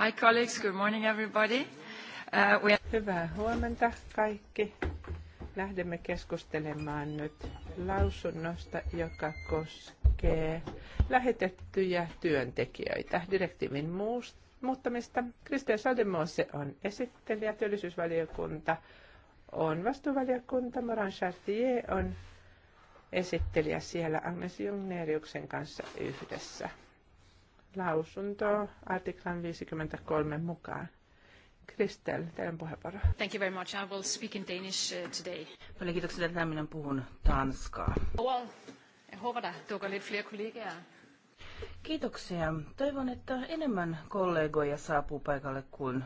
Hi colleagues, good morning everybody. Uh, Hyvää huomenta kaikki. Lähdemme keskustelemaan nyt lausunnosta, joka koskee lähetettyjä työntekijöitä. Direktiivin muuttamista. Kristian Sademose on esittelijä, työllisyysvaliokunta on vastuuvaliokunta, Morin Chartier on esittelijä siellä Agnes Jungneriuksen kanssa yhdessä lausuntoa artiklan 53 mukaan. Kristel, teidän puheenvuoro. Thank you very much. I will speak in Danish uh, today. Paljon kiitoksia, että minä puhun tanskaa. Well, jeg håber, der dukker lidt flere Kiitoksia. Toivon, että enemmän kollegoja saapuu paikalle kuin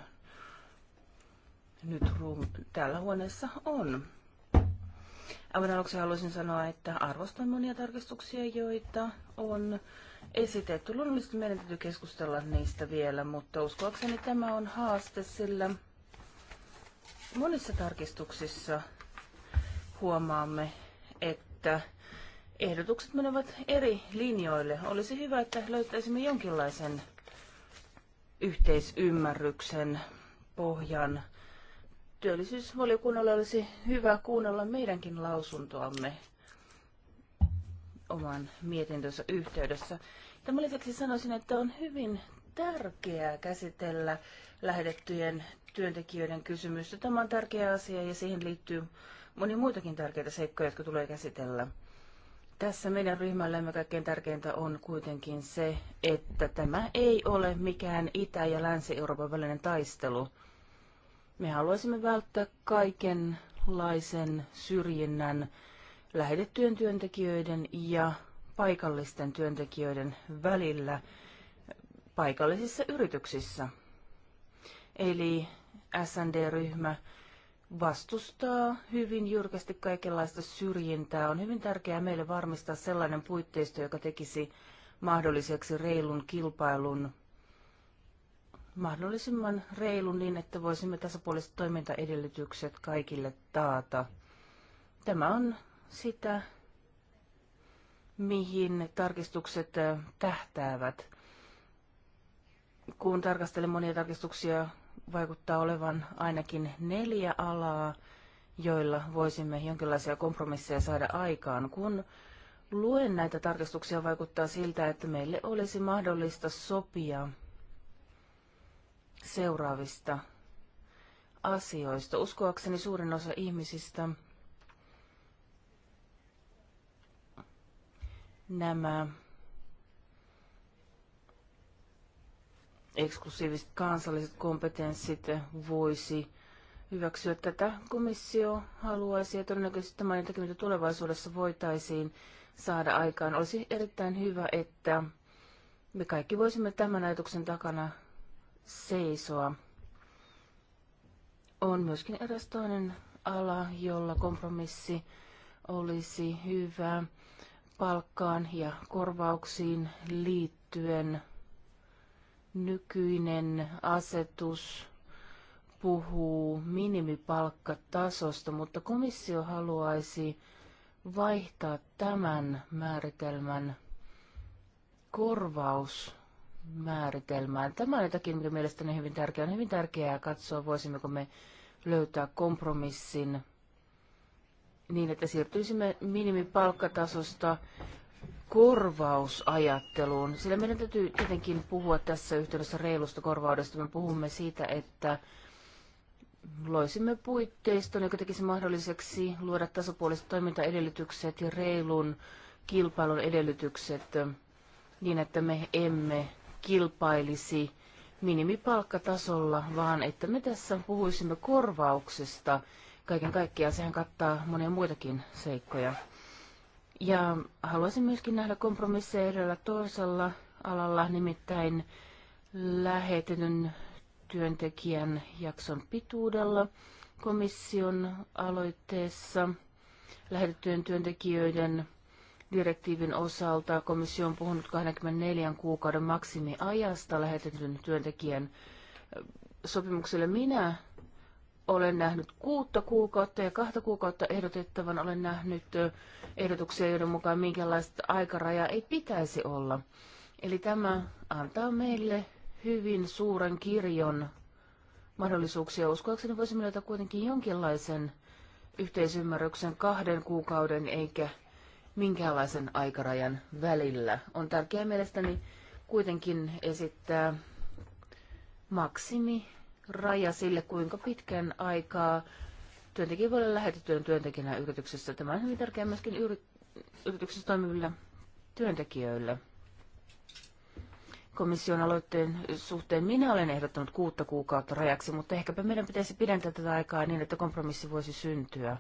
nyt täällä huoneessa on. Aivan aluksi haluaisin sanoa, että arvostan monia tarkistuksia, joita on esitetty. mistä meidän täytyy keskustella niistä vielä, mutta uskoakseni tämä on haaste, sillä monissa tarkistuksissa huomaamme, että ehdotukset menevät eri linjoille. Olisi hyvä, että löytäisimme jonkinlaisen yhteisymmärryksen pohjan. Työllisyysvaliokunnalle olisi hyvä kuunnella meidänkin lausuntoamme oman mietintönsä yhteydessä. Tämän lisäksi sanoisin, että on hyvin tärkeää käsitellä lähetettyjen työntekijöiden kysymystä. Tämä on tärkeä asia ja siihen liittyy moni muitakin tärkeitä seikkoja, jotka tulee käsitellä. Tässä meidän ryhmällämme kaikkein tärkeintä on kuitenkin se, että tämä ei ole mikään Itä- ja Länsi-Euroopan välinen taistelu. Me haluaisimme välttää kaikenlaisen syrjinnän lähetettyjen työntekijöiden ja paikallisten työntekijöiden välillä paikallisissa yrityksissä. Eli SND-ryhmä vastustaa hyvin jyrkästi kaikenlaista syrjintää. On hyvin tärkeää meille varmistaa sellainen puitteisto, joka tekisi mahdolliseksi reilun kilpailun mahdollisimman reilun niin, että voisimme tasapuoliset toimintaedellytykset kaikille taata. Tämä on sitä, mihin tarkistukset äh, tähtäävät. Kun tarkastelen monia tarkistuksia, vaikuttaa olevan ainakin neljä alaa, joilla voisimme jonkinlaisia kompromisseja saada aikaan. Kun luen näitä tarkistuksia, vaikuttaa siltä, että meille olisi mahdollista sopia seuraavista asioista. Uskoakseni suurin osa ihmisistä nämä eksklusiiviset kansalliset kompetenssit voisi hyväksyä. Tätä komissio haluaisi ja todennäköisesti tämä jotakin, mitä tulevaisuudessa voitaisiin saada aikaan. Olisi erittäin hyvä, että me kaikki voisimme tämän ajatuksen takana seisoa. On myöskin eräs toinen ala, jolla kompromissi olisi hyvä palkkaan ja korvauksiin liittyen nykyinen asetus puhuu minimipalkkatasosta, mutta komissio haluaisi vaihtaa tämän määritelmän korvausmääritelmään. Tämä on jotakin, mikä mielestäni on hyvin tärkeää. On hyvin tärkeää katsoa, voisimmeko me löytää kompromissin niin, että siirtyisimme minimipalkkatasosta korvausajatteluun. Sillä meidän täytyy tietenkin puhua tässä yhteydessä reilusta korvaudesta. Me puhumme siitä, että loisimme puitteiston, joka tekisi mahdolliseksi luoda tasapuoliset toimintaedellytykset ja reilun kilpailun edellytykset niin, että me emme kilpailisi minimipalkkatasolla, vaan että me tässä puhuisimme korvauksesta – kaiken kaikkiaan. Sehän kattaa monia muitakin seikkoja. Ja haluaisin myöskin nähdä kompromisseja edellä toisella alalla, nimittäin lähetetyn työntekijän jakson pituudella komission aloitteessa lähetettyjen työntekijöiden direktiivin osalta komissio on puhunut 24 kuukauden maksimiajasta lähetetyn työntekijän sopimukselle. Minä olen nähnyt kuutta kuukautta ja kahta kuukautta ehdotettavan olen nähnyt ehdotuksia, joiden mukaan minkälaista aikarajaa ei pitäisi olla. Eli tämä antaa meille hyvin suuren kirjon mahdollisuuksia. Uskoakseni voisimme löytää kuitenkin jonkinlaisen yhteisymmärryksen kahden kuukauden eikä minkäänlaisen aikarajan välillä. On tärkeää mielestäni kuitenkin esittää maksimi raja sille, kuinka pitkän aikaa työntekijä voi olla lähetettyön työntekijänä yrityksessä. Tämä on hyvin tärkeää myöskin yri- yrityksessä toimiville työntekijöille. Komission aloitteen suhteen minä olen ehdottanut kuutta kuukautta rajaksi, mutta ehkäpä meidän pitäisi pidentää tätä aikaa niin, että kompromissi voisi syntyä.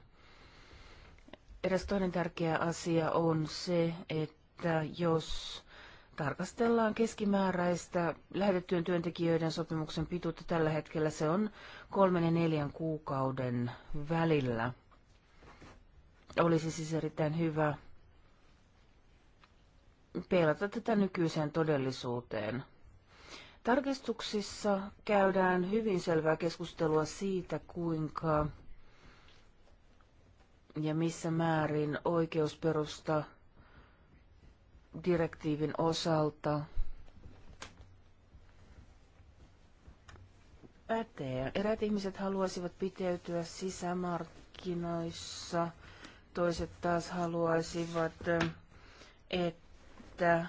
Eräs toinen tärkeä asia on se, että jos tarkastellaan keskimääräistä lähetettyjen työntekijöiden sopimuksen pituutta tällä hetkellä. Se on kolmen ja neljän kuukauden välillä. Olisi siis erittäin hyvä peilata tätä nykyiseen todellisuuteen. Tarkistuksissa käydään hyvin selvää keskustelua siitä, kuinka ja missä määrin oikeusperusta – direktiivin osalta pätee. Eräät ihmiset haluaisivat piteytyä sisämarkkinoissa, toiset taas haluaisivat, että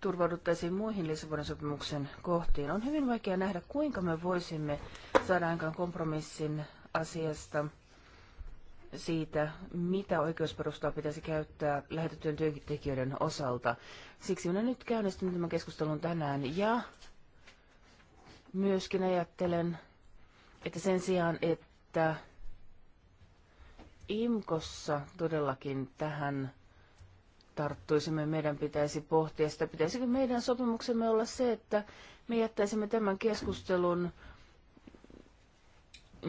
turvauduttaisiin muihin Lissabonin sopimuksen kohtiin. On hyvin vaikea nähdä, kuinka me voisimme saada aikaan kompromissin asiasta – siitä, mitä oikeusperustaa pitäisi käyttää lähetettyjen työntekijöiden osalta. Siksi minä nyt käynnistin tämän keskustelun tänään ja myöskin ajattelen, että sen sijaan, että IMKossa todellakin tähän tarttuisimme, meidän pitäisi pohtia sitä, pitäisikö meidän sopimuksemme olla se, että me jättäisimme tämän keskustelun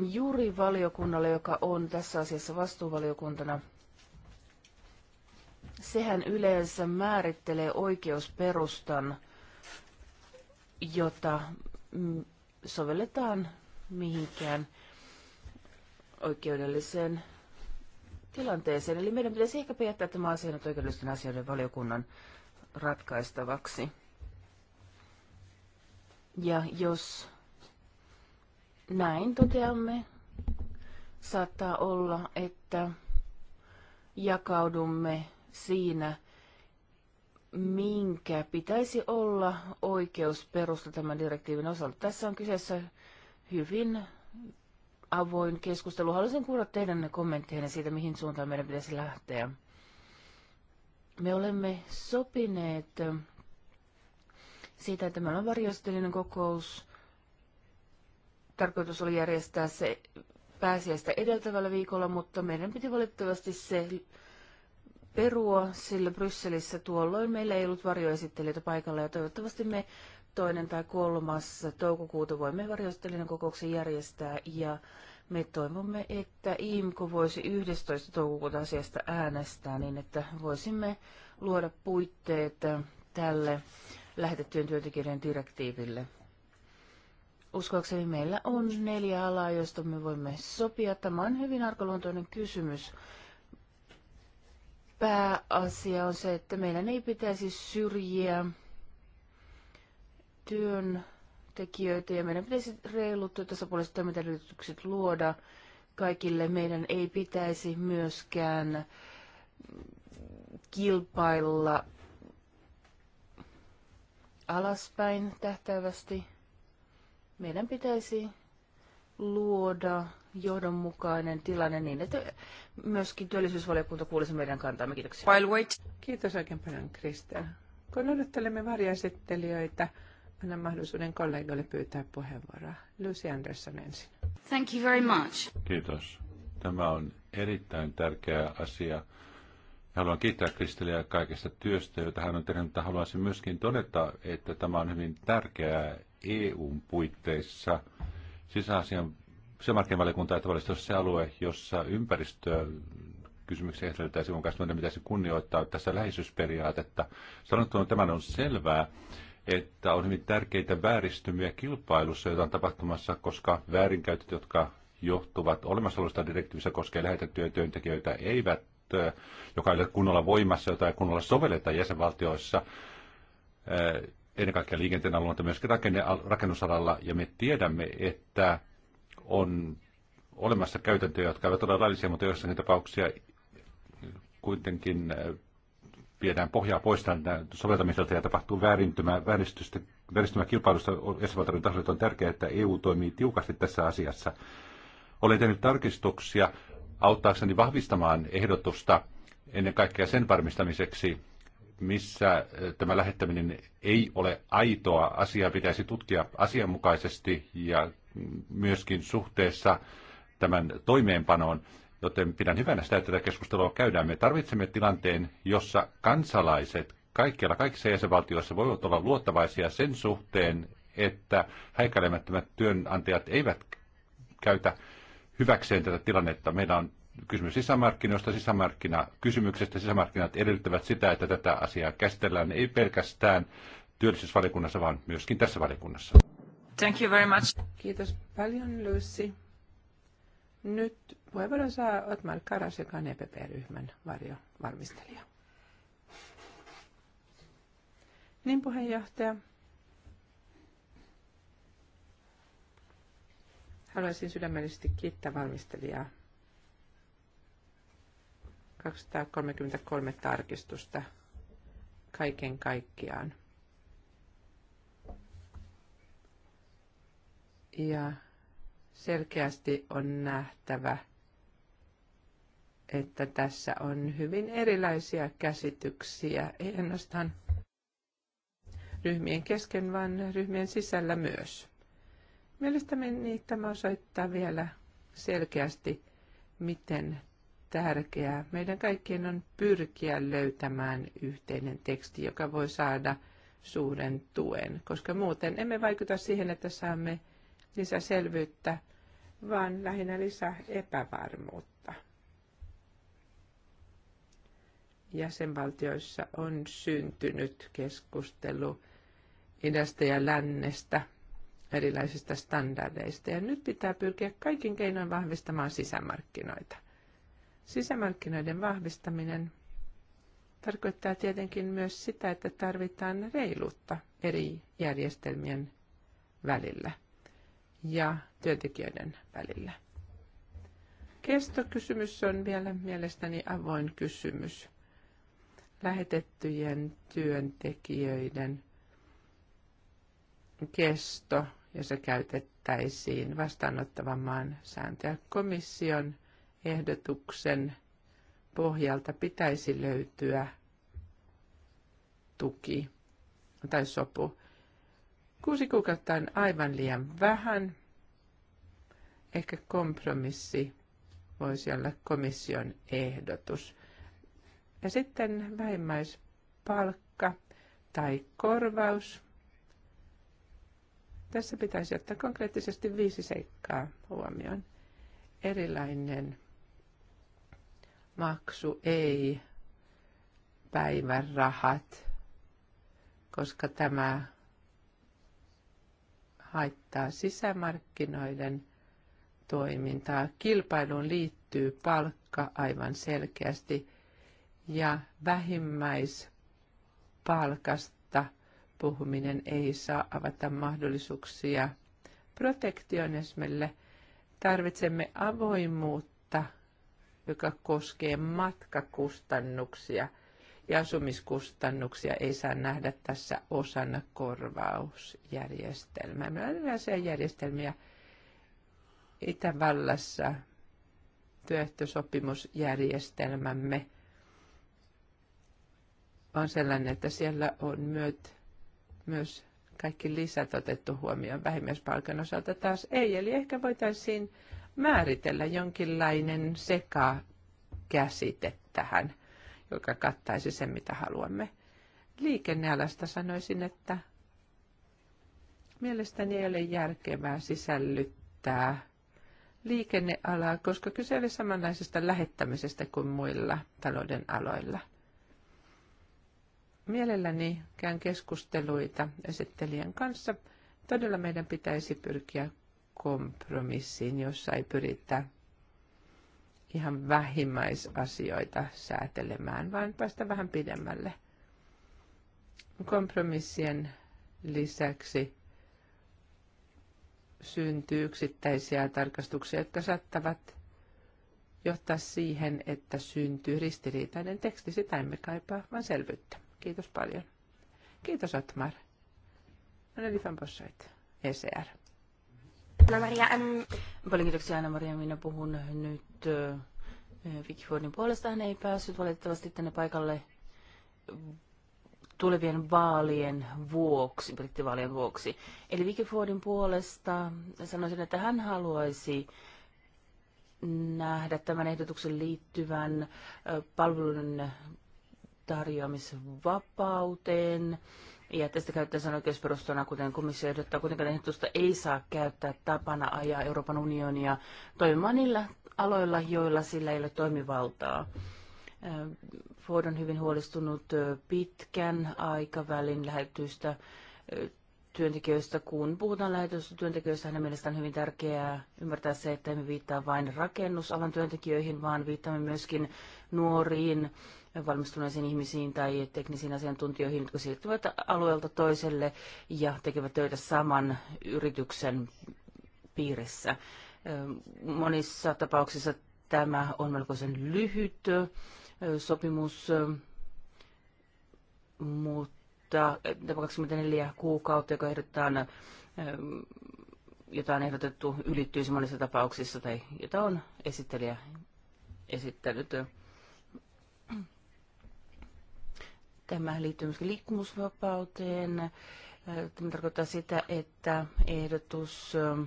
juuri valiokunnalle, joka on tässä asiassa vastuuvaliokuntana. Sehän yleensä määrittelee oikeusperustan, jota sovelletaan mihinkään oikeudelliseen tilanteeseen. Eli meidän pitäisi ehkä jättää tämä asia nyt oikeudellisten asioiden valiokunnan ratkaistavaksi. Ja jos näin toteamme. Saattaa olla, että jakaudumme siinä, minkä pitäisi olla oikeus perusta tämän direktiivin osalta. Tässä on kyseessä hyvin avoin keskustelu. Haluaisin kuulla teidän kommentteja siitä, mihin suuntaan meidän pitäisi lähteä. Me olemme sopineet siitä, että meillä on varjostelinen kokous tarkoitus oli järjestää se pääsiäistä edeltävällä viikolla, mutta meidän piti valitettavasti se perua, sillä Brysselissä tuolloin meillä ei ollut varjoesittelijöitä paikalla ja toivottavasti me toinen tai kolmas toukokuuta voimme varjoesittelijän kokouksen järjestää ja me toivomme, että IMKO voisi 11. toukokuuta asiasta äänestää niin, että voisimme luoda puitteet tälle lähetettyjen työntekijöiden direktiiville. Uskoakseni meillä on neljä alaa, joista me voimme sopia. Tämä on hyvin arkaluontoinen kysymys. Pääasia on se, että meidän ei pitäisi syrjiä työntekijöitä ja meidän pitäisi reilut työtasapuoliset toimintaedellytykset luoda kaikille. Meidän ei pitäisi myöskään kilpailla alaspäin tähtävästi meidän pitäisi luoda johdonmukainen tilanne niin, että myöskin työllisyysvaliokunta kuulisi meidän kantaamme. Kiitoksia. Kiitos oikein paljon, Kristel. Kun odottelemme varjaesittelijöitä, annan mahdollisuuden kollegoille pyytää puheenvuoroa. Lucy Anderson ensin. Thank you very much. Kiitos. Tämä on erittäin tärkeä asia. Haluan kiittää Kristeliä kaikesta työstä, jota hän on tehnyt, mutta haluaisin myöskin todeta, että tämä on hyvin tärkeää EUn puitteissa sisäasian sisämarkkinavaliokunta että olisi se alue, jossa ympäristöä kysymyksiä sivun kanssa, mitä se kunnioittaa tässä läheisyysperiaatetta. Sanottuna tämän on selvää, että on hyvin tärkeitä vääristymiä kilpailussa, joita on tapahtumassa, koska väärinkäytöt, jotka johtuvat olemassaolosta direktiivissä koskee lähetettyjä työntekijöitä, eivät, äh, joka ei ole kunnolla voimassa, tai kunnolla sovelleta jäsenvaltioissa, äh, ennen kaikkea liikenteen alueella, mutta myöskin rakennusalalla, ja me tiedämme, että on olemassa käytäntöjä, jotka eivät ole laillisia, mutta joissakin tapauksia kuitenkin äh, viedään pohjaa pois soveltamiselta ja tapahtuu vääristymä kilpailusta esimerkiksi tasolla. On tärkeää, että EU toimii tiukasti tässä asiassa. Olen tehnyt tarkistuksia auttaakseni vahvistamaan ehdotusta ennen kaikkea sen varmistamiseksi, missä eh, tämä lähettäminen ei ole aitoa. Asiaa pitäisi tutkia asianmukaisesti ja myöskin suhteessa tämän toimeenpanoon, joten pidän hyvänä sitä, että tätä keskustelua käydään. Me tarvitsemme tilanteen, jossa kansalaiset kaikkialla, kaikissa jäsenvaltioissa voivat olla luottavaisia sen suhteen, että häikäilemättömät työnantajat eivät käytä hyväkseen tätä tilannetta. Meillä on kysymys sisämarkkinoista, sisämarkkinakysymyksestä. Sisämarkkinat edellyttävät sitä, että tätä asiaa käsitellään ei pelkästään työllisyysvaliokunnassa, vaan myöskin tässä valiokunnassa. Thank you very much. Kiitos paljon, Lucy. Nyt puheenvuoron saa Otmar Karas, joka on EPP-ryhmän varjovalmistelija. Niin, puheenjohtaja. Haluaisin sydämellisesti kiittää valmistelijaa 233 tarkistusta kaiken kaikkiaan. Ja selkeästi on nähtävä, että tässä on hyvin erilaisia käsityksiä, ei ainoastaan ryhmien kesken, vaan ryhmien sisällä myös. Mielestäni tämä osoittaa vielä selkeästi, miten tärkeää. Meidän kaikkien on pyrkiä löytämään yhteinen teksti, joka voi saada suuren tuen, koska muuten emme vaikuta siihen, että saamme lisäselvyyttä, vaan lähinnä lisää epävarmuutta. Jäsenvaltioissa on syntynyt keskustelu idästä ja lännestä erilaisista standardeista, ja nyt pitää pyrkiä kaikin keinoin vahvistamaan sisämarkkinoita. Sisämarkkinoiden vahvistaminen tarkoittaa tietenkin myös sitä, että tarvitaan reiluutta eri järjestelmien välillä ja työntekijöiden välillä. Kestokysymys on vielä mielestäni avoin kysymys. Lähetettyjen työntekijöiden kesto, ja se käytettäisiin vastaanottavan maan sääntöä. Komission ehdotuksen pohjalta pitäisi löytyä tuki tai sopu. Kuusi kuukautta on aivan liian vähän. Ehkä kompromissi voisi olla komission ehdotus. Ja sitten vähimmäispalkka tai korvaus. Tässä pitäisi ottaa konkreettisesti viisi seikkaa huomioon. Erilainen maksu ei päivärahat, koska tämä haittaa sisämarkkinoiden toimintaa. Kilpailuun liittyy palkka aivan selkeästi ja vähimmäispalkasta puhuminen ei saa avata mahdollisuuksia protektionismille. Tarvitsemme avoimuutta joka koskee matkakustannuksia ja asumiskustannuksia, ei saa nähdä tässä osana korvausjärjestelmää. Meillä on erilaisia järjestelmiä Itävallassa, työehtosopimusjärjestelmämme on sellainen, että siellä on myöt, myös kaikki lisät otettu huomioon vähimmäispalkan osalta taas ei. Eli ehkä voitaisiin määritellä jonkinlainen sekakäsite tähän, joka kattaisi sen, mitä haluamme. Liikennealasta sanoisin, että mielestäni ei ole järkevää sisällyttää liikennealaa, koska kyse oli samanlaisesta lähettämisestä kuin muilla talouden aloilla. Mielelläni käyn keskusteluita esittelijän kanssa. Todella meidän pitäisi pyrkiä kompromissiin, jossa ei pyritä ihan vähimmäisasioita säätelemään, vaan päästä vähän pidemmälle. Kompromissien lisäksi syntyy yksittäisiä tarkastuksia, jotka saattavat johtaa siihen, että syntyy ristiriitainen teksti. Sitä emme kaipaa, vaan selvyyttä. Kiitos paljon. Kiitos Otmar. Anneli van Bossoit, ECR. Maria, äm... Paljon kiitoksia Anna-Maria. Minä puhun nyt Vicky eh, Fordin puolesta. Hän ei päässyt valitettavasti tänne paikalle tulevien vaalien vuoksi, brittivaalien vuoksi. Eli Vicky Fordin puolesta sanoisin, että hän haluaisi nähdä tämän ehdotuksen liittyvän eh, palvelun tarjoamisvapauteen ja tästä käyttäjän oikeusperustana, kuten komissio ehdottaa, kuitenkaan ehdotusta ei saa käyttää tapana ajaa Euroopan unionia toimimaan niillä aloilla, joilla sillä ei ole toimivaltaa. Ford on hyvin huolestunut pitkän aikavälin lähetystä työntekijöistä. Kun puhutaan lähetystä työntekijöistä, hänen mielestään on hyvin tärkeää ymmärtää se, että emme viittaa vain rakennusalan työntekijöihin, vaan viittaamme myöskin nuoriin valmistuneisiin ihmisiin tai teknisiin asiantuntijoihin, jotka siirtyvät alueelta toiselle ja tekevät töitä saman yrityksen piirissä. Monissa tapauksissa tämä on melkoisen lyhyt sopimus, mutta 24 kuukautta, joka ehdotetaan, jota on ehdotettu, ylittyisi monissa tapauksissa tai jota on esittelijä esittänyt. Tämä liittyy myöskin liikkumusvapauteen. Tämä tarkoittaa sitä, että ehdotus ähm,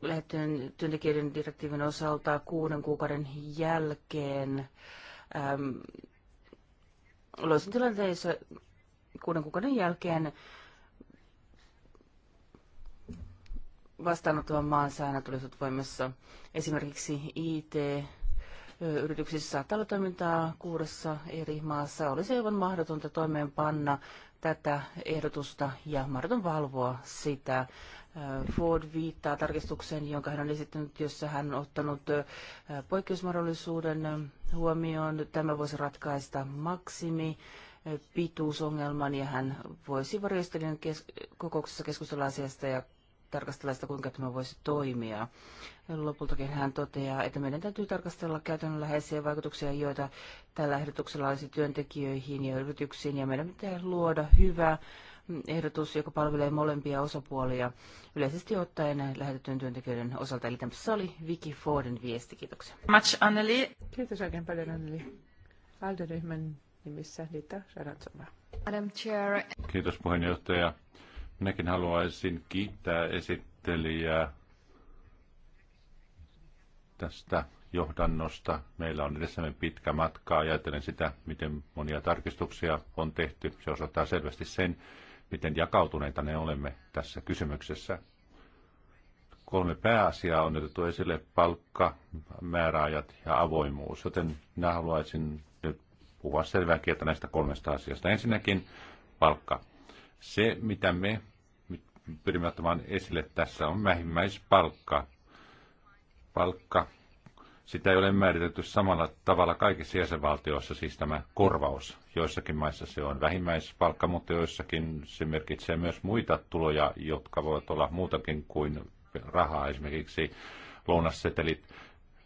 lähettyjen työntekijöiden direktiivin osalta kuuden kuukauden jälkeen ähm, loisin tilanteessa kuuden kuukauden jälkeen vastaanottavan maan säännöt olisivat voimassa esimerkiksi IT yrityksissä saattaa olla toimintaa kuudessa eri maassa. Olisi aivan mahdotonta toimeenpanna tätä ehdotusta ja mahdoton valvoa sitä. Ford viittaa tarkistukseen, jonka hän on esittänyt, jossa hän on ottanut poikkeusmahdollisuuden huomioon. Tämä voisi ratkaista maksimi pituusongelman ja hän voisi varjostelijan kes- kokouksessa keskustella asiasta ja tarkastella sitä, kuinka tämä voisi toimia. Lopultakin hän toteaa, että meidän täytyy tarkastella käytännönläheisiä vaikutuksia, joita tällä ehdotuksella olisi työntekijöihin ja yrityksiin, ja meidän pitää luoda hyvä ehdotus, joka palvelee molempia osapuolia yleisesti ottaen lähetettyjen työntekijöiden osalta. Eli tämä oli Vicky Forden viesti. Kiitoksia. Much, Anneli. Kiitos oikein paljon, Anneli. Alderyhmän nimissä Dita Sarantsova. Madam Chair. Kiitos puheenjohtaja. Minäkin haluaisin kiittää esittelijää tästä johdannosta. Meillä on edessämme pitkä matka. Ajattelen sitä, miten monia tarkistuksia on tehty. Se osoittaa selvästi sen, miten jakautuneita ne olemme tässä kysymyksessä. Kolme pääasiaa on otettu esille, palkka, määräajat ja avoimuus, joten minä haluaisin nyt puhua selvää kieltä näistä kolmesta asiasta. Ensinnäkin palkka. Se, mitä me pyrimme ottamaan esille tässä, on vähimmäispalkka. Palkka. Sitä ei ole määritelty samalla tavalla kaikissa jäsenvaltioissa, siis tämä korvaus. Joissakin maissa se on vähimmäispalkka, mutta joissakin se merkitsee myös muita tuloja, jotka voivat olla muutakin kuin rahaa, esimerkiksi lounassetelit,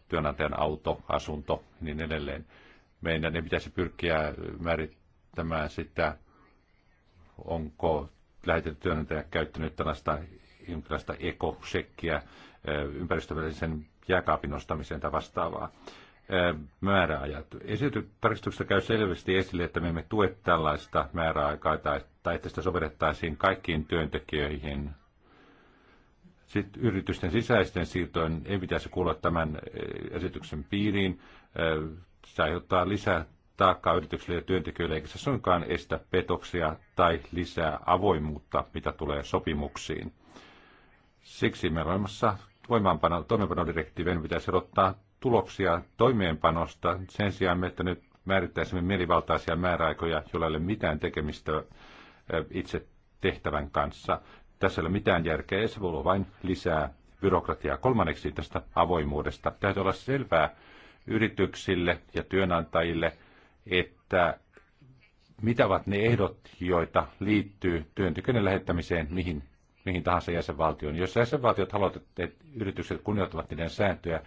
työnantajan auto, asunto ja niin edelleen. Meidän ei pitäisi pyrkiä määrittämään sitä onko lähetetty työnantaja käyttänyt tällaista jonkinlaista ekosekkiä ympäristövälisen jääkaapin ostamiseen tai vastaavaa määräajat. Esitytarkistuksesta käy selvästi esille, että me emme tue tällaista määräaikaa tai, tai että sitä sovellettaisiin kaikkiin työntekijöihin. Sitten yritysten sisäisten siirtojen ei pitäisi kuulla tämän esityksen piiriin. Se aiheuttaa lisää taakkaa yrityksille ja työntekijöille, eikä se suinkaan estä petoksia tai lisää avoimuutta, mitä tulee sopimuksiin. Siksi meillä on olemassa voimaanpano, toimeenpanodirektiivien pitäisi odottaa tuloksia toimeenpanosta sen sijaan, että nyt määrittäisimme mielivaltaisia määräaikoja, joilla ei ole mitään tekemistä itse tehtävän kanssa. Tässä ei ole mitään järkeä, se voi olla vain lisää byrokratiaa. Kolmanneksi tästä avoimuudesta. Täytyy olla selvää yrityksille ja työnantajille – että mitä ovat ne ehdot, joita liittyy työntekijöiden lähettämiseen mihin, mihin tahansa jäsenvaltioon. Jos jäsenvaltiot haluavat, että yritykset kunnioittavat niiden sääntöjä,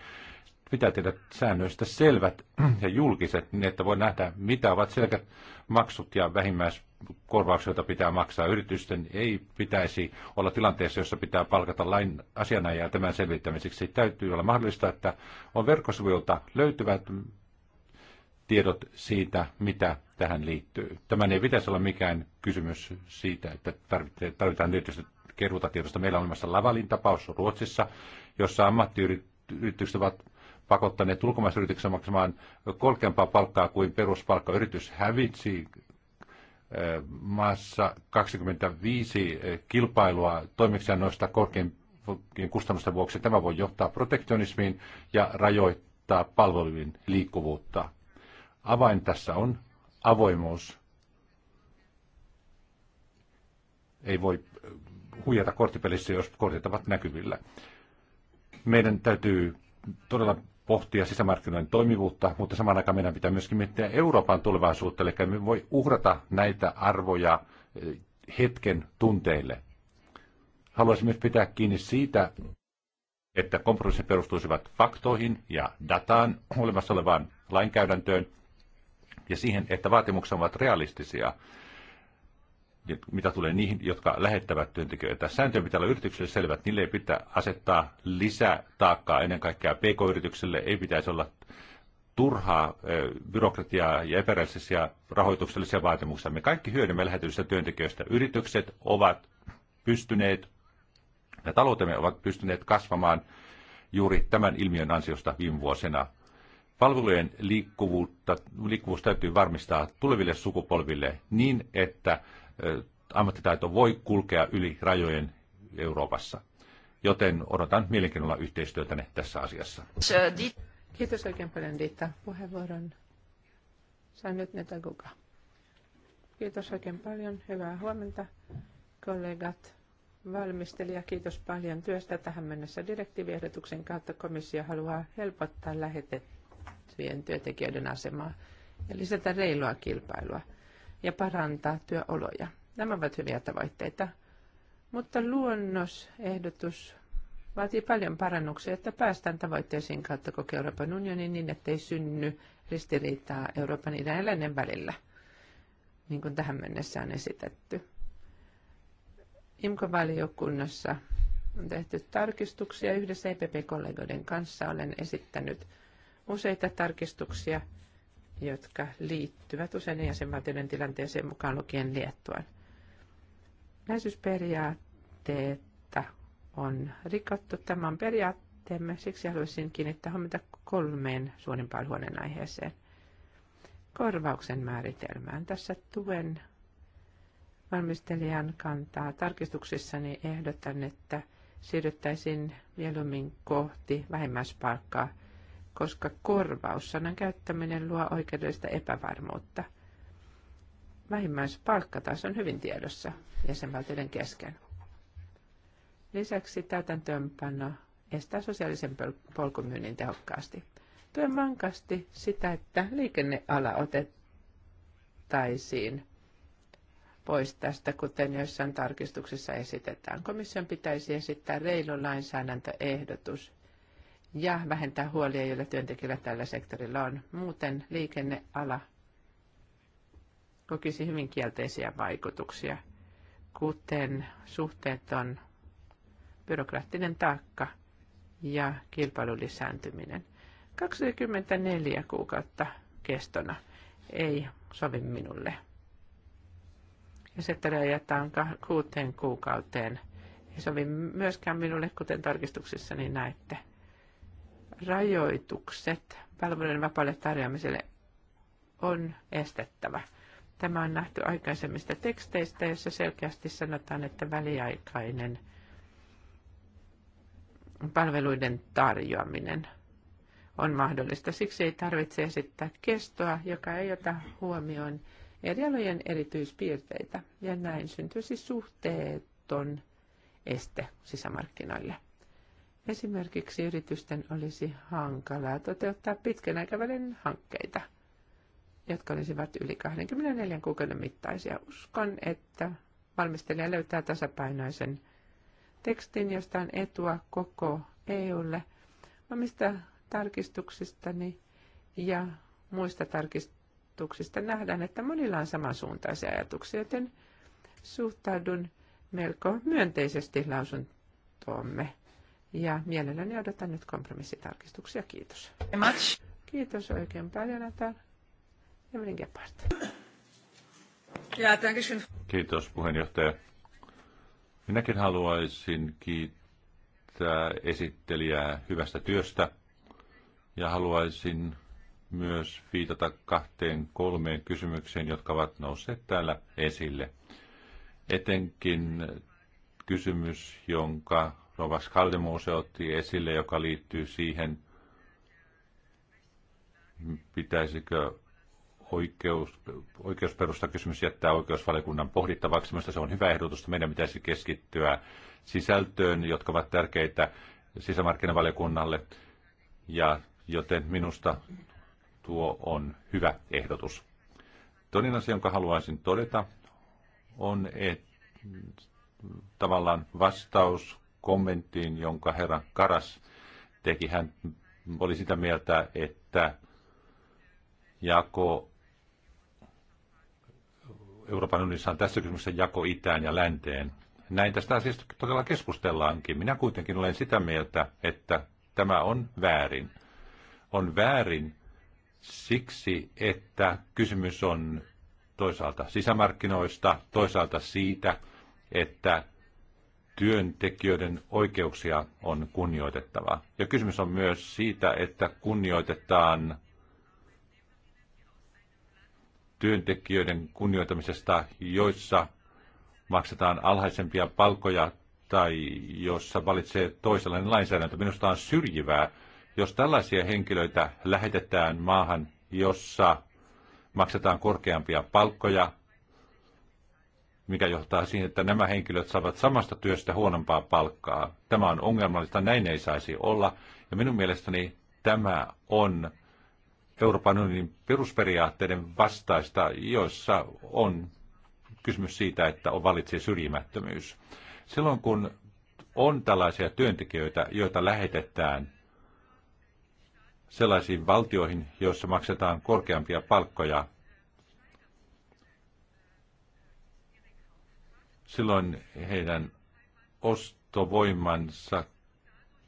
pitää tehdä säännöistä selvät ja julkiset, niin että voi nähdä, mitä ovat selkät maksut ja vähimmäiskorvaukset, joita pitää maksaa. Yritysten ei pitäisi olla tilanteessa, jossa pitää palkata lain asianajaa tämän selvittämiseksi. Täytyy olla mahdollista, että on verkkosivuilta löytyvät tiedot siitä, mitä tähän liittyy. Tämän ei pitäisi olla mikään kysymys siitä, että tarvitaan tietysti keruuta tiedosta. Meillä on olemassa Lavalin tapaus Ruotsissa, jossa ammattiyritykset ovat pakottaneet ulkomaisyrityksen maksamaan korkeampaa palkkaa kuin peruspalkka. Yritys hävitsi maassa 25 kilpailua toimeksiannoista korkeimpien kustannusten vuoksi. Tämä voi johtaa protektionismiin ja rajoittaa palvelujen liikkuvuutta. Avain tässä on avoimuus. Ei voi äh, huijata korttipelissä, jos kortit ovat näkyvillä. Meidän täytyy todella pohtia sisämarkkinoiden toimivuutta, mutta samaan aikaan meidän pitää myöskin miettiä Euroopan tulevaisuutta, eli me voi uhrata näitä arvoja äh, hetken tunteille. Haluaisin myös pitää kiinni siitä, että kompromissit perustuisivat faktoihin ja dataan, olemassa olevaan lainkäytäntöön ja siihen, että vaatimukset ovat realistisia, mitä tulee niihin, jotka lähettävät työntekijöitä. Sääntöjen pitää olla yritykselle selvät, niille ei pitää asettaa lisätaakkaa ennen kaikkea pk-yrityksille, ei pitäisi olla turhaa byrokratiaa ja epärealistisia rahoituksellisia vaatimuksia. Me kaikki hyödymme lähetetyistä työntekijöistä. Yritykset ovat pystyneet ja taloutemme ovat pystyneet kasvamaan juuri tämän ilmiön ansiosta viime vuosina. Palvelujen liikkuvuutta, liikkuvuus täytyy varmistaa tuleville sukupolville niin, että ammattitaito voi kulkea yli rajojen Euroopassa. Joten odotan mielenkiinnolla yhteistyötäne tässä asiassa. Kiitos oikein paljon Diitta puheenvuoron. Sain nyt kuka. Kiitos oikein paljon. Hyvää huomenta kollegat valmistelija, kiitos paljon työstä tähän mennessä direktiiviehdotuksen kautta. Komissio haluaa helpottaa lähetettä liittyvien työntekijöiden asemaa ja lisätä reilua kilpailua ja parantaa työoloja. Nämä ovat hyviä tavoitteita, mutta luonnosehdotus vaatii paljon parannuksia, että päästään tavoitteisiin kautta koko Euroopan unionin niin, ettei synny ristiriitaa Euroopan idän ja lännen välillä, niin kuin tähän mennessä on esitetty. IMCO-valiokunnassa on tehty tarkistuksia yhdessä EPP-kollegoiden kanssa. Olen esittänyt useita tarkistuksia, jotka liittyvät usein jäsenvaltioiden tilanteeseen mukaan lukien Liettuan. Läheisyysperiaatteetta on rikottu. Tämä on periaatteemme, siksi haluaisin kiinnittää huomiota kolmeen suurimpaan aiheeseen Korvauksen määritelmään. Tässä tuen valmistelijan kantaa. Tarkistuksissani ehdotan, että siirryttäisiin mieluummin kohti vähimmäispalkkaa – koska korvaussanan käyttäminen luo oikeudellista epävarmuutta. Vähimmäispalkka taas on hyvin tiedossa jäsenvaltioiden kesken. Lisäksi täytäntöönpano estää sosiaalisen polkumyynnin tehokkaasti. Tuen vankasti sitä, että liikenneala otettaisiin pois tästä, kuten joissain tarkistuksissa esitetään. Komission pitäisi esittää reilu lainsäädäntöehdotus, ja vähentää huolia, joilla työntekijöillä tällä sektorilla on. Muuten liikenneala kokisi hyvin kielteisiä vaikutuksia, kuten suhteeton byrokraattinen taakka ja kilpailun lisääntyminen. 24 kuukautta kestona ei sovi minulle. Ja se, että rajataan kuuteen kuukauteen, ei sovi myöskään minulle, kuten tarkistuksissa niin näette rajoitukset palveluiden vapaalle tarjoamiselle on estettävä. Tämä on nähty aikaisemmista teksteistä, jossa selkeästi sanotaan, että väliaikainen palveluiden tarjoaminen on mahdollista. Siksi ei tarvitse esittää kestoa, joka ei ota huomioon eri alojen erityispiirteitä. Ja näin syntyisi suhteeton este sisämarkkinoille. Esimerkiksi yritysten olisi hankalaa toteuttaa pitkän aikavälin hankkeita, jotka olisivat yli 24 kuukauden mittaisia. Uskon, että valmistelija löytää tasapainoisen tekstin, josta on etua koko EUlle. Omista tarkistuksistani ja muista tarkistuksista nähdään, että monilla on samansuuntaisia ajatuksia, joten suhtaudun melko myönteisesti lausuntoomme ja mielelläni odotan nyt kompromissitarkistuksia. Kiitos. Kiitos oikein paljon, Natal. Evelyn Kiitos puheenjohtaja. Minäkin haluaisin kiittää esittelijää hyvästä työstä ja haluaisin myös viitata kahteen kolmeen kysymykseen, jotka ovat nousseet täällä esille. Etenkin kysymys, jonka Rovas Kaldemuse otti esille, joka liittyy siihen, pitäisikö oikeus, oikeusperusta kysymys jättää oikeusvaliokunnan pohdittavaksi. Minusta se on hyvä ehdotus, että meidän pitäisi keskittyä sisältöön, jotka ovat tärkeitä sisämarkkinavaliokunnalle. Ja joten minusta tuo on hyvä ehdotus. Toinen asia, jonka haluaisin todeta, on että tavallaan vastaus kommenttiin, jonka herra Karas teki. Hän oli sitä mieltä, että jako Euroopan unionissa on tässä kysymyksessä jako itään ja länteen. Näin tästä asiasta todella keskustellaankin. Minä kuitenkin olen sitä mieltä, että tämä on väärin. On väärin siksi, että kysymys on toisaalta sisämarkkinoista, toisaalta siitä, että työntekijöiden oikeuksia on kunnioitettava. Ja kysymys on myös siitä, että kunnioitetaan työntekijöiden kunnioitamisesta, joissa maksetaan alhaisempia palkoja tai jossa valitsee toisenlainen lainsäädäntö. Minusta on syrjivää, jos tällaisia henkilöitä lähetetään maahan, jossa maksetaan korkeampia palkkoja mikä johtaa siihen, että nämä henkilöt saavat samasta työstä huonompaa palkkaa. Tämä on ongelmallista, näin ei saisi olla. Ja minun mielestäni tämä on Euroopan unionin perusperiaatteiden vastaista, joissa on kysymys siitä, että on valitsee syrjimättömyys. Silloin kun on tällaisia työntekijöitä, joita lähetetään sellaisiin valtioihin, joissa maksetaan korkeampia palkkoja, silloin heidän ostovoimansa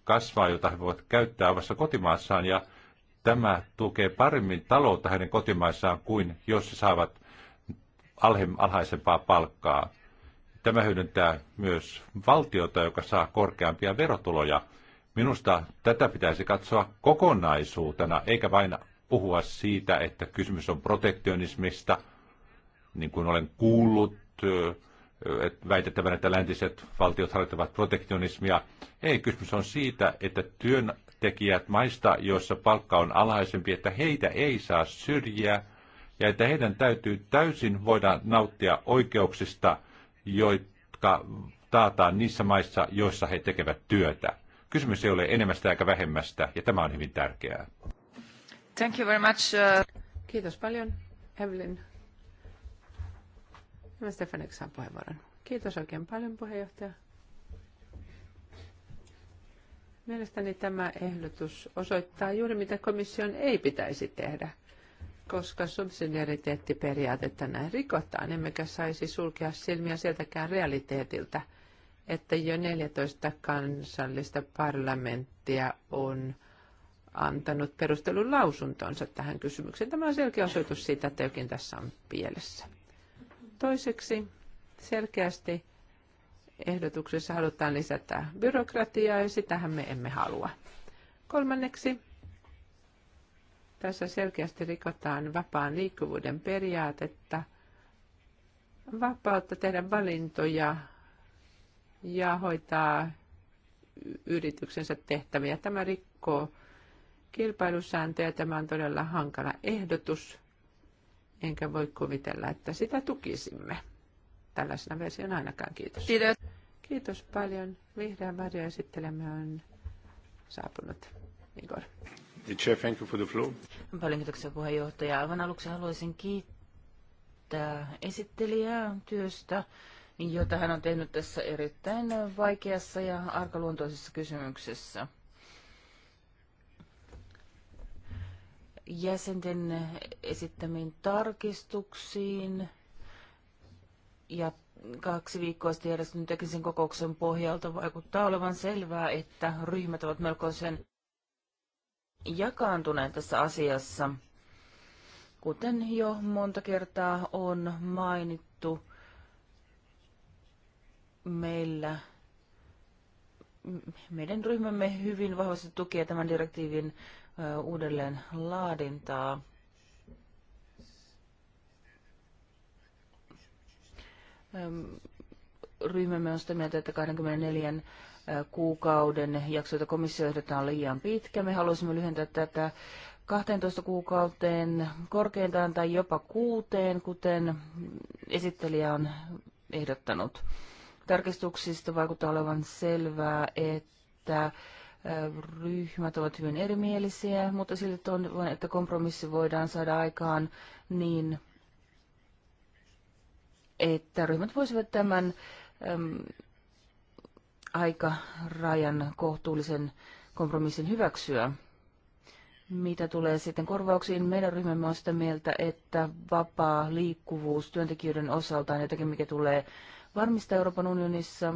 kasvaa, jota he voivat käyttää omassa kotimaassaan, ja tämä tukee paremmin taloutta heidän kotimaissaan kuin jos he saavat alhaisempaa palkkaa. Tämä hyödyntää myös valtiota, joka saa korkeampia verotuloja. Minusta tätä pitäisi katsoa kokonaisuutena, eikä vain puhua siitä, että kysymys on protektionismista, niin kuin olen kuullut väitettävän, että läntiset valtiot harjoittavat protektionismia. Ei, kysymys on siitä, että työntekijät maista, joissa palkka on alhaisempi, että heitä ei saa syrjiä ja että heidän täytyy täysin voida nauttia oikeuksista, jotka taataan niissä maissa, joissa he tekevät työtä. Kysymys ei ole enemmästä eikä vähemmästä, ja tämä on hyvin tärkeää. Thank you very much. Uh, Kiitos paljon, Evelyn Tämä Stefanik saa puheenvuoron. Kiitos oikein paljon puheenjohtaja. Mielestäni tämä ehdotus osoittaa juuri mitä komission ei pitäisi tehdä, koska subsidiariteettiperiaatetta näin rikotaan, emmekä saisi sulkea silmiä sieltäkään realiteetiltä, että jo 14 kansallista parlamenttia on antanut perustelun lausuntonsa tähän kysymykseen. Tämä on selkeä osoitus siitä, että jokin tässä on pielessä. Toiseksi selkeästi ehdotuksessa halutaan lisätä byrokratiaa ja sitähän me emme halua. Kolmanneksi tässä selkeästi rikotaan vapaan liikkuvuuden periaatetta, vapautta tehdä valintoja ja hoitaa yrityksensä tehtäviä. Tämä rikkoo kilpailusääntöjä. Tämä on todella hankala ehdotus enkä voi kuvitella, että sitä tukisimme. Tällaisena versiona ainakaan. Kiitos. Kiitos. Kiitos paljon. Vihreän esittelemme on saapunut. Igor. Chair, thank you for the floor. Paljon kiitoksia puheenjohtaja. Aivan aluksi haluaisin kiittää esittelijää työstä, jota hän on tehnyt tässä erittäin vaikeassa ja arkaluontoisessa kysymyksessä. jäsenten esittämiin tarkistuksiin ja kaksi viikkoa sitten järjestetyn teknisen kokouksen pohjalta vaikuttaa olevan selvää, että ryhmät ovat melkoisen jakaantuneet tässä asiassa. Kuten jo monta kertaa on mainittu, meillä meidän ryhmämme hyvin vahvasti tukee tämän direktiivin uudelleen laadintaa. Ryhmämme on sitä mieltä, että 24 kuukauden jakso, jota komissio ehdotetaan liian pitkä. Me haluaisimme lyhentää tätä 12 kuukauteen korkeintaan tai jopa kuuteen, kuten esittelijä on ehdottanut. Tarkistuksista vaikuttaa olevan selvää, että ryhmät ovat hyvin erimielisiä, mutta silti toivon, että kompromissi voidaan saada aikaan niin, että ryhmät voisivat tämän aika aikarajan kohtuullisen kompromissin hyväksyä. Mitä tulee sitten korvauksiin, meidän ryhmämme on sitä mieltä, että vapaa liikkuvuus työntekijöiden osalta on jotakin, mikä tulee varmistaa Euroopan unionissa.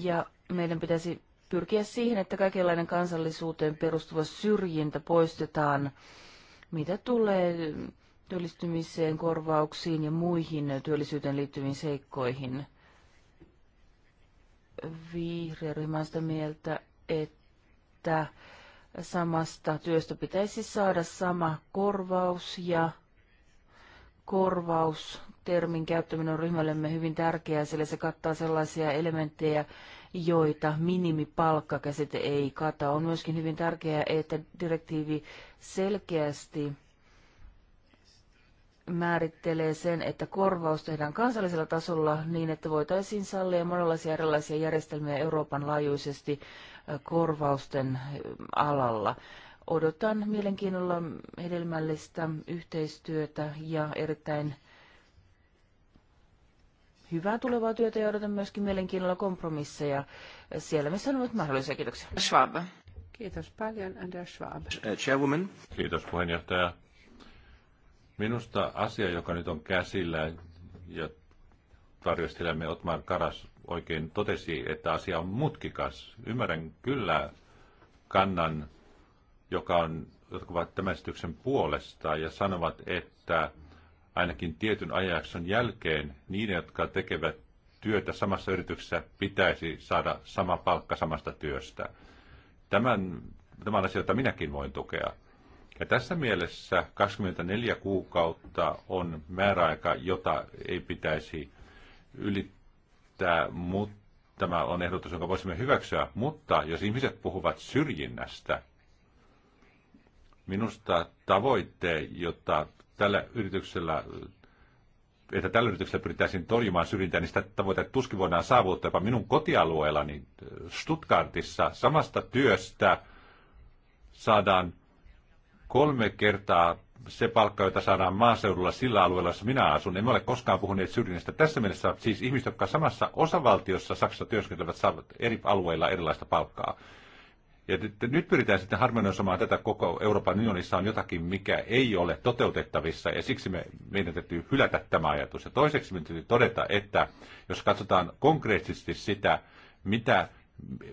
Ja meidän pitäisi pyrkiä siihen, että kaikenlainen kansallisuuteen perustuva syrjintä poistetaan, mitä tulee työllistymiseen, korvauksiin ja muihin työllisyyteen liittyviin seikkoihin. Vihreä ryhmä on sitä mieltä, että samasta työstä pitäisi saada sama korvaus ja korvaus termin käyttäminen on ryhmällemme hyvin tärkeää, sillä se kattaa sellaisia elementtejä, joita minimipalkkakäsite ei kata. On myöskin hyvin tärkeää, että direktiivi selkeästi määrittelee sen, että korvaus tehdään kansallisella tasolla niin, että voitaisiin sallia monenlaisia erilaisia järjestelmiä Euroopan laajuisesti korvausten alalla. Odotan mielenkiinnolla hedelmällistä yhteistyötä ja erittäin hyvää tulevaa työtä ja odotan myöskin mielenkiinnolla kompromisseja siellä, missä on ollut mahdollisia. Kiitoksia. Schwab. Kiitos paljon, Anders Schwab. Eh, chairwoman. Kiitos puheenjohtaja. Minusta asia, joka nyt on käsillä ja tarjostelemme Otmar Karas oikein totesi, että asia on mutkikas. Ymmärrän kyllä kannan, joka on, jotka ovat tämän esityksen puolesta ja sanovat, että ainakin tietyn ajanjakson jälkeen niiden, jotka tekevät työtä samassa yrityksessä, pitäisi saada sama palkka samasta työstä. Tämän, tämä on asia, jota minäkin voin tukea. Ja tässä mielessä 24 kuukautta on määräaika, jota ei pitäisi ylittää, mutta tämä on ehdotus, jonka voisimme hyväksyä. Mutta jos ihmiset puhuvat syrjinnästä, minusta tavoitte, jota tällä yrityksellä että tällä yrityksellä pyrittäisiin torjumaan syrjintää, niin sitä tavoitetta tuskin voidaan saavuttaa. Jopa minun kotialueellani Stuttgartissa samasta työstä saadaan kolme kertaa se palkka, jota saadaan maaseudulla sillä alueella, jossa minä asun. Emme ole koskaan puhuneet syrjinnästä. Tässä mielessä siis ihmiset, jotka samassa osavaltiossa Saksassa työskentelevät, saavat eri alueilla erilaista palkkaa. Ja nyt, nyt pyritään sitten harmonisoimaan tätä koko Euroopan unionissa on jotakin, mikä ei ole toteutettavissa, ja siksi me, meidän täytyy hylätä tämä ajatus. Ja toiseksi me täytyy todeta, että jos katsotaan konkreettisesti sitä, mitä,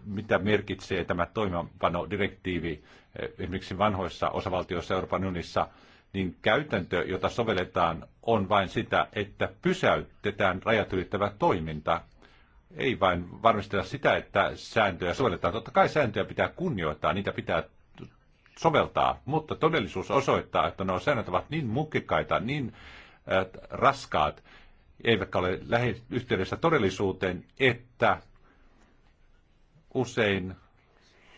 mitä merkitsee tämä toimenpanodirektiivi eh, esimerkiksi vanhoissa osavaltioissa Euroopan unionissa, niin käytäntö, jota sovelletaan, on vain sitä, että pysäytetään rajat ylittävä toiminta ei vain varmistella sitä, että sääntöjä sovelletaan. Totta kai sääntöjä pitää kunnioittaa, niitä pitää soveltaa, mutta todellisuus osoittaa, että nuo säännöt ovat niin mukkikaita, niin raskaat, eivätkä ole lähi- yhteydessä todellisuuteen, että usein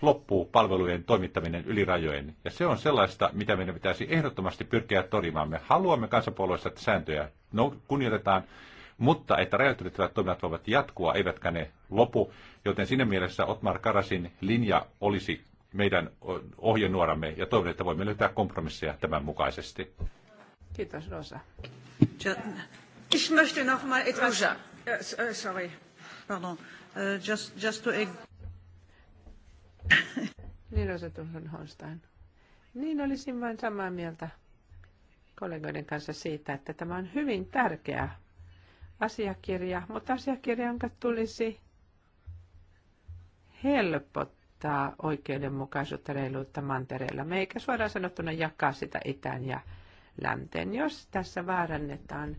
loppuu palvelujen toimittaminen yli rajojen. Ja se on sellaista, mitä meidän pitäisi ehdottomasti pyrkiä torjumaan. Me haluamme kansanpuolueessa, että sääntöjä kunnioitetaan, mutta että rajoittelevat toiminnat voivat jatkua, eivätkä ne lopu, joten sinne mielessä Otmar Karasin linja olisi meidän ohjenuoramme ja toivon, että voimme löytää kompromisseja tämän mukaisesti. Kiitos Rosa. Ich möchte noch mal etwas... Rosa. Äh, sorry. Pardon. Äh, just, just to... niin Rosa Tuhlon Niin olisin vain samaa mieltä kollegoiden kanssa siitä, että tämä on hyvin tärkeä asiakirja, mutta asiakirja, jonka tulisi helpottaa oikeudenmukaisuutta reiluutta mantereella. Me eikä suoraan sanottuna jakaa sitä itään ja länteen, jos tässä vaarannetaan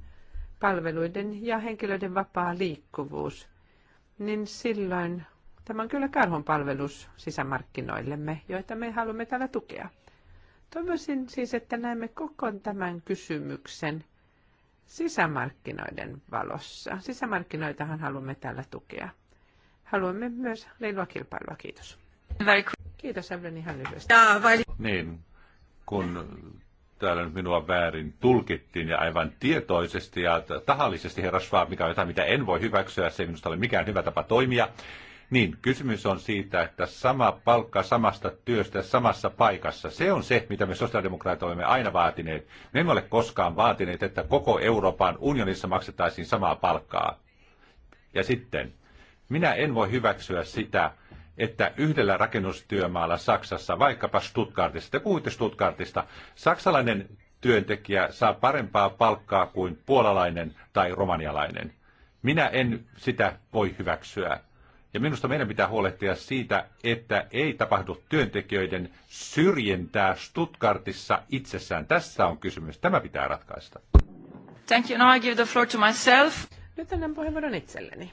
palveluiden ja henkilöiden vapaa liikkuvuus, niin silloin tämä on kyllä karhun palvelus sisämarkkinoillemme, joita me haluamme täällä tukea. Toivoisin siis, että näemme koko tämän kysymyksen – sisämarkkinoiden valossa. Sisämarkkinoitahan haluamme tällä tukea. Haluamme myös reilua kilpailua. Kiitos. Kiitos Evelyn ihan lyhyesti. Niin, kun täällä nyt minua väärin tulkittiin ja aivan tietoisesti ja tahallisesti herra Schwab, mikä on jotain, mitä en voi hyväksyä, se ei minusta ole mikään hyvä tapa toimia. Niin, kysymys on siitä, että sama palkka samasta työstä samassa paikassa. Se on se, mitä me sosiaalidemokraatit olemme aina vaatineet. Me emme ole koskaan vaatineet, että koko Euroopan unionissa maksettaisiin samaa palkkaa. Ja sitten, minä en voi hyväksyä sitä, että yhdellä rakennustyömaalla Saksassa, vaikkapa Stuttgartista, te puhuitte Stuttgartista, saksalainen työntekijä saa parempaa palkkaa kuin puolalainen tai romanialainen. Minä en sitä voi hyväksyä. Ja minusta meidän pitää huolehtia siitä, että ei tapahdu työntekijöiden syrjintää Stuttgartissa itsessään. Tässä on kysymys. Tämä pitää ratkaista. Thank you. Now I give the floor to myself. Nyt annan puheenvuoron itselleni.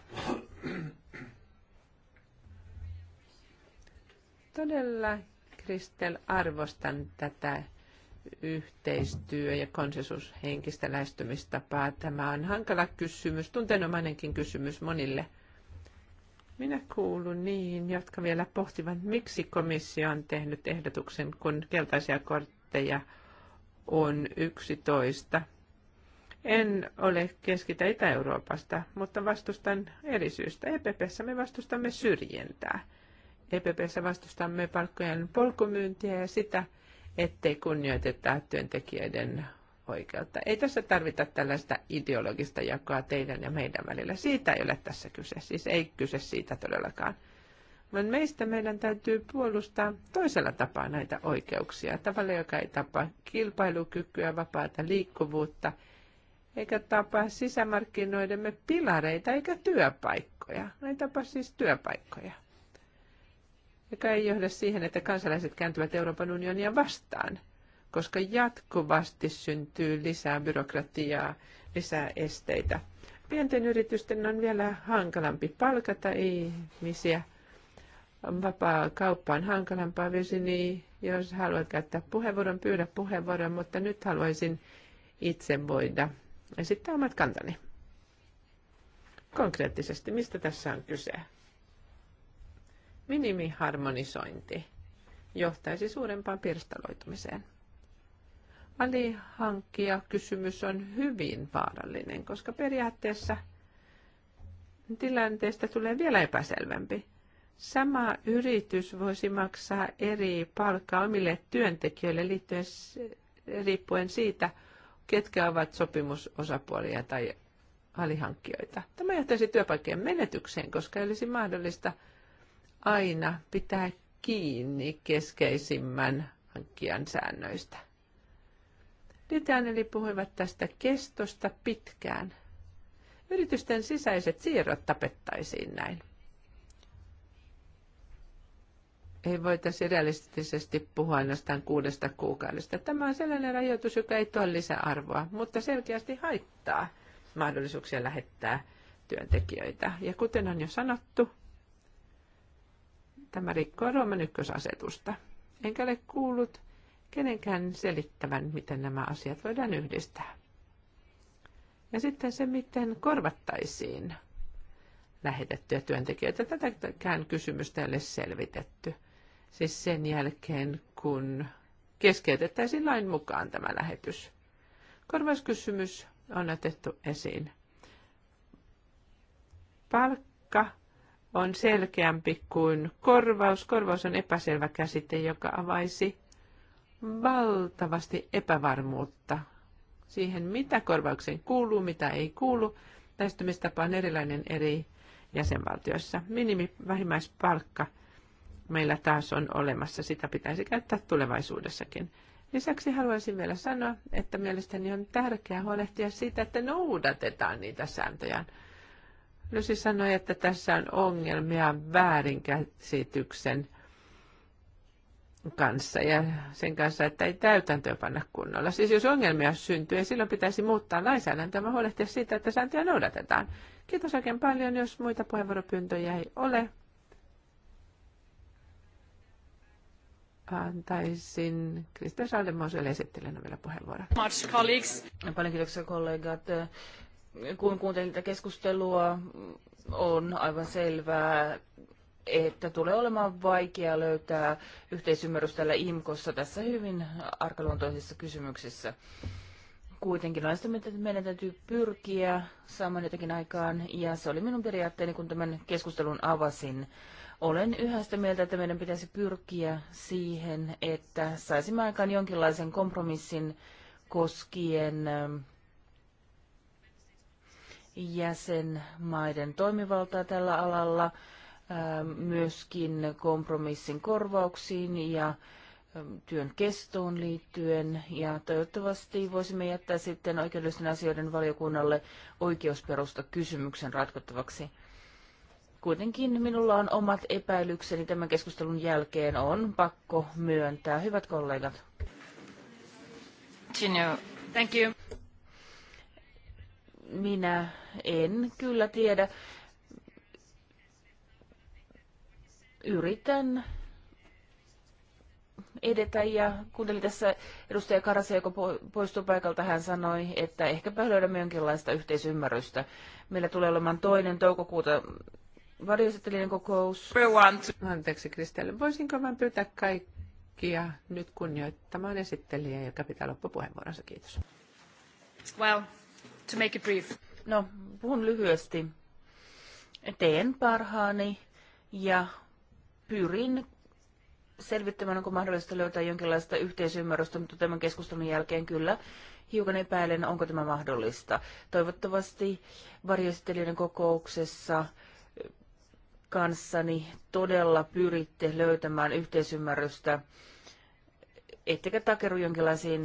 Todella, Kristel, arvostan tätä yhteistyö- ja konsensushenkistä lähestymistapaa. Tämä on hankala kysymys, tunteenomainenkin kysymys monille – minä kuulun niihin, jotka vielä pohtivat, miksi komissio on tehnyt ehdotuksen, kun keltaisia kortteja on 11. En ole keskitä Itä-Euroopasta, mutta vastustan eri syystä. EPPssä me vastustamme syrjintää. EPPssä vastustamme palkkojen polkumyyntiä ja sitä, ettei kunnioiteta työntekijöiden oikeutta. Ei tässä tarvita tällaista ideologista jakoa teidän ja meidän välillä. Siitä ei ole tässä kyse. Siis ei kyse siitä todellakaan. Vaan meistä meidän täytyy puolustaa toisella tapaa näitä oikeuksia. Tavalla, joka ei tapa kilpailukykyä, vapaata liikkuvuutta, eikä tapa sisämarkkinoidemme pilareita eikä työpaikkoja. Ei tapa siis työpaikkoja joka ei johda siihen, että kansalaiset kääntyvät Euroopan unionia vastaan – koska jatkuvasti syntyy lisää byrokratiaa, lisää esteitä. Pienten yritysten on vielä hankalampi palkata ihmisiä. Vapaa kauppa on hankalampaa vesini. Jos haluat käyttää puheenvuoron, pyydä puheenvuoron, mutta nyt haluaisin itse voida esittää omat kantani. Konkreettisesti, mistä tässä on kyse? Minimiharmonisointi johtaisi suurempaan pirstaloitumiseen alihankkija kysymys on hyvin vaarallinen, koska periaatteessa tilanteesta tulee vielä epäselvempi. Sama yritys voisi maksaa eri palkkaa omille työntekijöille liittyen riippuen siitä, ketkä ovat sopimusosapuolia tai alihankkijoita. Tämä johtaisi työpaikkojen menetykseen, koska olisi mahdollista aina pitää kiinni keskeisimmän hankkijan säännöistä. Ditään puhuivat tästä kestosta pitkään. Yritysten sisäiset siirrot tapettaisiin näin. Ei voitaisi realistisesti puhua ainoastaan kuudesta kuukaudesta. Tämä on sellainen rajoitus, joka ei tuo lisäarvoa, mutta selkeästi haittaa mahdollisuuksia lähettää työntekijöitä. Ja kuten on jo sanottu, tämä rikkoo Rooman ykkösasetusta. Enkä ole kuullut kenenkään selittävän, miten nämä asiat voidaan yhdistää. Ja sitten se, miten korvattaisiin lähetettyjä työntekijöitä. Tätäkään kysymystä ei ole selvitetty. Siis sen jälkeen, kun keskeytettäisiin lain mukaan tämä lähetys. Korvauskysymys on otettu esiin. Palkka on selkeämpi kuin korvaus. Korvaus on epäselvä käsite, joka avaisi valtavasti epävarmuutta siihen, mitä korvaukseen kuuluu, mitä ei kuulu. Lähestymistapa on erilainen eri jäsenvaltioissa. Minimi vähimmäispalkka meillä taas on olemassa. Sitä pitäisi käyttää tulevaisuudessakin. Lisäksi haluaisin vielä sanoa, että mielestäni on tärkeää huolehtia siitä, että noudatetaan niitä sääntöjä. Lysi sanoi, että tässä on ongelmia väärinkäsityksen kanssa ja sen kanssa, että ei täytäntöön panna kunnolla. Siis jos ongelmia syntyy, niin silloin pitäisi muuttaa lainsäädäntöä, ja huolehtia siitä, että sääntöjä noudatetaan. Kiitos oikein paljon, jos muita puheenvuoropyyntöjä ei ole. antaisin Krista Saldemoselle esittelen vielä puheenvuoron. Much colleagues. Paljon kiitoksia kollegat. Kun kuuntelin tätä keskustelua, on aivan selvää, että tulee olemaan vaikea löytää yhteisymmärrys täällä IMKossa tässä hyvin arkaluontoisissa kysymyksissä. Kuitenkin on sitä, että meidän täytyy pyrkiä saamaan jotakin aikaan, ja se oli minun periaatteeni, kun tämän keskustelun avasin. Olen yhä sitä mieltä, että meidän pitäisi pyrkiä siihen, että saisimme aikaan jonkinlaisen kompromissin koskien ähm, jäsenmaiden toimivaltaa tällä alalla – Ähm, myöskin kompromissin korvauksiin ja ähm, työn kestoon liittyen ja toivottavasti voisimme jättää sitten oikeudellisten asioiden valiokunnalle oikeusperusta kysymyksen ratkottavaksi. Kuitenkin minulla on omat epäilykseni tämän keskustelun jälkeen on pakko myöntää. Hyvät kollegat. Thank you. Minä en kyllä tiedä, yritän edetä ja kuuntelin tässä edustaja Karase, joka poistui paikalta, hän sanoi, että ehkäpä löydämme jonkinlaista yhteisymmärrystä. Meillä tulee olemaan toinen toukokuuta varjoesittelijän kokous. Anteeksi Kristelle, voisinko vain pyytää kaikkia nyt kunnioittamaan esittelijää, joka pitää loppupuheenvuoronsa. Kiitos. Well, to make it brief. No, puhun lyhyesti. Teen parhaani ja pyrin selvittämään, onko mahdollista löytää jonkinlaista yhteisymmärrystä, mutta tämän keskustelun jälkeen kyllä hiukan epäilen, onko tämä mahdollista. Toivottavasti varjoistelijoiden kokouksessa kanssani todella pyritte löytämään yhteisymmärrystä, ettekä takeru jonkinlaisiin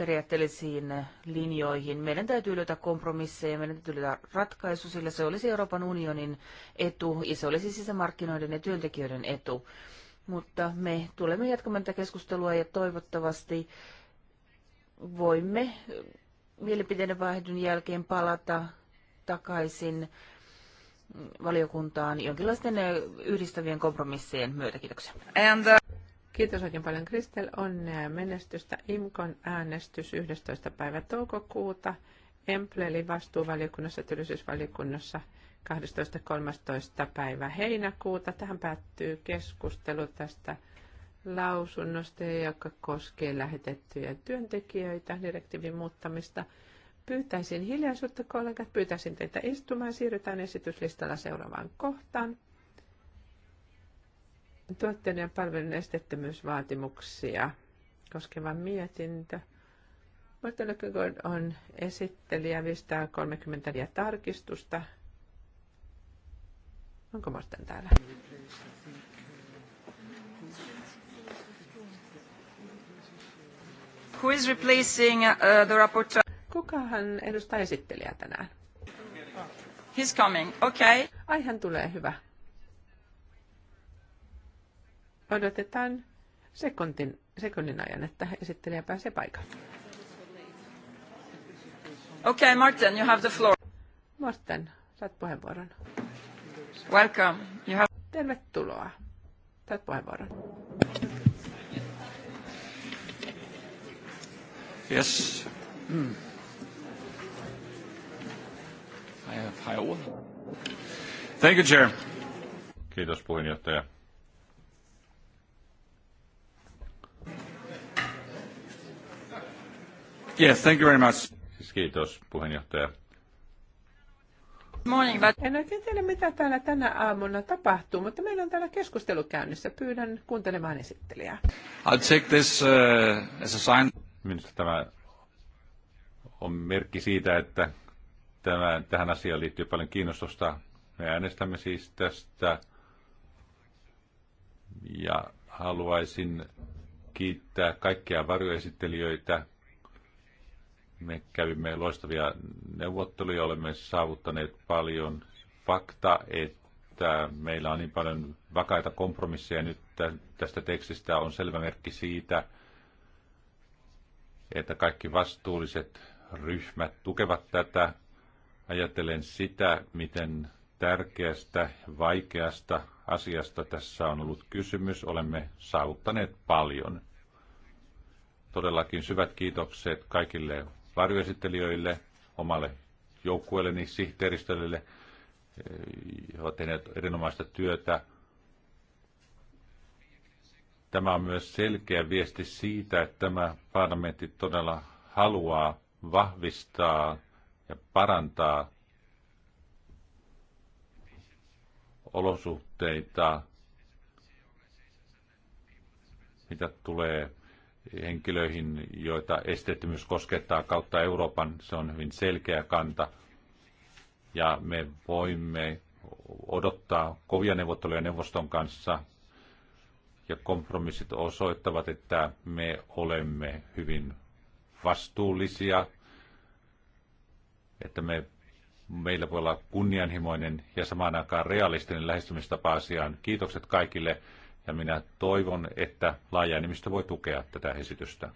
periaatteellisiin linjoihin. Meidän täytyy löytää kompromisseja, meidän täytyy löytää ratkaisu, sillä se olisi Euroopan unionin etu ja se olisi sisämarkkinoiden ja työntekijöiden etu. Mutta me tulemme jatkamaan tätä keskustelua ja toivottavasti voimme mielipiteiden vaihdon jälkeen palata takaisin valiokuntaan jonkinlaisten yhdistävien kompromissien myötä. Kiitoksia. And, uh, Kiitos oikein paljon Kristel. Onnea menestystä. IMKON äänestys 11. päivä toukokuuta. Emple eli vastuuvaliokunnassa, työllisyysvaliokunnassa 12.13. päivä heinäkuuta. Tähän päättyy keskustelu tästä lausunnosta, joka koskee lähetettyjä työntekijöitä, direktiivin muuttamista. Pyytäisin hiljaisuutta, kollegat, pyytäisin teitä istumaan. Siirrytään esityslistalla seuraavaan kohtaan tuotteiden ja palvelujen esteettömyysvaatimuksia koskeva mietintö. Mattelökykod on esittelijä 530 tarkistusta. Onko Morten täällä? Who is replacing uh, the rapporteur? Kukahan edustaa esittelijää tänään? He's coming, okay. Ai hän tulee, hyvä odotetaan sekuntin, sekunnin ajan, että esittelijä pääsee paikalle. Okay, Martin, you have the floor. Martin, saat puheenvuoron. Welcome. You have... Tervetuloa. Saat puheenvuoron. Yes. Mm. Thank you, Chair. Kiitos puheenjohtaja. Yes, thank you very much. Siis kiitos puheenjohtaja. Morning, but... En oikein tiedä, mitä täällä tänä aamuna tapahtuu, mutta meillä on täällä keskustelu käynnissä. Pyydän kuuntelemaan esittelijää. I'll take this uh, as a sign. Minusta tämä on merkki siitä, että tämä, tähän asiaan liittyy paljon kiinnostusta. Me äänestämme siis tästä ja haluaisin kiittää kaikkia varjoesittelijöitä me kävimme loistavia neuvotteluja, olemme saavuttaneet paljon. Fakta, että meillä on niin paljon vakaita kompromisseja nyt tästä tekstistä on selvä merkki siitä, että kaikki vastuulliset ryhmät tukevat tätä. Ajattelen sitä, miten tärkeästä, vaikeasta asiasta tässä on ollut kysymys. Olemme saavuttaneet paljon. Todellakin syvät kiitokset kaikille varjoesittelijöille, omalle niin sihteeristölle. He ovat tehneet erinomaista työtä. Tämä on myös selkeä viesti siitä, että tämä parlamentti todella haluaa vahvistaa ja parantaa olosuhteita, mitä tulee henkilöihin, joita esteettömyys koskettaa kautta Euroopan. Se on hyvin selkeä kanta. Ja me voimme odottaa kovia neuvotteluja neuvoston kanssa. Ja kompromissit osoittavat, että me olemme hyvin vastuullisia, että me, meillä voi olla kunnianhimoinen ja samaan aikaan realistinen lähestymistapa asiaan. Kiitokset kaikille ja minä toivon, että laaja enemmistö voi tukea tätä esitystä.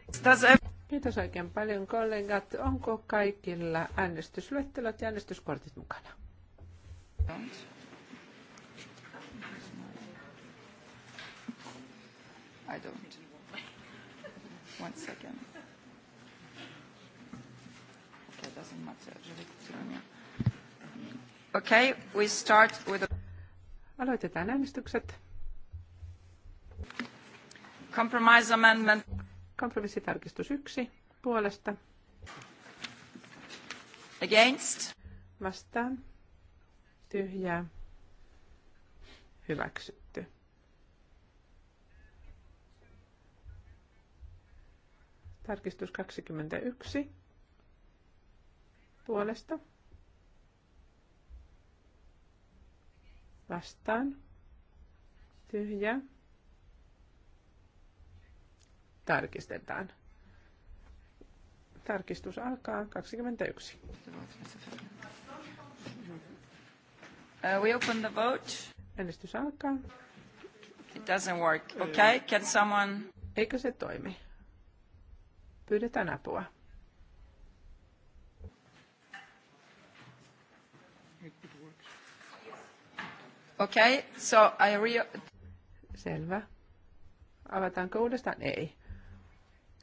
Kiitos oikein paljon kollegat. Onko kaikilla äänestysluettelot ja äänestyskortit mukana? I don't. One second. Okay, doesn't matter. Okay, we start with... Aloitetaan äänestykset. Compromise amendment. Kompromissitarkistus yksi puolesta. Against. Vastaan. Tyhjää. Hyväksytty. Tarkistus 21 puolesta. Vastaan. Tyhjää tarkistetaan. Tarkistus alkaa 21. Uh, we open the vote. Äänestys alkaa. It doesn't work. Okay, can someone... Eikö se toimi? Pyydetään apua. okay, so I re... Selvä. Avataanko uudestaan? Ei.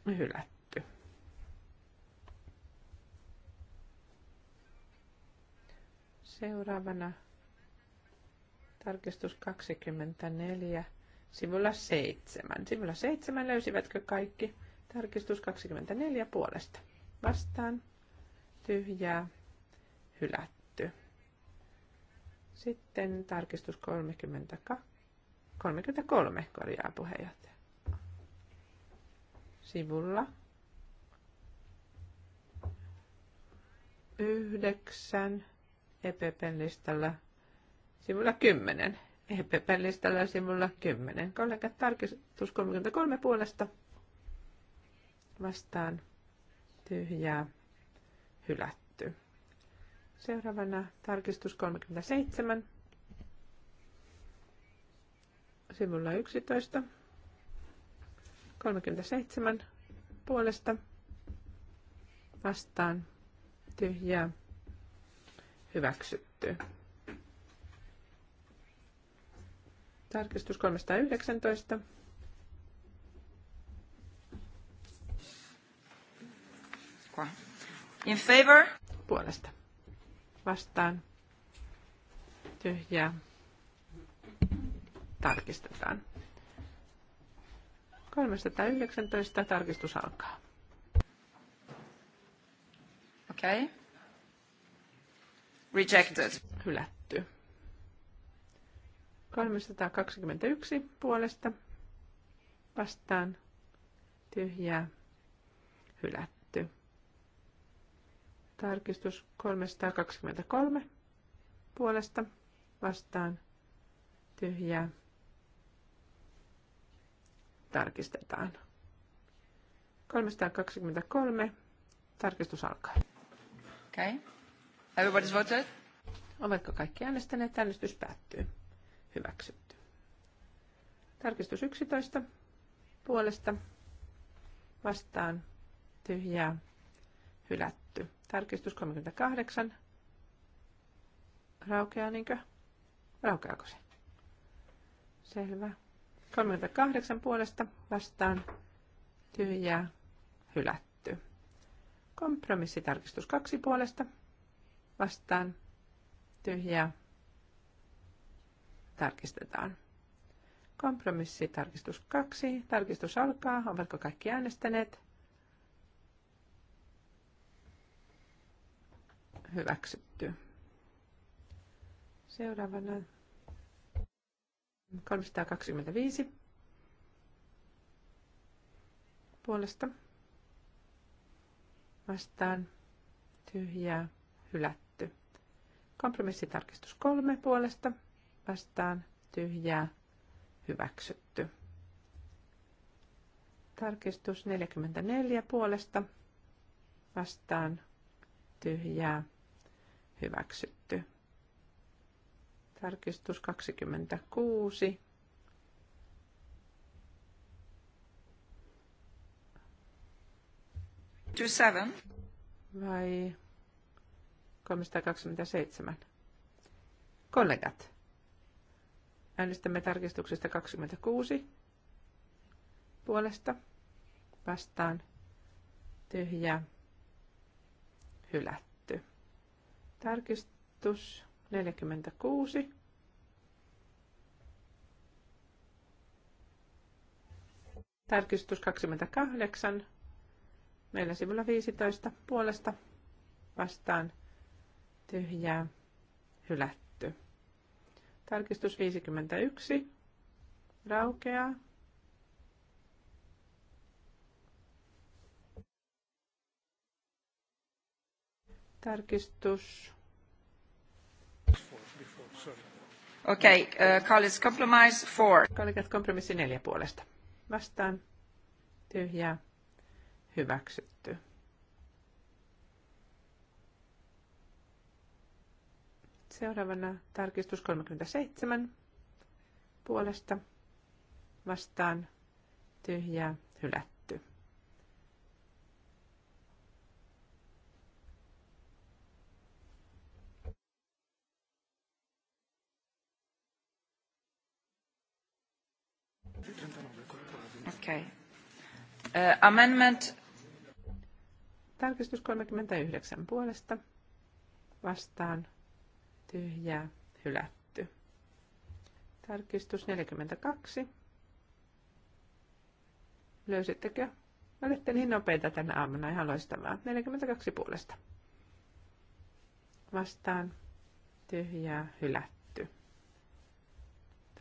Hylätty. Seuraavana tarkistus 24, sivulla 7. Sivulla 7 löysivätkö kaikki? Tarkistus 24 puolesta. Vastaan. Tyhjää. Hylätty. Sitten tarkistus 32. 33 korjaa puheenjohtaja sivulla. Yhdeksän EPPn listalla sivulla kymmenen. EPPn listalla sivulla kymmenen. Kollegat tarkistus 33 puolesta vastaan tyhjää hylätty. Seuraavana tarkistus 37 sivulla 11 37 puolesta vastaan tyhjää hyväksytty. Tarkistus 319. In favor. Puolesta. Vastaan. Tyhjää. Tarkistetaan. 319 tarkistus alkaa. Okei. Okay. Rejected. Hylätty. 321 puolesta vastaan tyhjää hylätty. Tarkistus 323 puolesta vastaan tyhjää tarkistetaan. 323. Tarkistus alkaa. Okay. Everybody's voted? Ovatko kaikki äänestäneet? Äänestys päättyy. Hyväksytty. Tarkistus 11. Puolesta. Vastaan. Tyhjää. Hylätty. Tarkistus 38. Raukeaa niinkö? Raukeako se? Selvä. 38 puolesta vastaan tyhjää hylätty. Kompromissitarkistus 2 puolesta vastaan tyhjää tarkistetaan. Kompromissitarkistus 2. Tarkistus alkaa. Ovatko kaikki äänestäneet? Hyväksytty. Seuraavana 325 puolesta vastaan tyhjää hylätty. Kompromissitarkistus 3 puolesta vastaan tyhjää hyväksytty. Tarkistus 44 puolesta vastaan tyhjää hyväksytty. Tarkistus 26. seven. Vai 327. Kollegat. Äänestämme tarkistuksesta 26. Puolesta. Vastaan. Tyhjä. Hylätty. Tarkistus 46. Tarkistus 28. Meillä sivulla 15 puolesta vastaan tyhjää hylätty. Tarkistus 51 raukeaa. Tarkistus Okay, uh, compromise Kollegat, kompromissi neljä puolesta. Vastaan. Tyhjää. Hyväksytty. Seuraavana tarkistus 37 puolesta vastaan tyhjää hylätty. Okay. Uh, amendment. Tarkistus 39 puolesta. Vastaan. Tyhjää. Hylätty. Tarkistus 42. Löysittekö? Olette niin nopeita tänä aamuna. Ihan loistavaa. 42 puolesta. Vastaan. Tyhjää. Hylätty.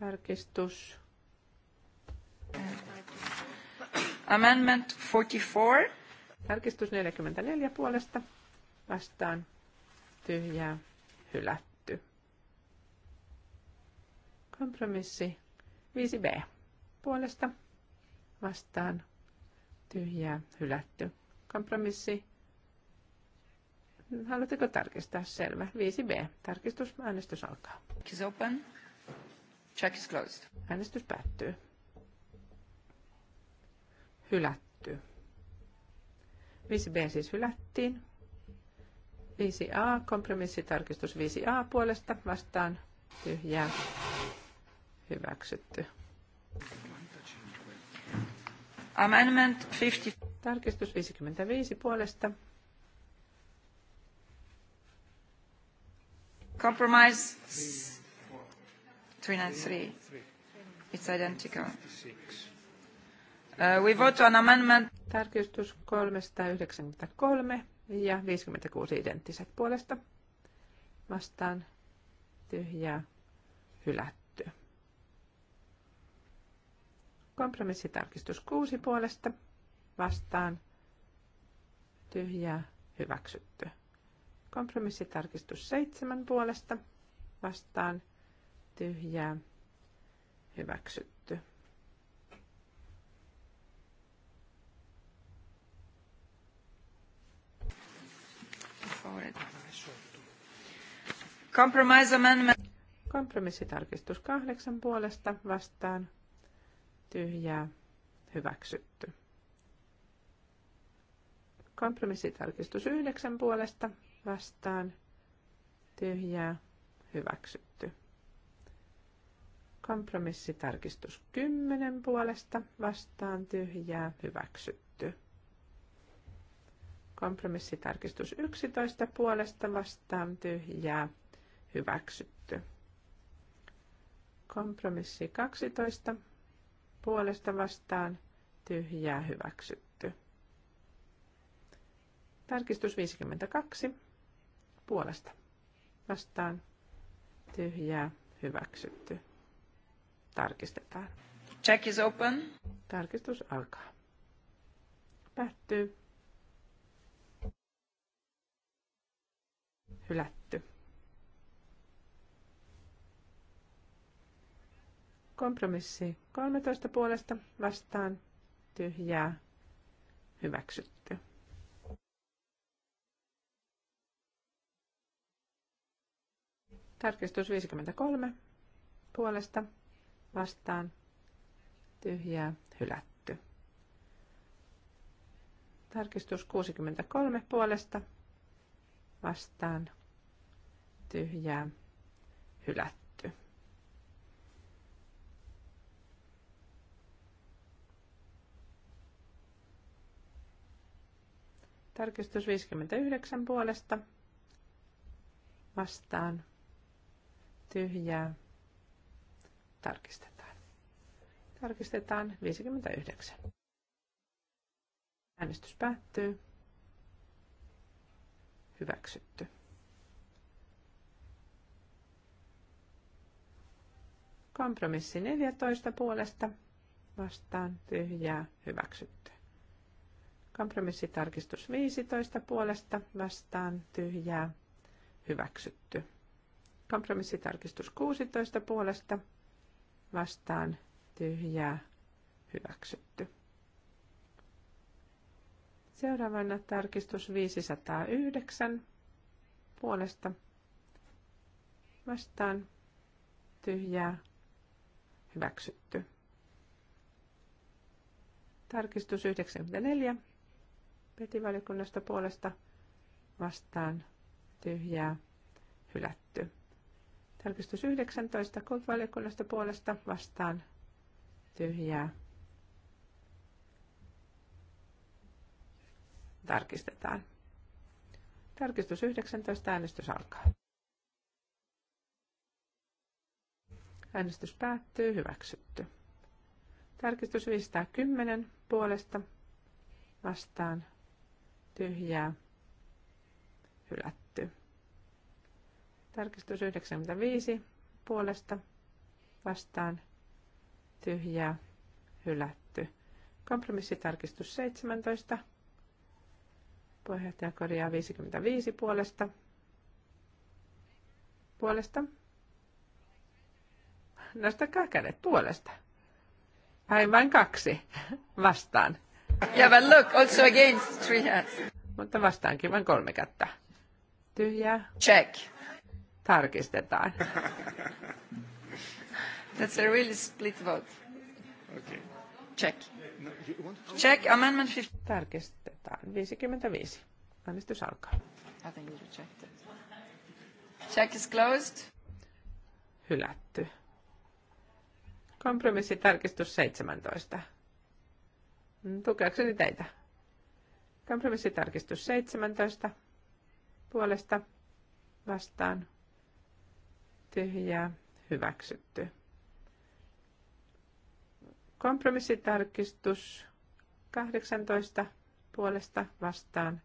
Tarkistus. Tarkistus. Amendment 44. Tarkistus 44 puolesta vastaan tyhjää hylätty. Kompromissi 5b puolesta vastaan tyhjää hylätty. Kompromissi. Haluatteko tarkistaa? Selvä. 5b. Tarkistus. Äänestys alkaa. Check is open. Check is closed. Äänestys päättyy hylätty. 5b siis hylättiin. 5a, kompromissitarkistus 5a puolesta vastaan tyhjää hyväksytty. Amendment 50. Tarkistus 55 puolesta. Compromise 393. It's identical. 56. Uh, we vote on amendment. Tarkistus 393 ja 56 identtiset puolesta. Vastaan tyhjää hylätty. Kompromissitarkistus 6 puolesta. Vastaan tyhjää hyväksytty. Kompromissitarkistus 7 puolesta. Vastaan tyhjää hyväksytty. Compromise amendment. Kompromissitarkistus kahdeksan puolesta vastaan. Tyhjää. Hyväksytty. Kompromissitarkistus yhdeksän puolesta vastaan. Tyhjää. Hyväksytty. Kompromissitarkistus kymmenen puolesta vastaan. Tyhjää. Hyväksytty. Kompromissitarkistus 11 puolesta vastaan tyhjää hyväksytty. Kompromissi 12 puolesta vastaan tyhjää hyväksytty. Tarkistus 52 puolesta vastaan tyhjää hyväksytty. Tarkistetaan. Check is open. Tarkistus alkaa. Päättyy. hylätty. Kompromissi 13 puolesta vastaan tyhjää hyväksytty. Tarkistus 53 puolesta vastaan tyhjää hylätty. Tarkistus 63 puolesta vastaan tyhjää hylätty. Tarkistus 59 puolesta vastaan tyhjää tarkistetaan. Tarkistetaan 59. Äänestys päättyy. Hyväksytty. Kompromissi 14 puolesta vastaan tyhjää hyväksytty. Kompromissitarkistus 15 puolesta vastaan tyhjää hyväksytty. Kompromissitarkistus 16 puolesta vastaan tyhjää hyväksytty. Seuraavana tarkistus 509 puolesta vastaan tyhjää Hyväksytty. Tarkistus 94. Petivaliokunnasta puolesta vastaan tyhjää hylätty. Tarkistus 19. Kulttuurivaliokunnasta puolesta vastaan tyhjää. Tarkistetaan. Tarkistus 19. Äänestys alkaa. Äänestys päättyy. Hyväksytty. Tarkistus 510 puolesta vastaan tyhjää hylätty. Tarkistus 95 puolesta vastaan tyhjää hylätty. Kompromissitarkistus 17 puheenjohtaja korjaa 55 puolesta. Puolesta nostakaa kädet puolesta. Ai vain kaksi vastaan. Yeah, but look, also against three hands. Mutta vastaankin vain kolme kättä. Tyhjää. Check. Tarkistetaan. That's a really split vote. Okay. Check. No, Check amendment 50. Tarkistetaan. 55. Äänestys alkaa. I think you rejected. Check is closed. Hylätty. Kompromissitarkistus 17. Tukeakseni teitä. Kompromissitarkistus 17. Puolesta vastaan tyhjää hyväksytty. Kompromissitarkistus 18 puolesta vastaan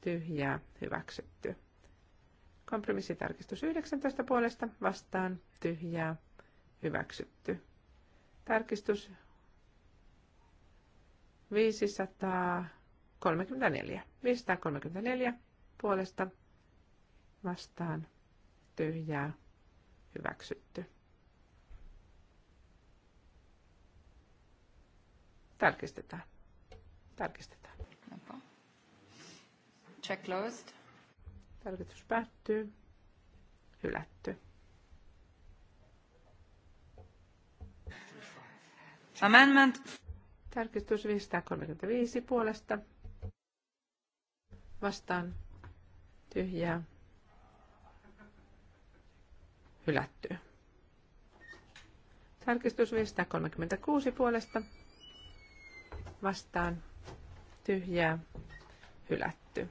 tyhjää hyväksytty. Kompromissitarkistus 19 puolesta vastaan tyhjää hyväksytty. Tarkistus 534. 534 puolesta vastaan tyhjää hyväksytty. Tarkistetaan. Tarkistetaan. Check closed. Tarkistus päättyy. Hylätty. Amendment. Tarkistus 535 puolesta. Vastaan. Tyhjää. Hylätty. Tarkistus 536 puolesta. Vastaan. Tyhjää. Hylätty.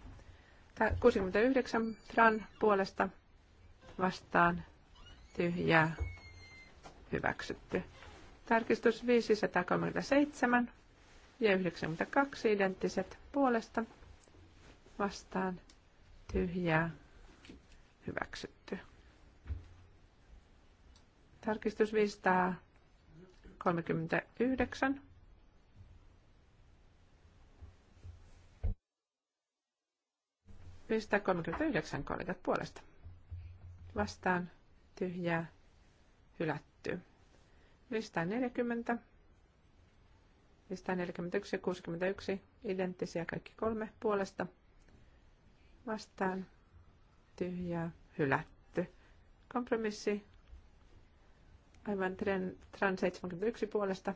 69 tran puolesta. Vastaan. Tyhjää. Hyväksytty. Tarkistus 537 ja 92 identtiset puolesta vastaan tyhjää hyväksytty. Tarkistus 539. Pistää 39 kollegat puolesta. Vastaan tyhjää hylätty. 540, 541 ja 61, identtisiä kaikki kolme puolesta. Vastaan tyhjää, hylätty. Kompromissi aivan tren, tran 71 puolesta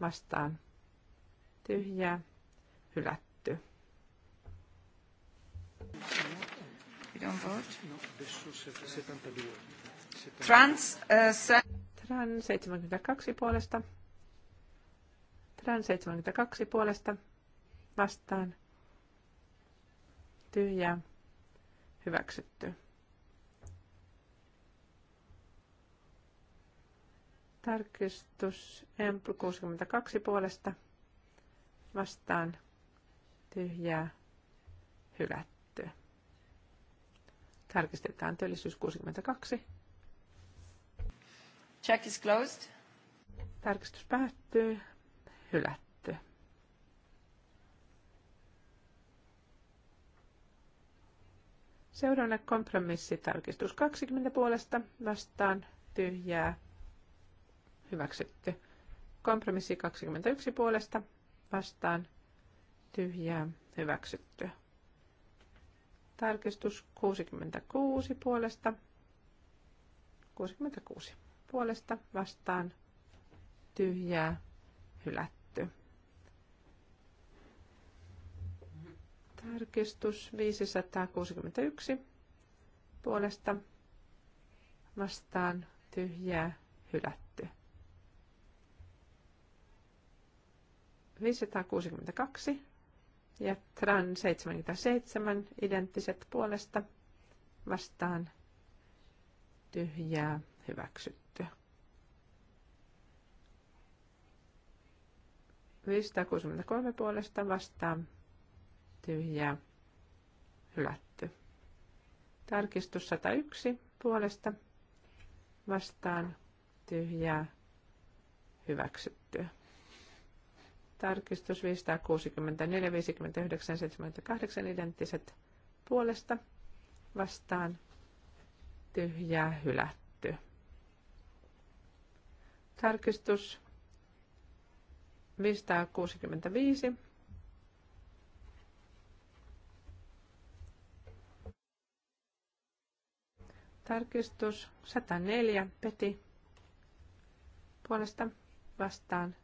vastaan tyhjää, hylätty. Trans, uh, Tran 72 puolesta. Tran 72 puolesta vastaan. Tyhjää. Hyväksytty. Tarkistus m 62 puolesta vastaan tyhjää hylätty. Tarkistetaan työllisyys 62. Check is closed. Tarkistus päättyy. Hylätty. Seuraavana kompromissitarkistus 20 puolesta vastaan tyhjää. Hyväksytty. Kompromissi 21 puolesta vastaan tyhjää. Hyväksytty. Tarkistus 66 puolesta. 66 puolesta vastaan tyhjää hylätty. Tarkistus 561 puolesta vastaan tyhjää hylätty. 562 ja tran 77 identtiset puolesta vastaan tyhjää hyväksytty. 563 puolesta vastaan tyhjää hylätty. Tarkistus 101 puolesta vastaan tyhjää hyväksyttyä. Tarkistus 564, 59, 78 identtiset puolesta vastaan tyhjää hylätty. Tarkistus 565. Tarkistus 104. Peti puolesta vastaan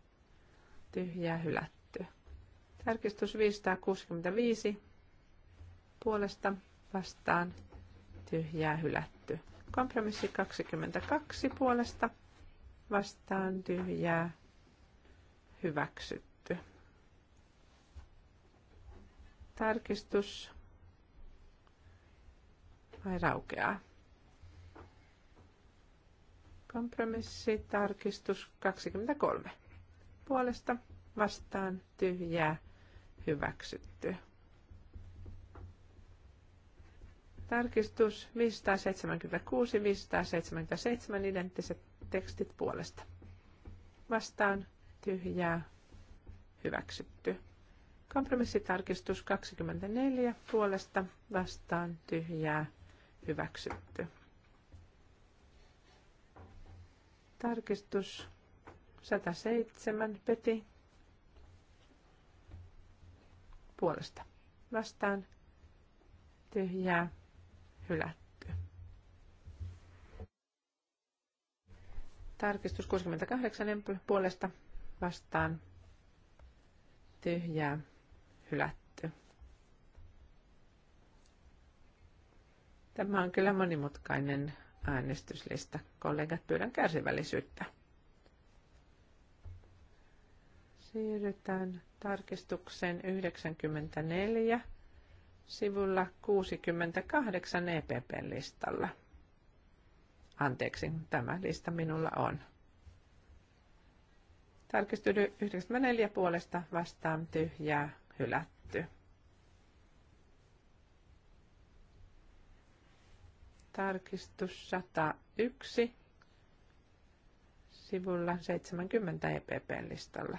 tyhjää hylätty. Tarkistus 565 puolesta vastaan tyhjää hylätty. Kompromissi 22 puolesta vastaan tyhjää hyväksytty. Tarkistus vai raukeaa? tarkistus 23. Puolesta vastaan tyhjää hyväksytty. Tarkistus 576, 577 identtiset tekstit puolesta. Vastaan tyhjää, hyväksytty. Kompromissitarkistus 24 puolesta vastaan tyhjää, hyväksytty. Tarkistus 107 peti puolesta vastaan tyhjää, hylätty. Tarkistus 68 puolesta vastaan tyhjää hylätty. Tämä on kyllä monimutkainen äänestyslista. Kollegat, pyydän kärsivällisyyttä. Siirrytään tarkistukseen 94 sivulla 68 EPP-listalla. Anteeksi, tämä lista minulla on. Tarkistui 94 puolesta vastaan tyhjää hylätty. Tarkistus 101 sivulla 70 EPP-listalla.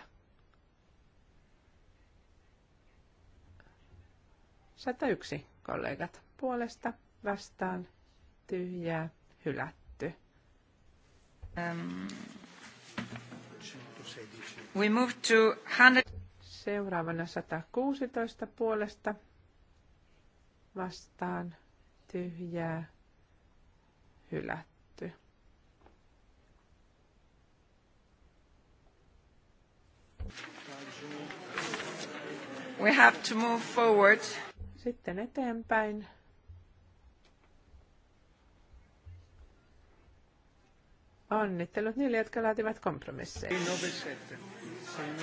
101 kollegat puolesta vastaan tyhjää hylätty. Um. We move to 100... Seuraavana 116 puolesta vastaan tyhjää hylätty. We have to move forward. Sitten eteenpäin. Onnittelut niille, jotka laativat kompromisseja.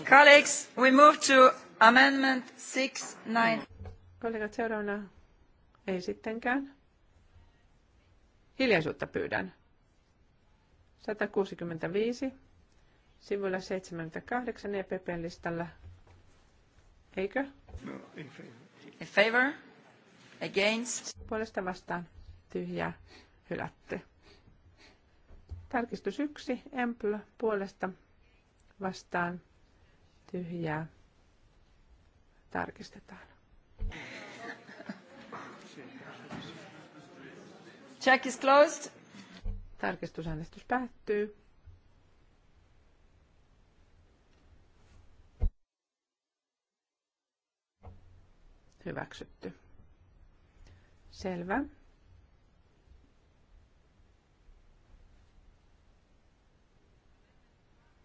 Colleagues, we move to amendment 69. Kollegat, seuraavana ei sittenkään. Hiljaisuutta pyydän. 165, sivulla 78 epp listalla. Eikö? No, in favor. In favor. Against. Puolesta vastaan. Tyhjää. Hylätty. Tarkistus 1. Empl puolesta vastaan tyhjää. Tarkistetaan. Check is closed. Tarkistusäänestys päättyy. Hyväksytty. Selvä.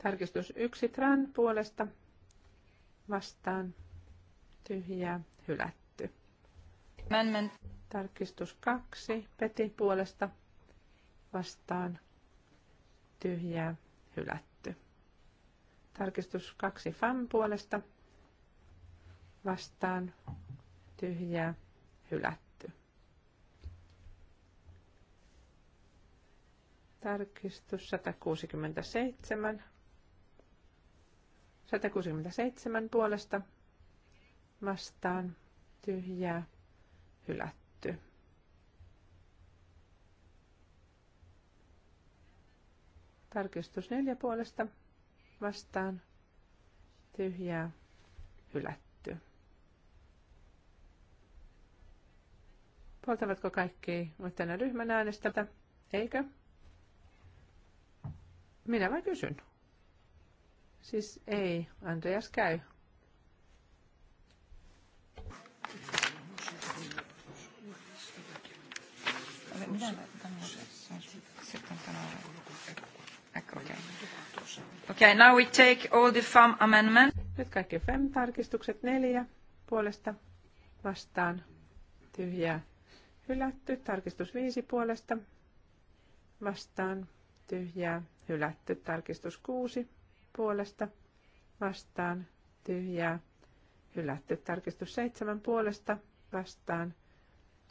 Tarkistus yksi tran puolesta vastaan tyhjää hylätty. men Tarkistus kaksi Peti puolesta vastaan tyhjää hylätty. Tarkistus kaksi fan puolesta vastaan tyhjää hylätty. Tarkistus 167 167 puolesta vastaan tyhjää hylätty. Tarkistus neljä puolesta vastaan tyhjää hylätty. Puoltavatko kaikki tänä ryhmän äänestä? Eikö? Minä vain kysyn. Siis ei, Andreas käy. Mitä Okay, now we take all the farm amendments. Nyt kaikki FEM-tarkistukset neljä puolesta vastaan tyhjää hylätty. Tarkistus viisi puolesta vastaan tyhjää hylätty. Tarkistus kuusi puolesta vastaan tyhjää. Hylätty tarkistus 7 puolesta vastaan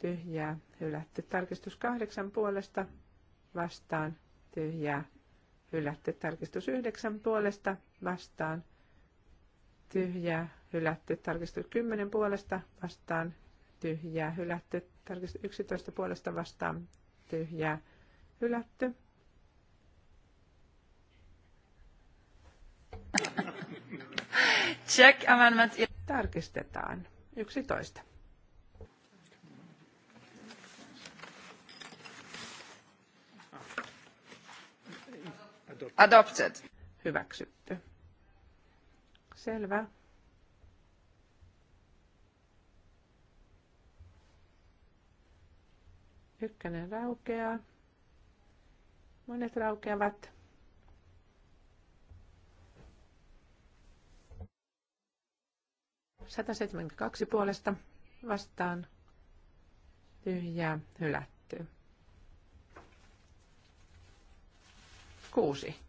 tyhjää. Hylätty tarkistus 8 puolesta vastaan tyhjää. Hylätty tarkistus 9 puolesta vastaan tyhjää. Hylätty tarkistus 10 puolesta vastaan tyhjää. Hylätty tarkistus 11 puolesta vastaan tyhjää. Hylätty Check amendment. Tarkistetaan. 11. Adopted. Hyväksytty. Selvä. Ykkönen raukeaa. Monet raukeavat. 172 puolesta vastaan tyhjää hylätty. Kuusi.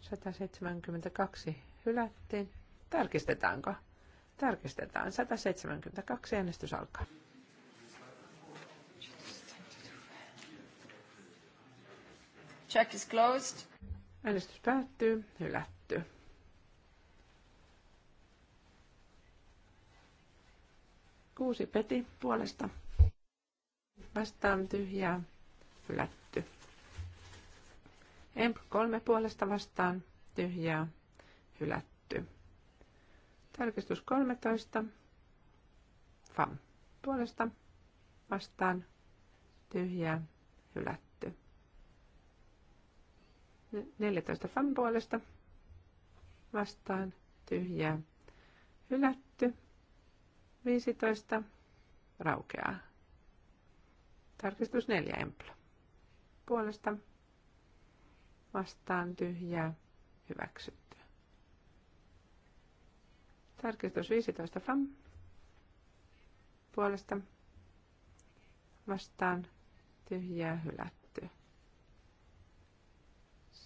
Sata kaksi hylättiin. Tarkistetaanko? Tarkistetaan. 172 äänestys alkaa. Check is closed. Äänestys päättyy. Hylätty. Kuusi peti puolesta. Vastaan tyhjää. Hylätty. Emp kolme puolesta vastaan tyhjää. Hylätty. Tarkistus 13. Fam puolesta vastaan tyhjää. Hylätty. 14 fan puolesta vastaan tyhjää hylätty. 15 raukeaa. Tarkistus 4 emplo. Puolesta vastaan tyhjää hyväksytty. Tarkistus 15 fan Puolesta vastaan tyhjää hylätty.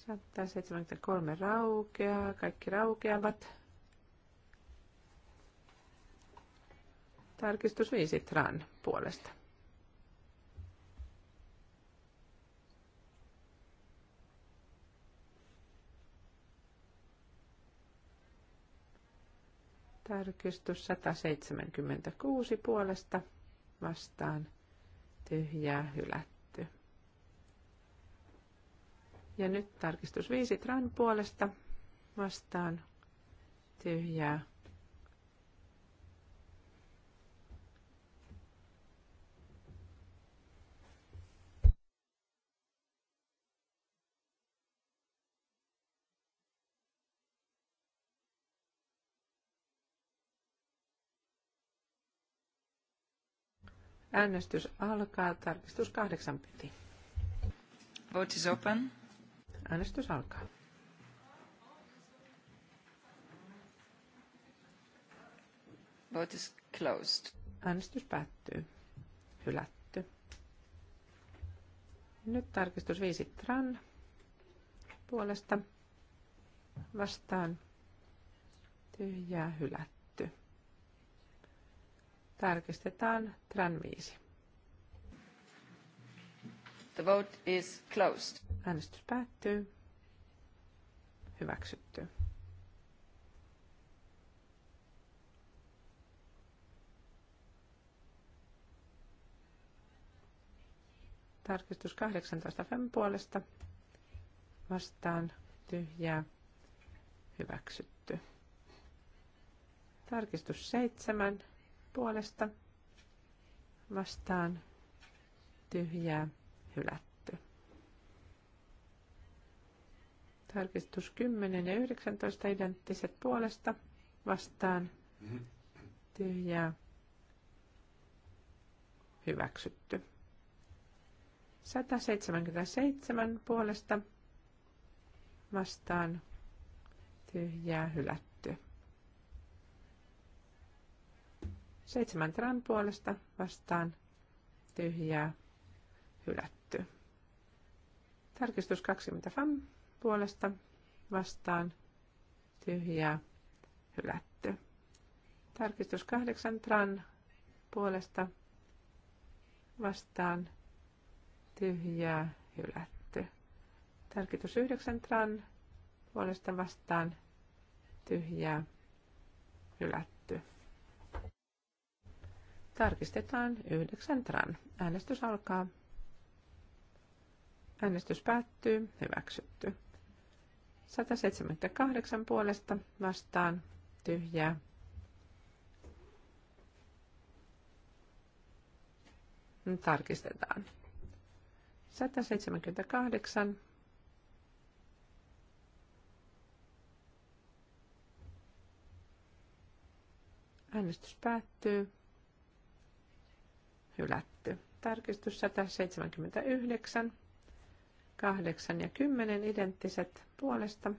173 raukeaa, kaikki raukeavat. Tarkistus 5 tran puolesta. Tarkistus 176 puolesta vastaan tyhjää hylättä. Ja nyt tarkistus 5 tran puolesta vastaan tyhjää. Äänestys alkaa. Tarkistus kahdeksan piti. Vote is open. Äänestys alkaa. Vote is closed. Äänestys päättyy. Hylätty. Nyt tarkistus 5 tran puolesta vastaan tyhjää hylätty. Tarkistetaan tran 5. The vote is closed. Äänestys päättyy. Hyväksytty. Tarkistus 18 fem puolesta. Vastaan tyhjää. Hyväksytty. Tarkistus 7 puolesta. Vastaan tyhjää. Hylätty Tarkistus 10 ja 19 identtiset puolesta vastaan tyhjää hyväksytty. 177 puolesta vastaan tyhjää hylätty. 7 tran puolesta vastaan tyhjää hylätty. Tarkistus 20 fam puolesta vastaan tyhjää hylätty. Tarkistus kahdeksan tran puolesta vastaan tyhjää hylätty. Tarkistus yhdeksän tran puolesta vastaan tyhjää hylätty. Tarkistetaan yhdeksän tran. Äänestys alkaa. Äänestys päättyy. Hyväksytty. 178 puolesta vastaan tyhjää. Tarkistetaan. 178 Äänestys päättyy. Hylätty. Tarkistus 179 8 ja 10 identtiset puolesta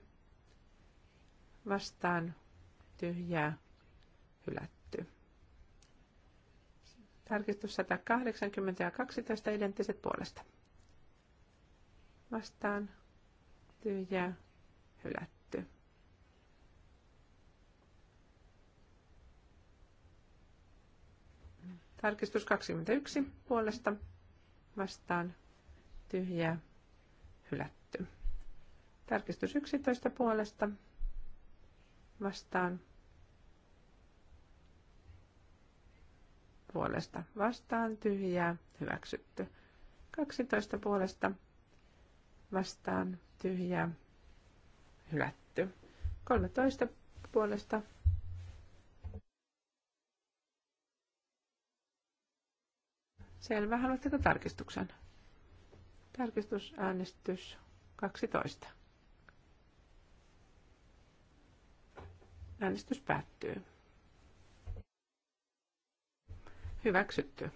vastaan tyhjää hylätty. Tarkistus 180 ja 12 identtiset puolesta. Vastaan tyhjää hylätty. Tarkistus 21 puolesta vastaan tyhjää hylätty. Tarkistus 11 puolesta vastaan. Puolesta vastaan tyhjää hyväksytty. 12 puolesta vastaan tyhjää hylätty. 13 puolesta Selvä. Haluatteko tarkistuksen? Tarkistusäänestys 12. Äänestys päättyy. Hyväksytty.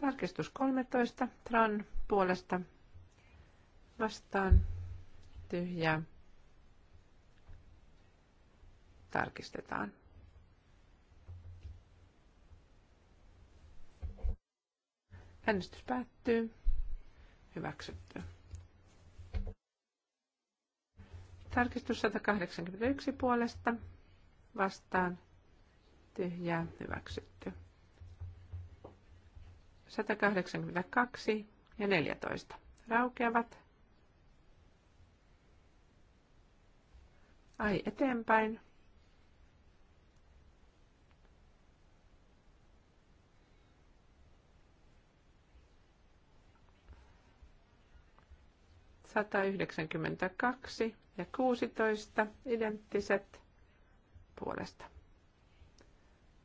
Tarkistus 13. Tran puolesta vastaan tyhjää. Tarkistetaan. Äänestys päättyy. Hyväksytty. Tarkistus 181 puolesta vastaan tyhjää hyväksytty. 182 ja 14 raukeavat. Ai eteenpäin. 192 ja 16 identtiset puolesta.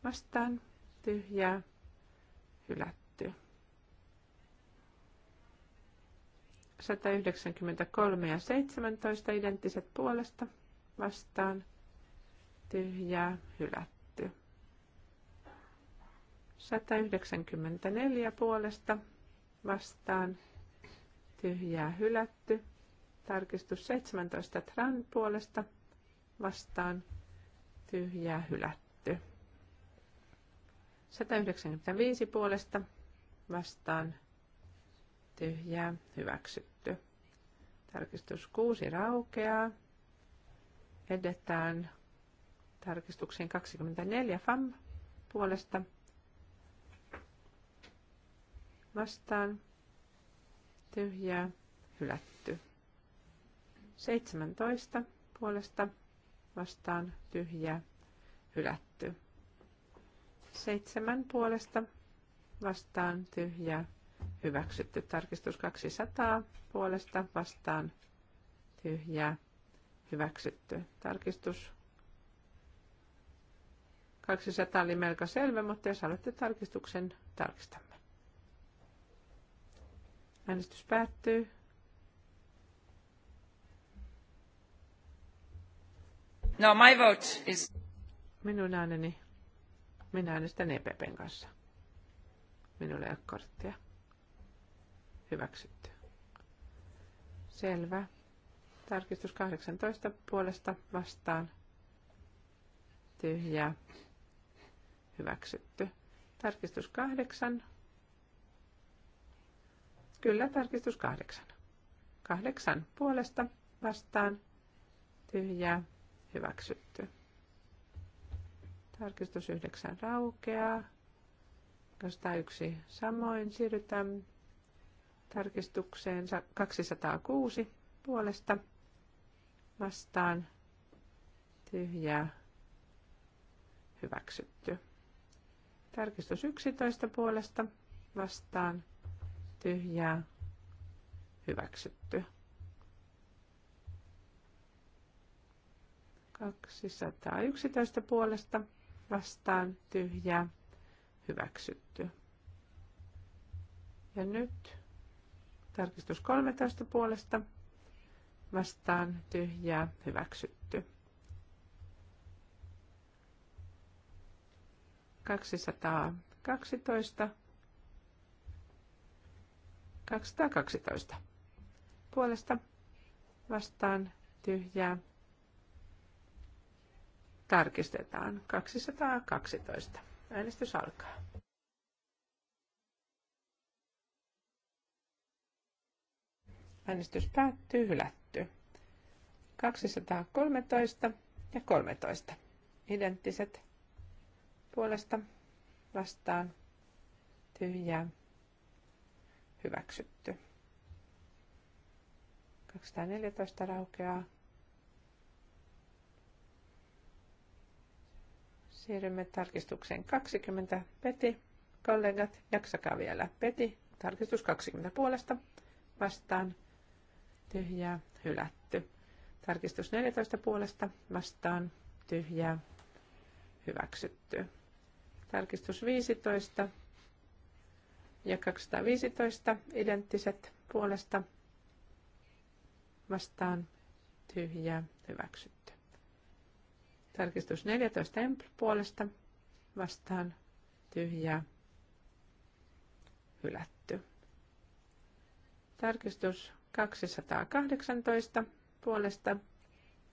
Vastaan tyhjää hylätty. 193 ja 17 identtiset puolesta vastaan tyhjää hylätty. 194 puolesta vastaan tyhjää hylätty. Tarkistus 17 tran puolesta vastaan tyhjää hylätty. 195 puolesta vastaan tyhjää hyväksytty. Tarkistus 6 raukeaa. Edetään tarkistukseen 24 FAM puolesta vastaan tyhjää, hylätty. 17 puolesta vastaan tyhjää, hylätty. 7 puolesta vastaan tyhjää, hyväksytty. Tarkistus 200 puolesta vastaan tyhjää, hyväksytty. Tarkistus 200 oli melko selvä, mutta jos haluatte tarkistuksen, tarkistamme. Äänestys päättyy. No, my vote is... Minun ääneni. Minä äänestän EPPn kanssa. Minulla ei ole korttia. Hyväksytty. Selvä. Tarkistus 18 puolesta vastaan. Tyhjää. Hyväksytty. Tarkistus 8 Kyllä, tarkistus kahdeksan. Kahdeksan puolesta vastaan tyhjää hyväksytty. Tarkistus yhdeksän raukeaa. yksi samoin siirrytään tarkistukseen 206 puolesta vastaan tyhjää hyväksytty. Tarkistus 11 puolesta vastaan tyhjää, hyväksytty. 211 puolesta vastaan tyhjää, hyväksytty. Ja nyt tarkistus 13 puolesta vastaan tyhjää, hyväksytty. 212 212. Puolesta vastaan tyhjää. Tarkistetaan. 212. Äänestys alkaa. Äänestys päättyy hylätty. 213 ja 13. Identtiset puolesta vastaan tyhjää hyväksytty. 214 raukeaa. Siirrymme tarkistukseen 20. Peti, kollegat, jaksakaa vielä. Peti, tarkistus 20 puolesta. Vastaan. Tyhjää, hylätty. Tarkistus 14 puolesta. Vastaan. Tyhjää, hyväksytty. Tarkistus 15 ja 215 identtiset puolesta vastaan tyhjää hyväksytty. Tarkistus 14 emp puolesta vastaan tyhjää hylätty. Tarkistus 218 puolesta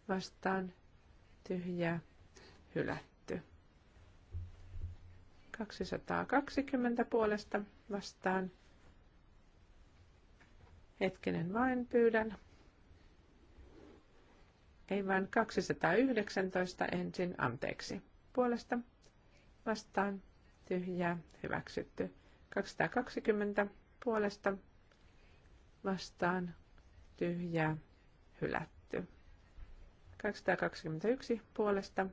vastaan tyhjää hylätty. 220 puolesta vastaan. Hetkinen vain pyydän. Ei vain 219 ensin anteeksi. Puolesta vastaan tyhjää hyväksytty. 220 puolesta vastaan tyhjää hylätty. 221 puolesta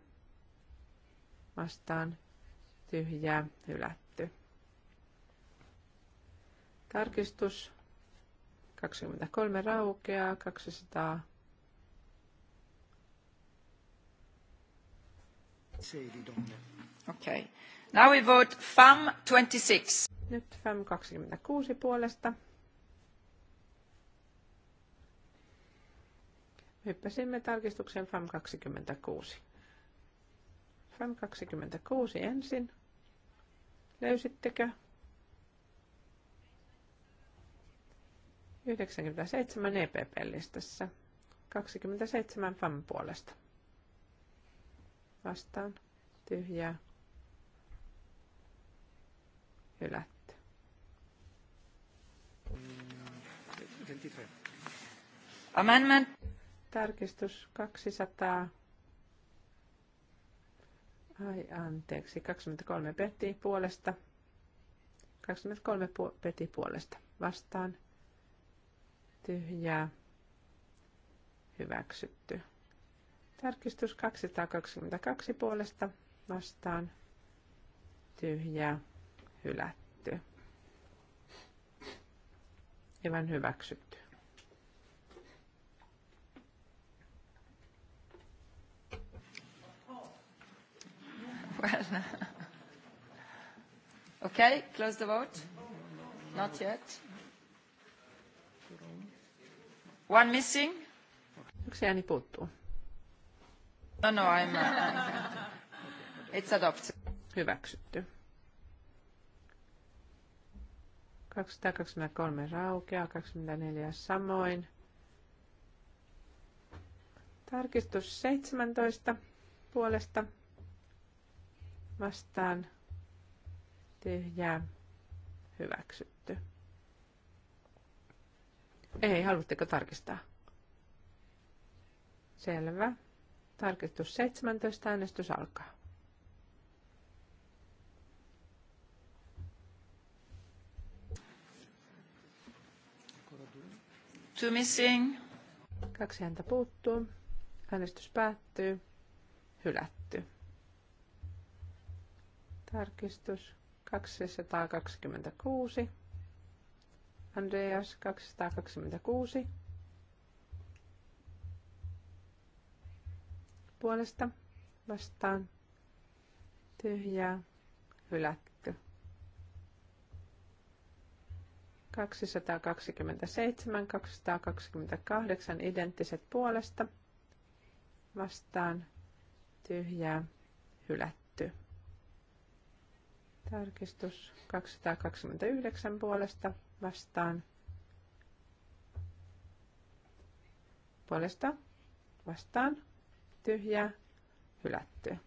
vastaan tyhjää hylätty. Tarkistus 23 raukeaa, 200. Okay. Now we vote FAM 26. Nyt FAM 26 puolesta. Hyppäsimme tarkistuksen FAM 26. FAM 26 ensin. Löysittekö? 97 EPP-listassa. 27 FAM puolesta. Vastaan. Tyhjää. Hylätty. 23. Amendment. Tarkistus 200. Ai anteeksi, 23 peti puolesta. 23 peti puolesta. Vastaan tyhjää, hyväksytty. Tarkistus 222 puolesta vastaan, tyhjää, hylätty. Evan hyväksytty. Well, okay, close the vote. Not yet. One missing. Yksi ääni puuttuu. No, no, I'm, uh, it's adopted. Hyväksytty. 223 raukeaa, 24 samoin. Tarkistus 17 puolesta vastaan tyhjää hyväksytty. Ei, haluatteko tarkistaa? Selvä. Tarkistus 17, äänestys alkaa. Two missing. Kaksi häntä puuttuu. Äänestys päättyy. Hylätty. Tarkistus 226. Andreas 226 puolesta vastaan tyhjää hylätty. 227, 228 identtiset puolesta vastaan tyhjää hylätty. Tarkistus 229 puolesta vastaan puolesta vastaan tyhjä hylätty.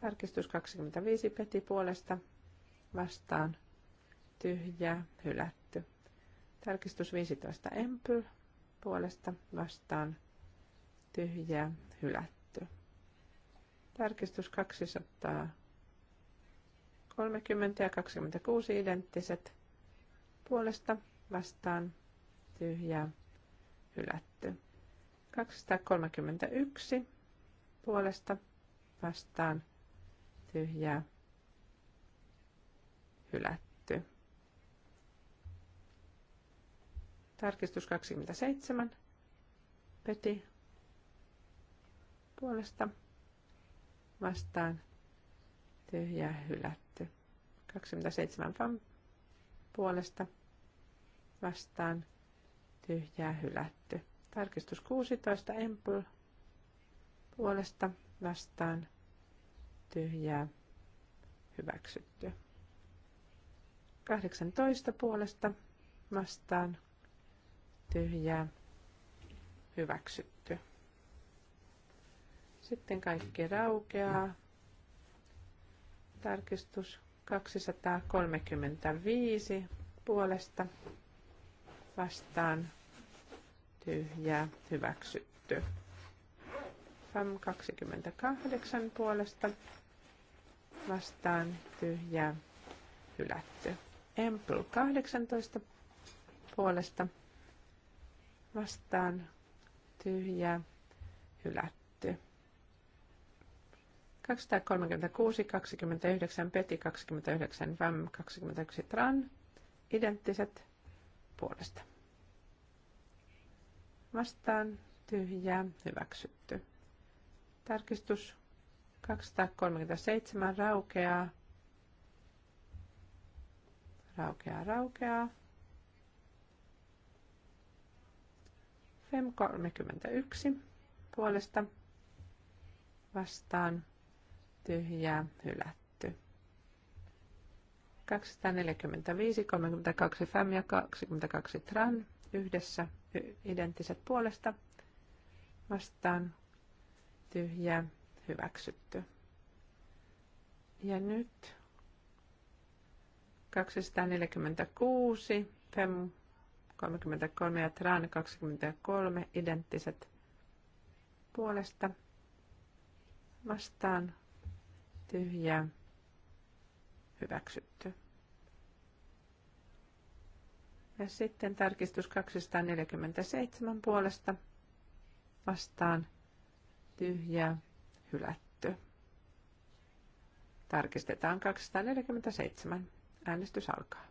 Tarkistus 25 peti puolesta vastaan tyhjä hylätty. Tarkistus 15 empy puolesta vastaan tyhjä hylätty. Tarkistus 230 ja 26 identtiset puolesta vastaan tyhjää hylätty. 231 puolesta vastaan tyhjää hylätty. Tarkistus 27. Peti puolesta vastaan tyhjää hylätty. 27 puolesta vastaan tyhjää hylätty. Tarkistus 16 empul puolesta vastaan tyhjää hyväksytty. 18 puolesta vastaan tyhjää hyväksytty. Sitten kaikki raukeaa. Tarkistus 235 puolesta vastaan tyhjä, hyväksytty. FAM 28 puolesta vastaan tyhjä, hylätty. Empl 18 puolesta vastaan tyhjä, hylätty. 236, 29, Peti 29, VAM 21 Tran, identtiset puolesta. Vastaan tyhjää hyväksytty. Tarkistus 237 raukeaa. Raukeaa, raukeaa. FEM 31 puolesta vastaan tyhjää hylät. 245, 32 fem ja 22 TRAN yhdessä identtiset puolesta vastaan tyhjä hyväksytty. Ja nyt 246, FEM 33 ja TRAN 23 identtiset puolesta vastaan tyhjä hyväksytty. Ja sitten tarkistus 247 puolesta vastaan tyhjää hylätty. Tarkistetaan 247. Äänestys alkaa.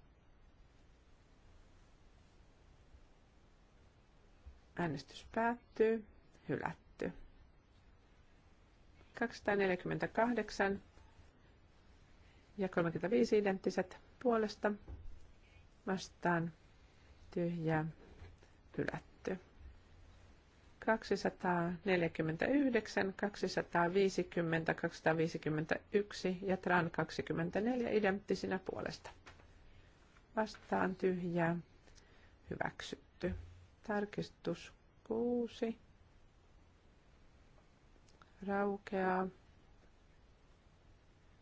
Äänestys päättyy. Hylätty. 248 ja 35 identtiset puolesta vastaan tyhjä, hylätty. 249, 250, 251 ja TRAN 24 identtisinä puolesta. Vastaan tyhjä, hyväksytty. Tarkistus 6 raukeaa.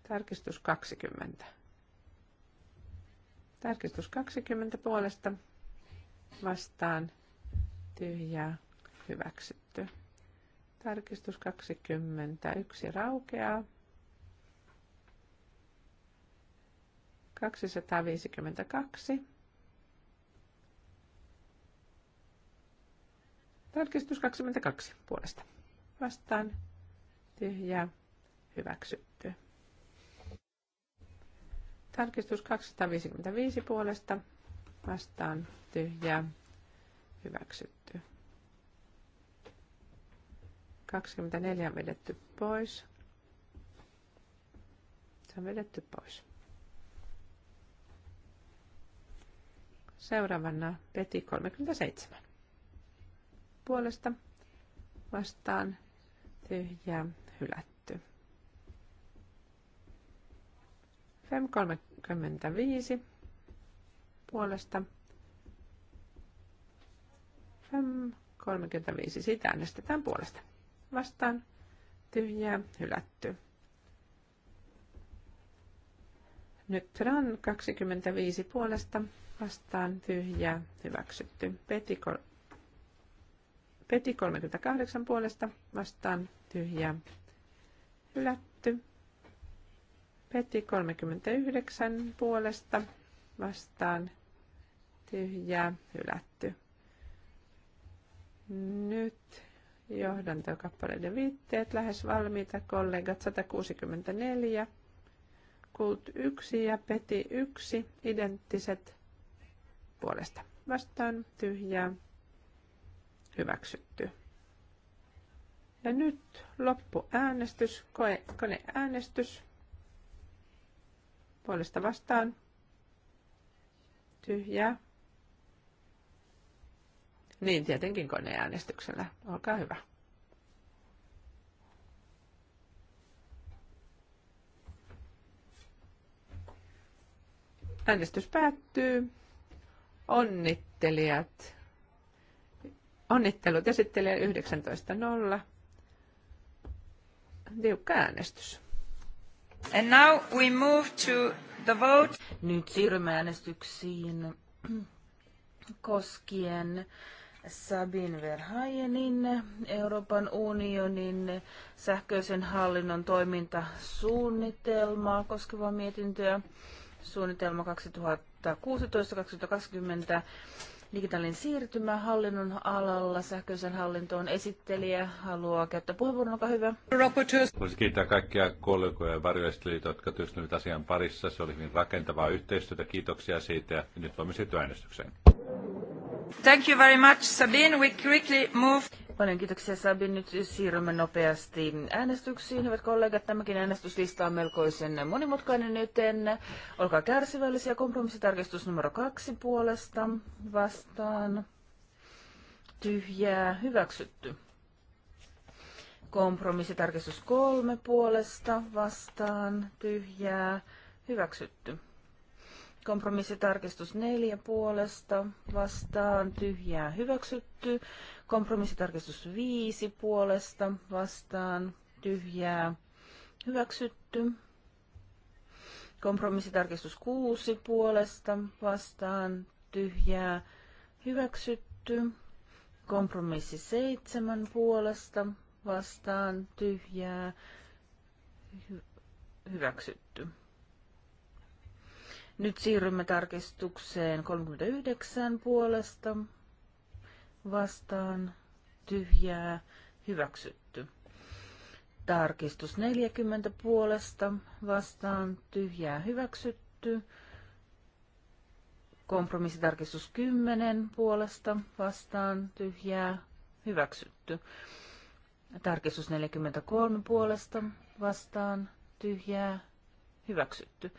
Tarkistus 20. Tarkistus 20 puolesta vastaan tyhjää hyväksytty. Tarkistus 21 raukeaa. 252. Tarkistus 22 puolesta. Vastaan tyhjää hyväksytty. Tarkistus 255 puolesta vastaan tyhjä hyväksytty. 24 on vedetty pois. Se on vedetty pois. Seuraavana Peti 37. Puolesta vastaan tyhjä hylätty. FEM 35 puolesta. Fem 35. Siitä äänestetään puolesta. Vastaan. Tyhjää. Hylätty. Nyt Tran 25 puolesta. Vastaan. Tyhjää. Hyväksytty. Peti, Peti 38 puolesta. Vastaan. Tyhjää. Hylätty. Peti 39 puolesta vastaan tyhjää, hylätty. Nyt johdantokappaleiden viitteet lähes valmiita, kollegat 164, kult 1 ja peti 1, identtiset puolesta. Vastaan tyhjää, hyväksytty. Ja nyt loppuäänestys, koe, koneäänestys. Puolesta vastaan. Tyhjää. Niin, tietenkin koneäänestyksellä. Olkaa hyvä. Äänestys päättyy. Onnittelijat. Onnittelut esittelee 19.0. Tiukka äänestys. And now we move to the vote. Nyt siirrymme äänestyksiin koskien Sabin Verhaienin Euroopan unionin sähköisen hallinnon toimintasuunnitelmaa koskevaa mietintöä. Suunnitelma 2016-2020 digitaalinen siirtymä hallinnon alalla sähköisen hallintoon esittelijä haluaa käyttää puheenvuoron, olkaa hyvä. Voisi kiittää kaikkia kollegoja ja varjoistelijoita, jotka työskentelivät asian parissa. Se oli hyvin rakentavaa yhteistyötä. Kiitoksia siitä ja nyt voimme siirtyä äänestykseen. Thank you very much, Sabine. We quickly move. Paljon kiitoksia Sabin. Nyt siirrymme nopeasti äänestyksiin. Hyvät kollegat, tämäkin äänestyslista on melkoisen monimutkainen, joten olkaa kärsivällisiä. Kompromissitarkistus numero kaksi puolesta vastaan. Tyhjää hyväksytty. Kompromissitarkistus kolme puolesta vastaan. Tyhjää hyväksytty. Kompromissitarkistus neljä puolesta vastaan tyhjää hyväksytty. Kompromissitarkistus viisi puolesta vastaan tyhjää hyväksytty. Kompromissitarkistus kuusi puolesta vastaan tyhjää hyväksytty. Kompromissi seitsemän puolesta vastaan tyhjää hy- hyväksytty. Nyt siirrymme tarkistukseen 39 puolesta vastaan tyhjää hyväksytty. Tarkistus 40 puolesta vastaan tyhjää hyväksytty. Kompromissitarkistus 10 puolesta vastaan tyhjää hyväksytty. Tarkistus 43 puolesta vastaan tyhjää hyväksytty.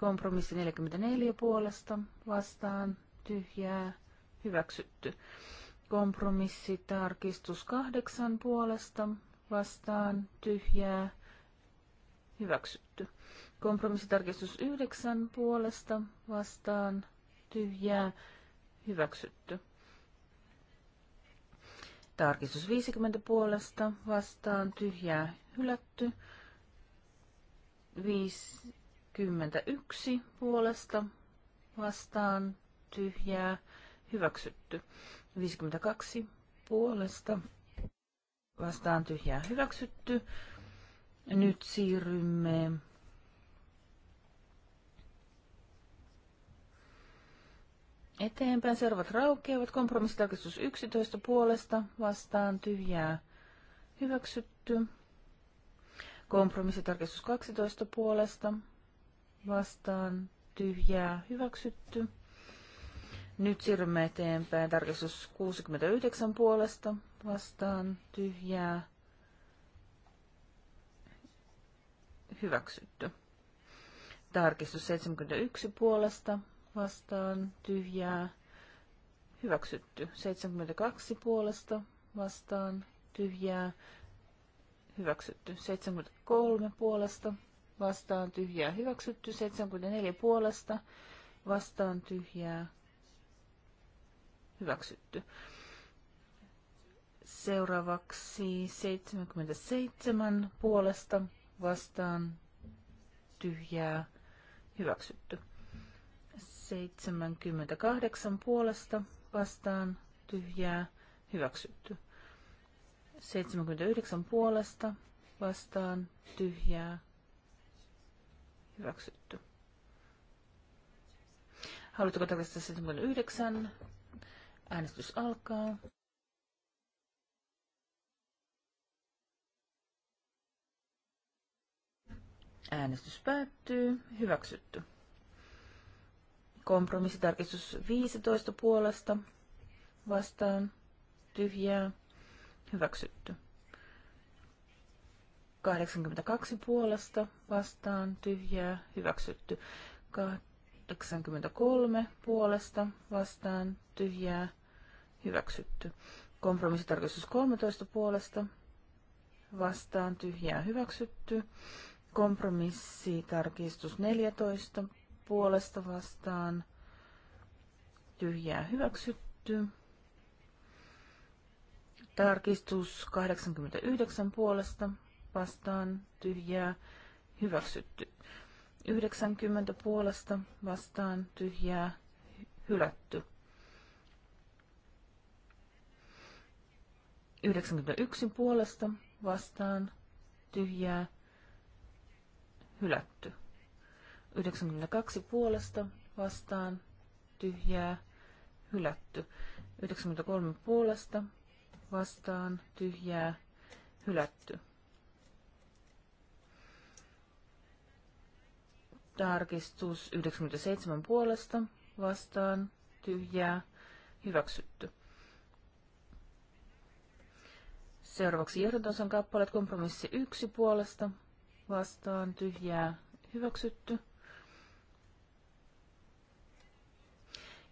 Kompromissi 44 puolesta vastaan tyhjää hyväksytty. Kompromissi tarkistus 8 puolesta vastaan tyhjää hyväksytty. Kompromissi tarkistus 9 puolesta vastaan tyhjää hyväksytty. Tarkistus 50 puolesta vastaan tyhjää hylätty. 5, 21 puolesta vastaan tyhjää hyväksytty. 52 puolesta vastaan tyhjää hyväksytty. Nyt siirrymme eteenpäin. Seuraavat raukeavat. Kompromissitarkistus 11 puolesta vastaan tyhjää hyväksytty. Kompromissitarkistus 12 puolesta vastaan tyhjää hyväksytty. Nyt siirrymme eteenpäin. Tarkistus 69 puolesta vastaan tyhjää hyväksytty. Tarkistus 71 puolesta vastaan tyhjää hyväksytty. 72 puolesta vastaan tyhjää hyväksytty. 73 puolesta vastaan tyhjää hyväksytty, 74 puolesta vastaan tyhjää hyväksytty. Seuraavaksi 77 puolesta vastaan tyhjää hyväksytty. 78 puolesta vastaan tyhjää hyväksytty. 79 puolesta vastaan tyhjää Hyväksytty. Haluatteko tarkastaa 79? Äänestys alkaa. Äänestys päättyy. Hyväksytty. Kompromissitarkistus 15 puolesta vastaan. Tyhjää. Hyväksytty. 82 puolesta vastaan tyhjää hyväksytty. 83 puolesta vastaan tyhjää hyväksytty. Kompromissitarkistus 13 puolesta vastaan tyhjää hyväksytty. Kompromissitarkistus 14 puolesta vastaan tyhjää hyväksytty. Tarkistus 89 puolesta vastaan tyhjää hyväksytty. 90 puolesta vastaan tyhjää hylätty. 91 puolesta vastaan tyhjää hylätty. 92 puolesta vastaan tyhjää hylätty. 93 puolesta vastaan tyhjää hylätty. Tarkistus 97 puolesta vastaan tyhjää hyväksytty. Seuraavaksi johdantonsan kappaleet kompromissi 1 puolesta vastaan tyhjää hyväksytty.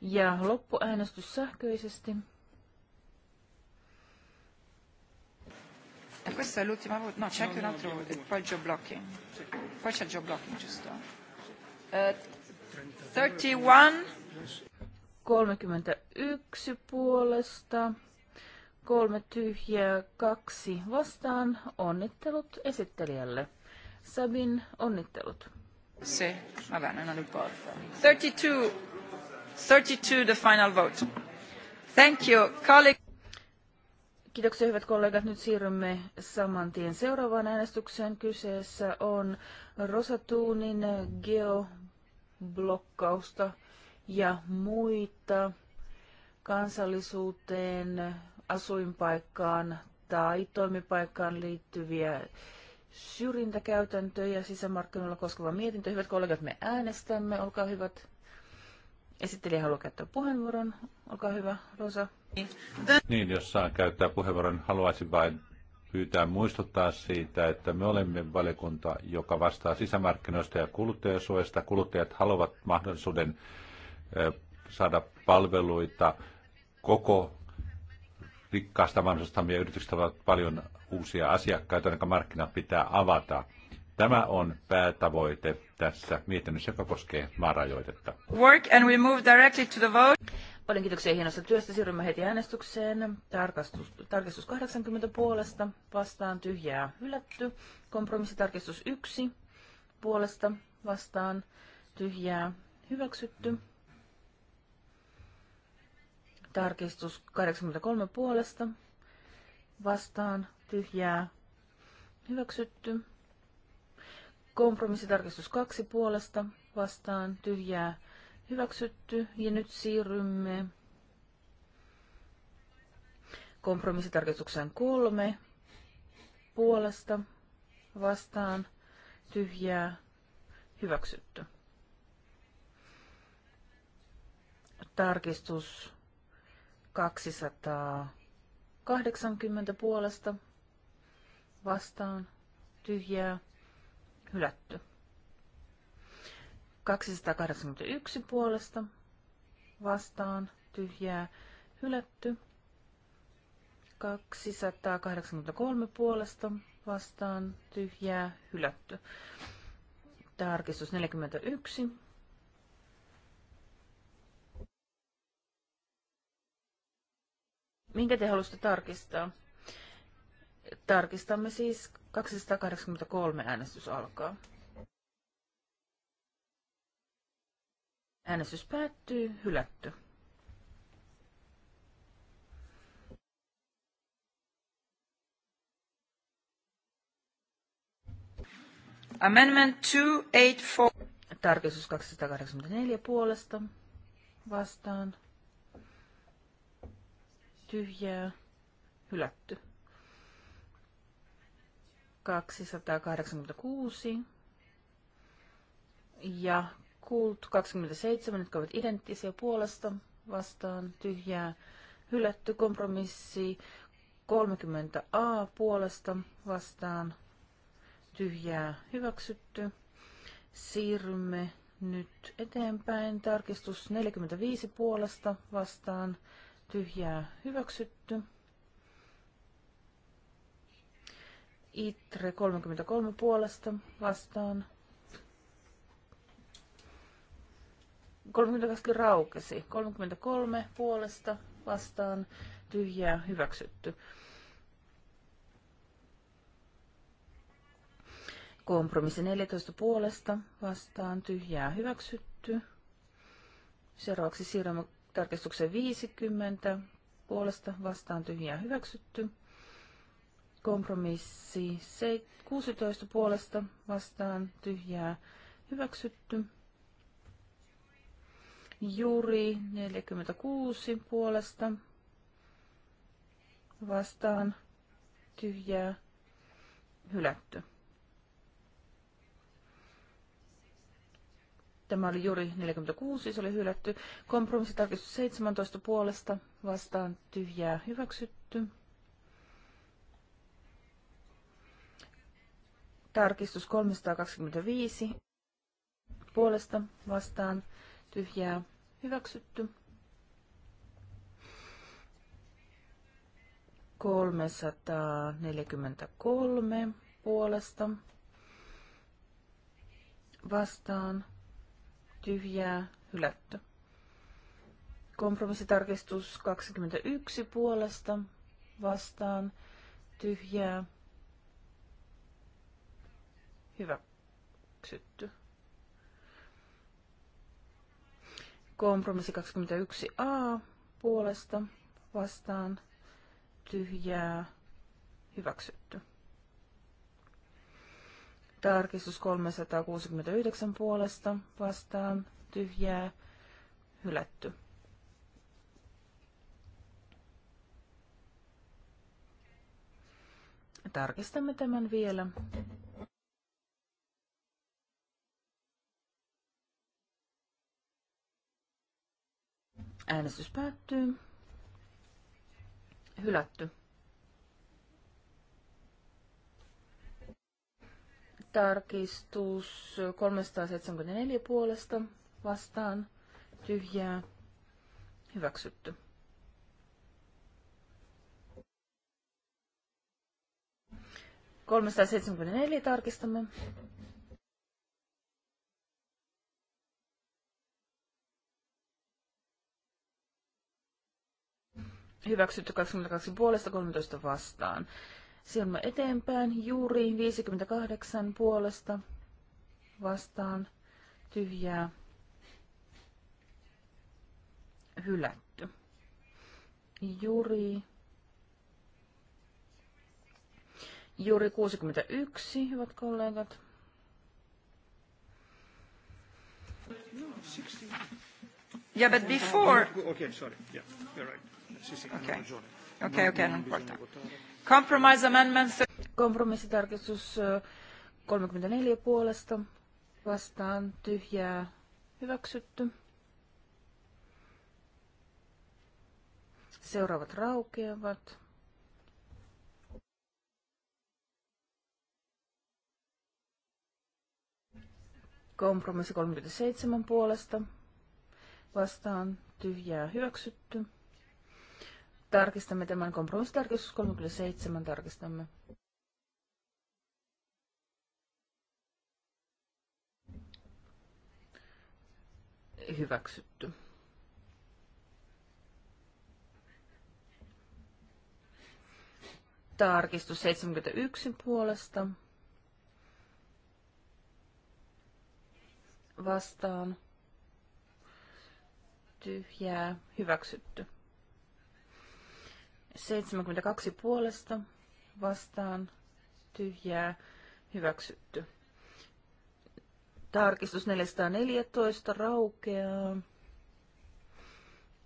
Ja loppuäänestys sähköisesti. E questa è l'ultima volta, no c'è anche un altro, e poi il geoblocking, poi c'è il geoblocking giusto? 31. puolesta, kolme tyhjää, kaksi vastaan. Onnittelut esittelijälle. Sabin, onnittelut. Se, vabbè, non importa. 32, 32 the final vote. Thank you, colleague. Kiitoksia hyvät kollegat. Nyt siirrymme saman tien seuraavaan äänestykseen. Kyseessä on Rosatuunin geoblokkausta ja muita kansallisuuteen, asuinpaikkaan tai toimipaikkaan liittyviä syrjintäkäytäntöjä sisämarkkinoilla koskeva mietintö. Hyvät kollegat, me äänestämme. Olkaa hyvät. Esittelijä haluaa käyttää puheenvuoron. Olkaa hyvä, Rosa. Niin, jos saan käyttää puheenvuoron, haluaisin vain pyytää muistuttaa siitä, että me olemme valiokunta, joka vastaa sisämarkkinoista ja kuluttajasuojasta. Kuluttajat haluavat mahdollisuuden saada palveluita koko rikkaasta Meidän yritykset ovat paljon uusia asiakkaita, jotka markkinat pitää avata. Tämä on päätavoite tässä mietinnössä, joka koskee maarajoitetta. Work and we move directly to the vote. Paljon kiitoksia hienosta työstä. Siirrymme heti äänestykseen. Tarkastus, tarkastus 80 puolesta. Vastaan tyhjää hylätty. Kompromissitarkistus 1 puolesta. Vastaan tyhjää hyväksytty. Tarkistus 83 puolesta. Vastaan tyhjää hyväksytty. Kompromissitarkistus kaksi puolesta vastaan tyhjää hyväksytty ja nyt siirrymme kompromissitarkistukseen kolme puolesta vastaan tyhjää hyväksytty. Tarkistus 280 puolesta vastaan tyhjää Hylätty. 281 puolesta vastaan tyhjää hylätty. 283 puolesta vastaan tyhjää hylätty. Tarkistus 41. Minkä te halusitte tarkistaa? Tarkistamme siis 283 äänestys alkaa. Äänestys päättyy, hylätty. Amendment 284. Tarkistus 284 puolesta vastaan. Tyhjää, hylätty. 286 ja Kult 27, jotka ovat identtisiä puolesta vastaan tyhjää. Hylätty kompromissi 30a puolesta vastaan tyhjää hyväksytty. Siirrymme nyt eteenpäin. Tarkistus 45 puolesta vastaan tyhjää hyväksytty. ITRE 33 puolesta vastaan. 32 raukesi. 33 puolesta vastaan. Tyhjää hyväksytty. Kompromissi 14 puolesta vastaan. Tyhjää hyväksytty. Seuraavaksi siirrymme tarkistukseen 50 puolesta vastaan tyhjää hyväksytty. Kompromissi 16 puolesta vastaan tyhjää hyväksytty. Juri 46 puolesta vastaan tyhjää hylätty. Tämä oli juuri 46, se oli hylätty. Kompromissitarkistus 17 puolesta vastaan tyhjää hyväksytty. Tarkistus 325 puolesta vastaan tyhjää hyväksytty. 343 puolesta vastaan tyhjää hylätty. Kompromissitarkistus 21 puolesta vastaan tyhjää Hyväksytty. Kompromissi 21a puolesta vastaan tyhjää hyväksytty. Tarkistus 369 puolesta vastaan tyhjää hylätty. Tarkistamme tämän vielä. Äänestys päättyy. Hylätty. Tarkistus 374 puolesta vastaan. Tyhjää. Hyväksytty. 374 tarkistamme. Hyväksytty 22 puolesta 13 vastaan. Silmä eteenpäin. Juuri 58 puolesta vastaan. Tyhjää. Hylätty. Juuri Juuri 61, hyvät kollegat. Yeah, but before... Okay, sorry. Yeah, you're right. Sì, sì, okay. Kompromissitarkistus 34 eh, puolesta vastaan tyhjää hyväksytty. Seuraavat raukeavat. Kompromissi 37 puolesta vastaan tyhjää hyväksytty tarkistamme tämän kompromissitarkistus 37 tarkistamme. Hyväksytty. Tarkistus 71 puolesta. Vastaan. Tyhjää. Hyväksytty. 72 puolesta vastaan tyhjää hyväksytty. Tarkistus 414 raukeaa.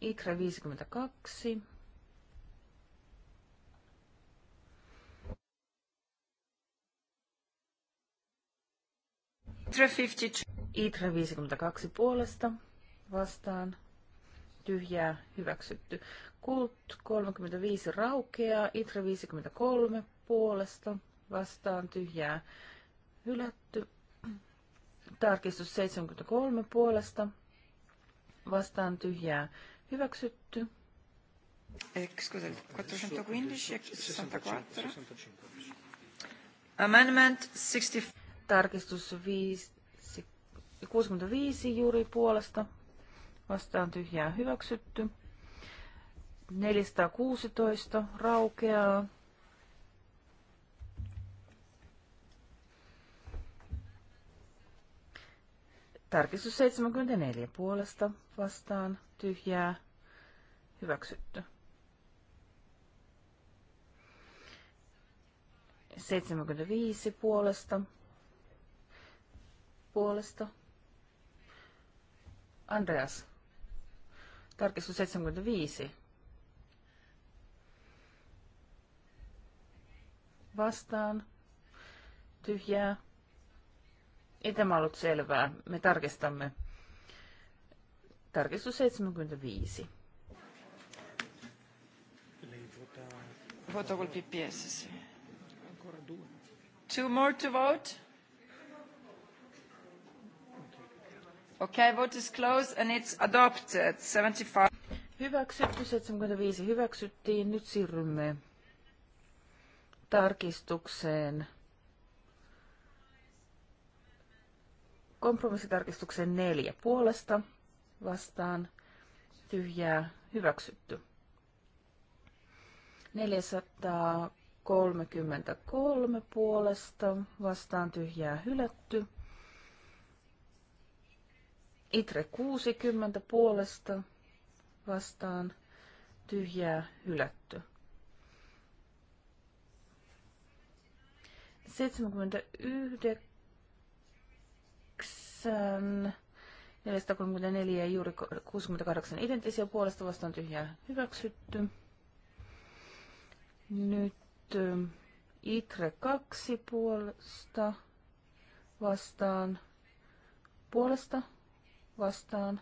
Ikre 52. Itre 52. 52 puolesta vastaan tyhjää hyväksytty. Kult 35 raukeaa, Itre 53 puolesta vastaan tyhjää hylätty. Tarkistus 73 puolesta vastaan tyhjää hyväksytty. Scusate, 415 Amendment 60. Tarkistus 5, 65 juuri puolesta vastaan tyhjää hyväksytty. 416 raukeaa. Tarkistus 74 puolesta vastaan tyhjää hyväksytty. 75 puolesta puolesta. Andreas Tarkistus 75. Vastaan. Tyhjää. Ei tämä ollut selvää. Me tarkistamme. Tarkistus 75. Voto Two more to vote. Hyväksytty, 75 hyväksyttiin. Nyt siirrymme tarkistukseen. Kompromissitarkistuksen neljä puolesta vastaan tyhjää hyväksytty. 433 puolesta vastaan tyhjää hylätty. Itre 60 puolesta vastaan tyhjää hylätty. 79, 434 ja juuri 68 identtisiä puolesta vastaan tyhjää hyväksytty. Nyt ähm, Itre 2 puolesta vastaan puolesta vastaan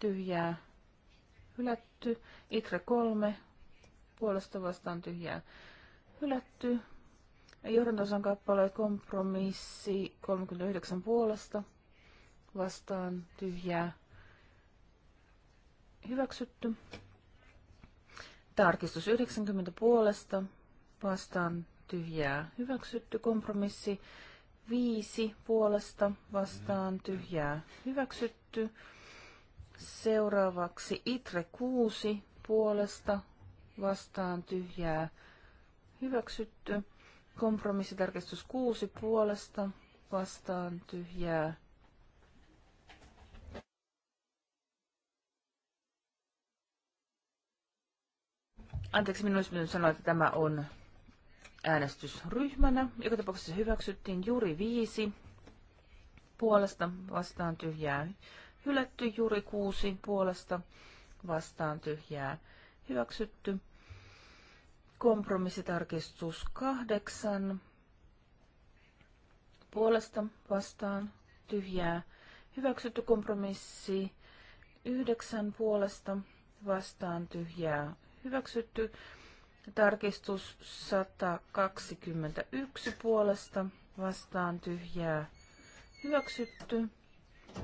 tyhjää hylätty. Itre 3 puolesta vastaan tyhjää hylätty. Johdantosan kappale kompromissi 39 puolesta vastaan tyhjää hyväksytty. Tarkistus 90 puolesta vastaan tyhjää hyväksytty. Kompromissi viisi puolesta vastaan tyhjää hyväksytty. Seuraavaksi Itre kuusi puolesta vastaan tyhjää hyväksytty. Kompromissitarkistus kuusi puolesta vastaan tyhjää Anteeksi, minun olisi sanoa, että tämä on äänestysryhmänä. Joka tapauksessa hyväksyttiin juuri viisi puolesta vastaan tyhjää hylätty, juuri kuusi puolesta vastaan tyhjää hyväksytty. Kompromissitarkistus kahdeksan puolesta vastaan tyhjää hyväksytty kompromissi yhdeksän puolesta vastaan tyhjää hyväksytty Tarkistus 121 puolesta vastaan tyhjää hyväksytty.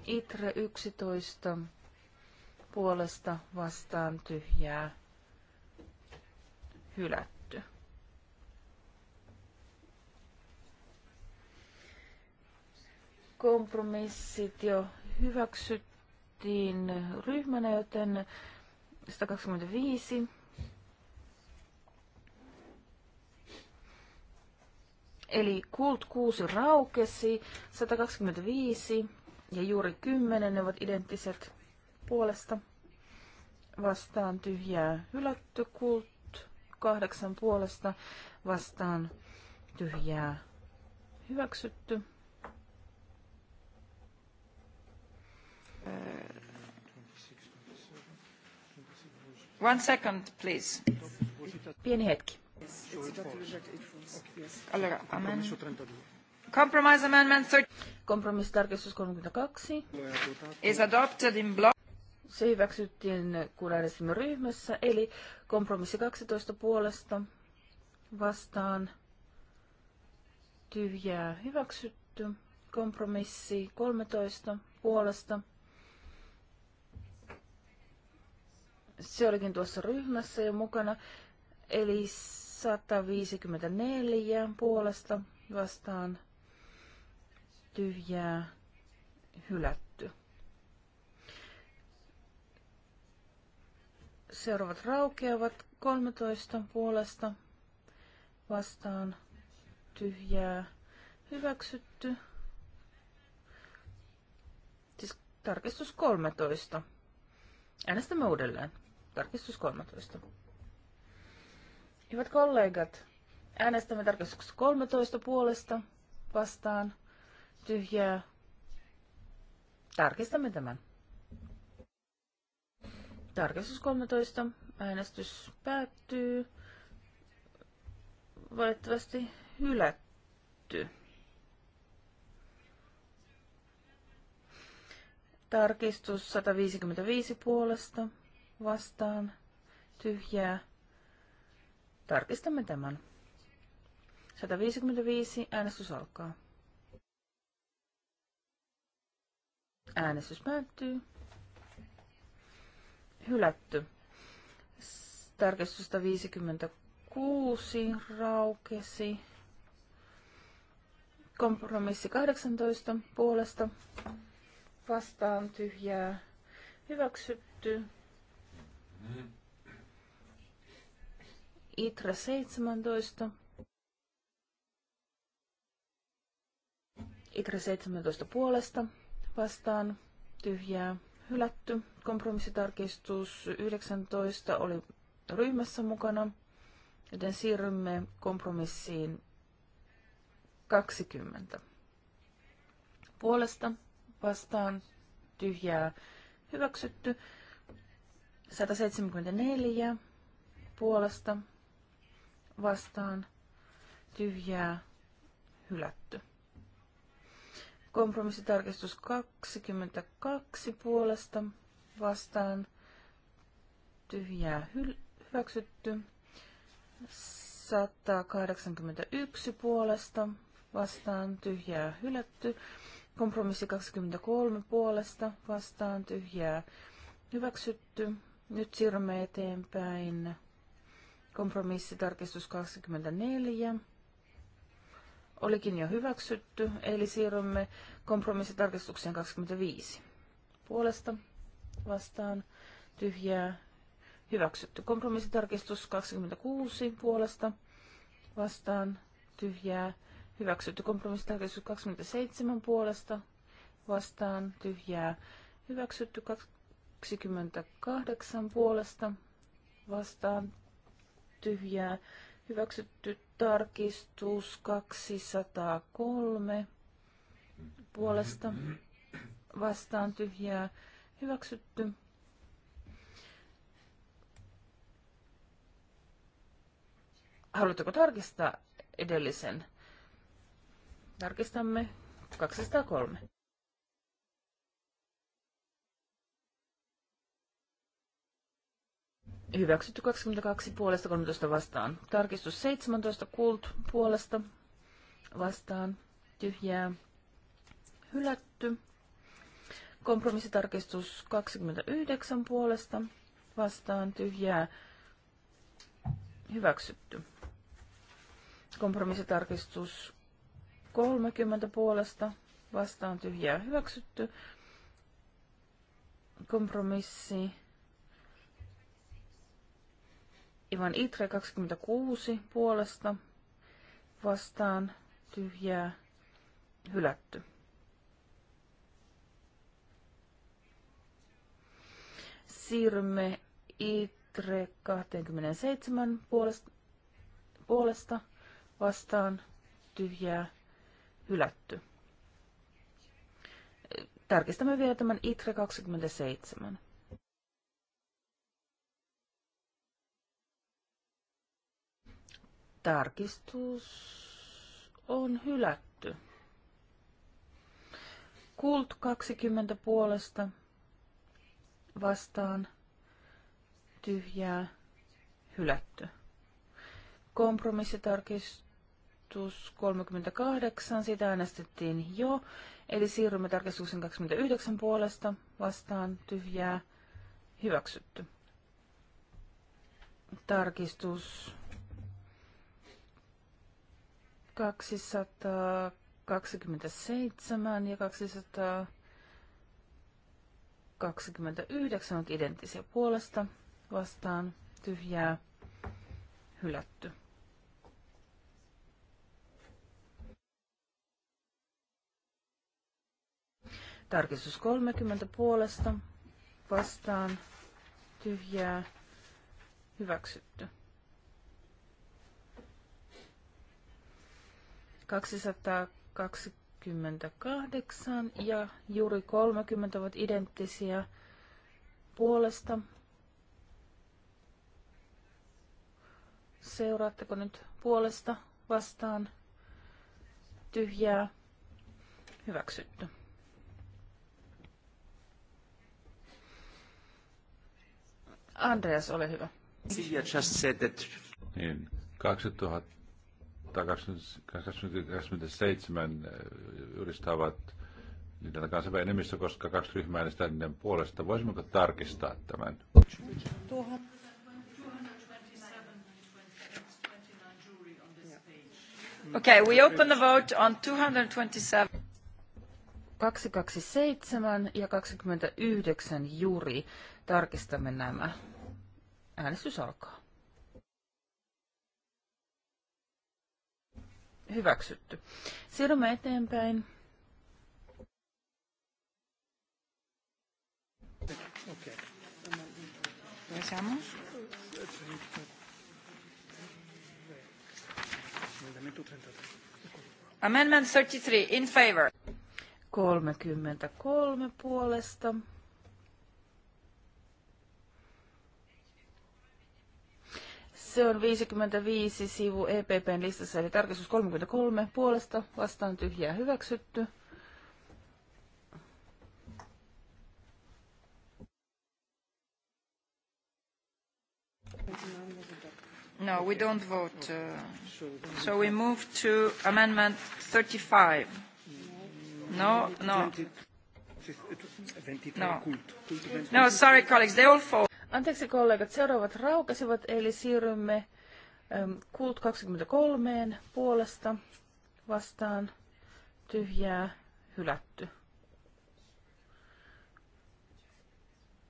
Itre 11 puolesta vastaan tyhjää hylätty. Kompromissit jo hyväksyttiin ryhmänä, joten 125 Eli Kult 6 raukesi, 125 ja juuri 10, ne ovat identtiset puolesta. Vastaan tyhjää hylätty Kult 8 puolesta, vastaan tyhjää hyväksytty. One second, please. Pieni hetki. Allora, amen. Compromise amendment 30. Kompromissitarkistus 32. Is adopted in block. Se hyväksyttiin, kun ryhmässä, eli kompromissi 12 puolesta vastaan tyhjää hyväksytty. Kompromissi 13 puolesta. Se olikin tuossa ryhmässä jo mukana. Eli 254 puolesta vastaan tyhjää hylätty. Seuraavat raukeavat 13 puolesta vastaan tyhjää hyväksytty. Siis tarkistus 13. Äänestämme uudelleen. Tarkistus 13. Hyvät kollegat, äänestämme tarkastuksessa 13 puolesta vastaan tyhjää. Tarkistamme tämän. Tarkistus 13. Äänestys päättyy. Valitettavasti hylätty. Tarkistus 155 puolesta vastaan tyhjää Tarkistamme tämän. 155. Äänestys alkaa. Äänestys päättyy. Hylätty. Tarkistusta 56 raukesi. Kompromissi 18 puolesta. Vastaan tyhjää. Hyväksytty. mm ITRA 17. ITRA 17 puolesta vastaan tyhjää hylätty. Kompromissitarkistus 19 oli ryhmässä mukana, joten siirrymme kompromissiin 20. Puolesta vastaan tyhjää hyväksytty. 174 puolesta vastaan tyhjää hylätty. Kompromissitarkistus 22 puolesta vastaan tyhjää hyväksytty. 181 puolesta vastaan tyhjää hylätty. Kompromissi 23 puolesta vastaan tyhjää hyväksytty. Nyt siirrymme eteenpäin Kompromissitarkistus 24 olikin jo hyväksytty, eli siirrymme kompromissitarkistukseen 25. Puolesta vastaan tyhjää hyväksytty. Kompromissitarkistus 26 puolesta vastaan tyhjää hyväksytty. Kompromissitarkistus 27 puolesta vastaan tyhjää hyväksytty. 28 puolesta vastaan tyhjää. Hyväksytty tarkistus 203 puolesta vastaan tyhjää. Hyväksytty. Haluatteko tarkistaa edellisen? Tarkistamme 203. Hyväksytty 22 puolesta 13 vastaan. Tarkistus 17 kult puolesta vastaan. Tyhjää. Hylätty. Kompromissitarkistus 29 puolesta vastaan. Tyhjää. Hyväksytty. Kompromissitarkistus 30 puolesta vastaan. Tyhjää. Hyväksytty. Kompromissi Ivan Itre 26 puolesta vastaan tyhjää hylätty. Siirrymme Itre 27 puolesta, puolesta vastaan tyhjää hylätty. Tarkistamme vielä tämän ITRE 27. Tarkistus on hylätty. Kult 20 puolesta vastaan tyhjää hylätty. Kompromissitarkistus 38, sitä äänestettiin jo, eli siirrymme tarkistuksen 29 puolesta vastaan tyhjää hyväksytty. Tarkistus 227 ja 229 on identtisiä puolesta vastaan tyhjää hylätty. Tarkistus 30 puolesta vastaan tyhjää hyväksytty. 228 ja juuri 30 ovat identtisiä puolesta. Seuraatteko nyt puolesta vastaan? Tyhjää. Hyväksytty. Andreas, ole hyvä. just said that... Niin, 2000 2027 niitä, niiden kanssa enemmistö, koska kaksi ryhmää äänestää niiden puolesta. Voisimmeko tarkistaa tämän? Tuohon. Okay, we open the vote on 227. 227 ja 29 juri. Tarkistamme nämä. Äänestys alkaa. hyväksytty. Siirrymme eteenpäin. Amendment 33 in favor. 33 puolesta Se on 55 sivu EPPn listassa, eli tarkistus 33 puolesta vastaan tyhjää hyväksytty. No, we don't vote. Uh, so we move to amendment 35. No, no. No, no. sorry colleagues, they all fall. Anteeksi kollegat, seuraavat raukesivat, eli siirrymme Kult 23 puolesta vastaan tyhjää hylätty.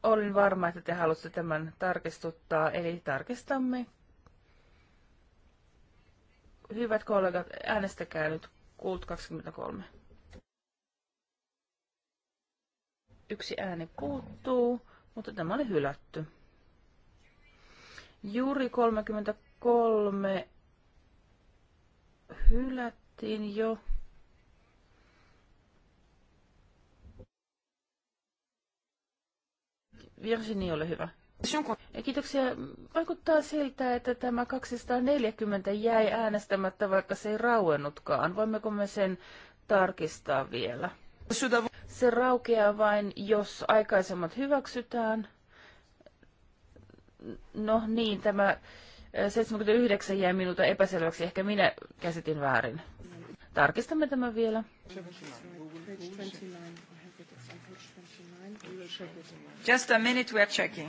Olin varma, että te halusitte tämän tarkistuttaa, eli tarkistamme. Hyvät kollegat, äänestäkää nyt Kult 23. Yksi ääni puuttuu, mutta tämä oli hylätty. Juuri 33 hylättiin jo. Virginia, ole hyvä. Ja kiitoksia. Vaikuttaa siltä, että tämä 240 jäi äänestämättä, vaikka se ei rauennutkaan. Voimmeko me sen tarkistaa vielä? Se raukeaa vain, jos aikaisemmat hyväksytään. No niin, tämä 79 jäi minulta epäselväksi. Ehkä minä käsitin väärin. Tarkistamme tämän vielä. Just a minute, we are checking.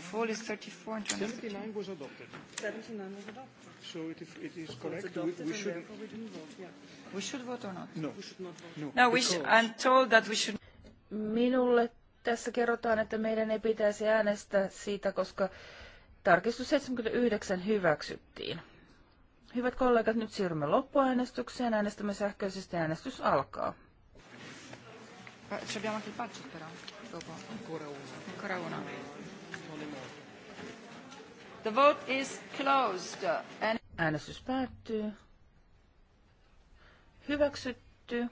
Four is 34 and 79 was adopted. 79 was adopted. So it, it is correct. We, we should. We vote. Yeah. We should vote or not? No. We should not vote. no, no we sh I'm told that we should. Minulle tässä kerrotaan, että meidän ei pitäisi äänestää siitä, koska tarkistus 79 hyväksyttiin. Hyvät kollegat, nyt siirrymme loppuäänestykseen. Äänestämme sähköisesti. Äänestys alkaa. Eh, The vote is closed. And... Äänestys päättyy. Hyväksytty.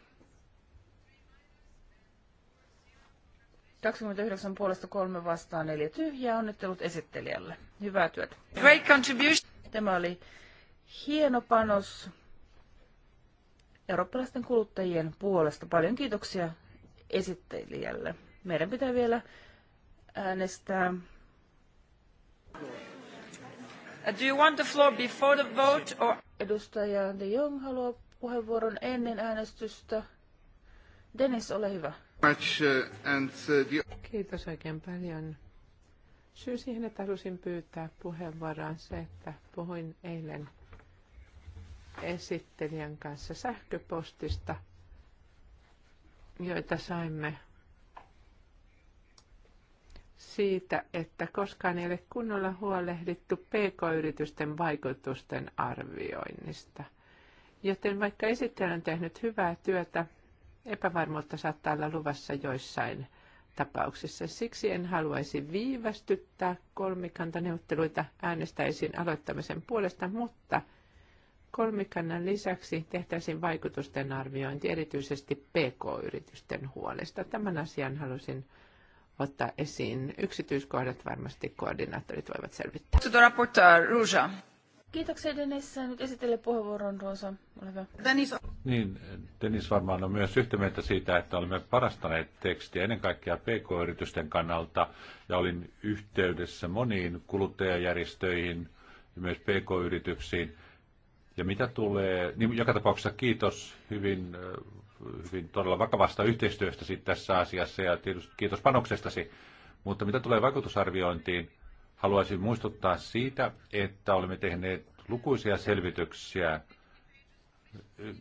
29 puolesta kolme vastaan neljä tyhjää. Onnittelut esittelijälle. Hyvää työtä. Great contribution. Tämä oli hieno panos eurooppalaisten kuluttajien puolesta. Paljon kiitoksia esittelijälle. Meidän pitää vielä äänestää. Uh, do you want the floor before the vote or... Edustaja De Jong haluaa puheenvuoron ennen äänestystä. Dennis, ole hyvä. Kiitos oikein paljon. Syy siihen, että halusin pyytää puheenvuoroa se, että puhuin eilen esittelijän kanssa sähköpostista, joita saimme siitä, että koskaan ei ole kunnolla huolehdittu pk-yritysten vaikutusten arvioinnista. Joten vaikka esittelijä on tehnyt hyvää työtä, epävarmuutta saattaa olla luvassa joissain tapauksissa. Siksi en haluaisi viivästyttää kolmikantaneuvotteluita äänestäisin aloittamisen puolesta, mutta kolmikannan lisäksi tehtäisiin vaikutusten arviointi erityisesti PK-yritysten huolesta. Tämän asian halusin ottaa esiin. Yksityiskohdat varmasti koordinaattorit voivat selvittää. Raporttaa, Ruja. Kiitoksia Dennis. Nyt esittele puheenvuoron Roosa. Ole hyvä. Dennis. Niin, Dennis varmaan on myös yhtä mieltä siitä, että olemme parastaneet tekstiä ennen kaikkea PK-yritysten kannalta. Ja olin yhteydessä moniin kuluttajajärjestöihin ja myös PK-yrityksiin. Ja mitä tulee, niin joka tapauksessa kiitos hyvin, äh, hyvin todella vakavasta yhteistyöstäsi tässä asiassa ja tietysti kiitos panoksestasi. Mutta mitä tulee vaikutusarviointiin, Haluaisin muistuttaa siitä, että olemme tehneet lukuisia selvityksiä.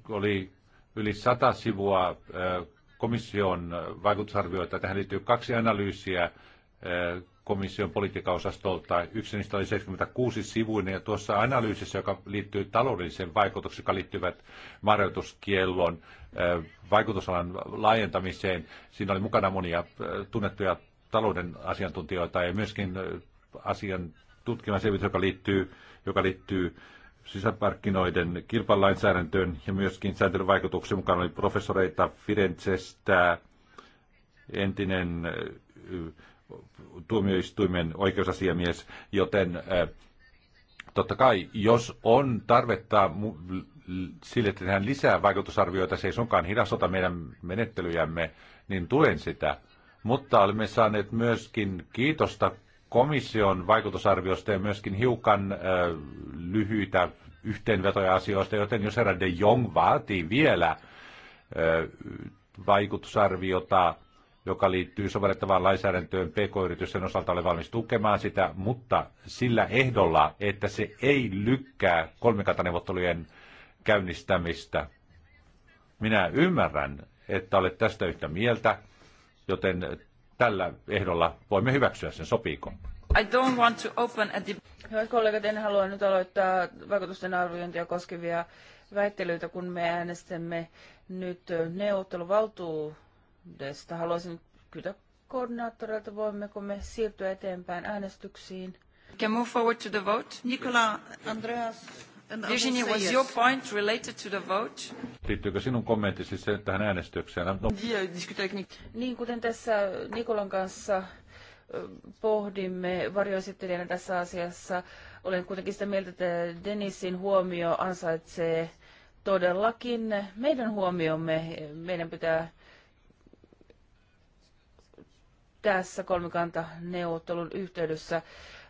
Oli yli sata sivua komission vaikutusarvioita. Tähän liittyy kaksi analyysiä komission politiikkaosastolta. Yksi niistä oli 76 sivuinen ja tuossa analyysissä, joka liittyy taloudelliseen vaikutuksiin, joka liittyvät marjoituskiellon vaikutusalan laajentamiseen. Siinä oli mukana monia tunnettuja talouden asiantuntijoita ja myöskin asian tutkivan selvitys, joka liittyy, joka liittyy sisämarkkinoiden kilpailainsäädäntöön ja myöskin sääntelyn vaikutuksen mukaan oli professoreita Firenzestä, entinen tuomioistuimen oikeusasiamies, joten totta kai, jos on tarvetta sille, että tehdään lisää vaikutusarvioita, se ei suinkaan hidastota meidän menettelyjämme, niin tuen sitä. Mutta olemme saaneet myöskin kiitosta komission vaikutusarviosta ja myöskin hiukan ö, lyhyitä yhteenvetoja asioista, joten jos herra de Jong vaatii vielä ö, vaikutusarviota, joka liittyy sovellettavaan lainsäädäntöön PK-yritysten osalta, ole valmis tukemaan sitä, mutta sillä ehdolla, että se ei lykkää kolmikantaneuvottelujen käynnistämistä. Minä ymmärrän, että olet tästä yhtä mieltä, joten tällä ehdolla voimme hyväksyä sen, sopiiko? I don't want to open a Hyvät kollegat, en halua nyt aloittaa vaikutusten arviointia koskevia väittelyitä, kun me äänestämme nyt neuvotteluvaltuudesta. Haluaisin kysyä koordinaattorilta, voimmeko me siirtyä eteenpäin äänestyksiin. can move forward to the vote. Nikola Andreas Virginia, was your point related to the vote? Liittyykö sinun kommenttisi siis tähän äänestykseen? No, no. Niin, kuten tässä Nikolan kanssa pohdimme varjoesittelijänä tässä asiassa, olen kuitenkin sitä mieltä, että Denisin huomio ansaitsee todellakin meidän huomiomme. Meidän pitää tässä kolmikanta neuvottelun yhteydessä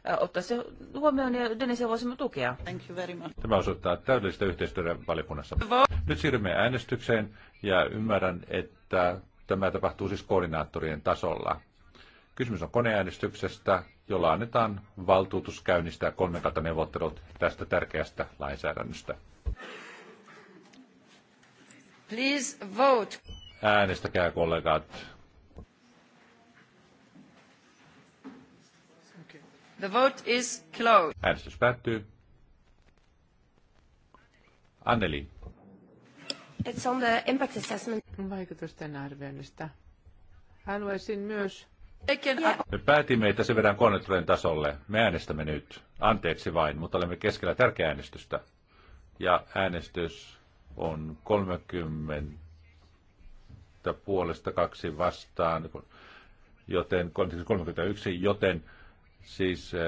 Äh, ottaa se huomioon ja Denisiä voisimme tukea. Thank you very much. Tämä osoittaa täydellistä yhteistyötä valiokunnassa. Nyt siirrymme äänestykseen ja ymmärrän, että tämä tapahtuu siis koordinaattorien tasolla. Kysymys on koneäänestyksestä, jolla annetaan valtuutus käynnistää neuvottelut tästä tärkeästä lainsäädännöstä. Please vote. Äänestäkää kollegat. The vote is closed. Äänestys päättyy. Anneli. It's on the impact assessment. Vaikutusten arvioinnista. Haluaisin myös... Me päätimme, että se vedään konnetulen tasolle. Me äänestämme nyt. Anteeksi vain, mutta olemme keskellä tärkeää äänestystä. Ja äänestys on 30 puolesta kaksi vastaan, joten 31, joten Siis äh,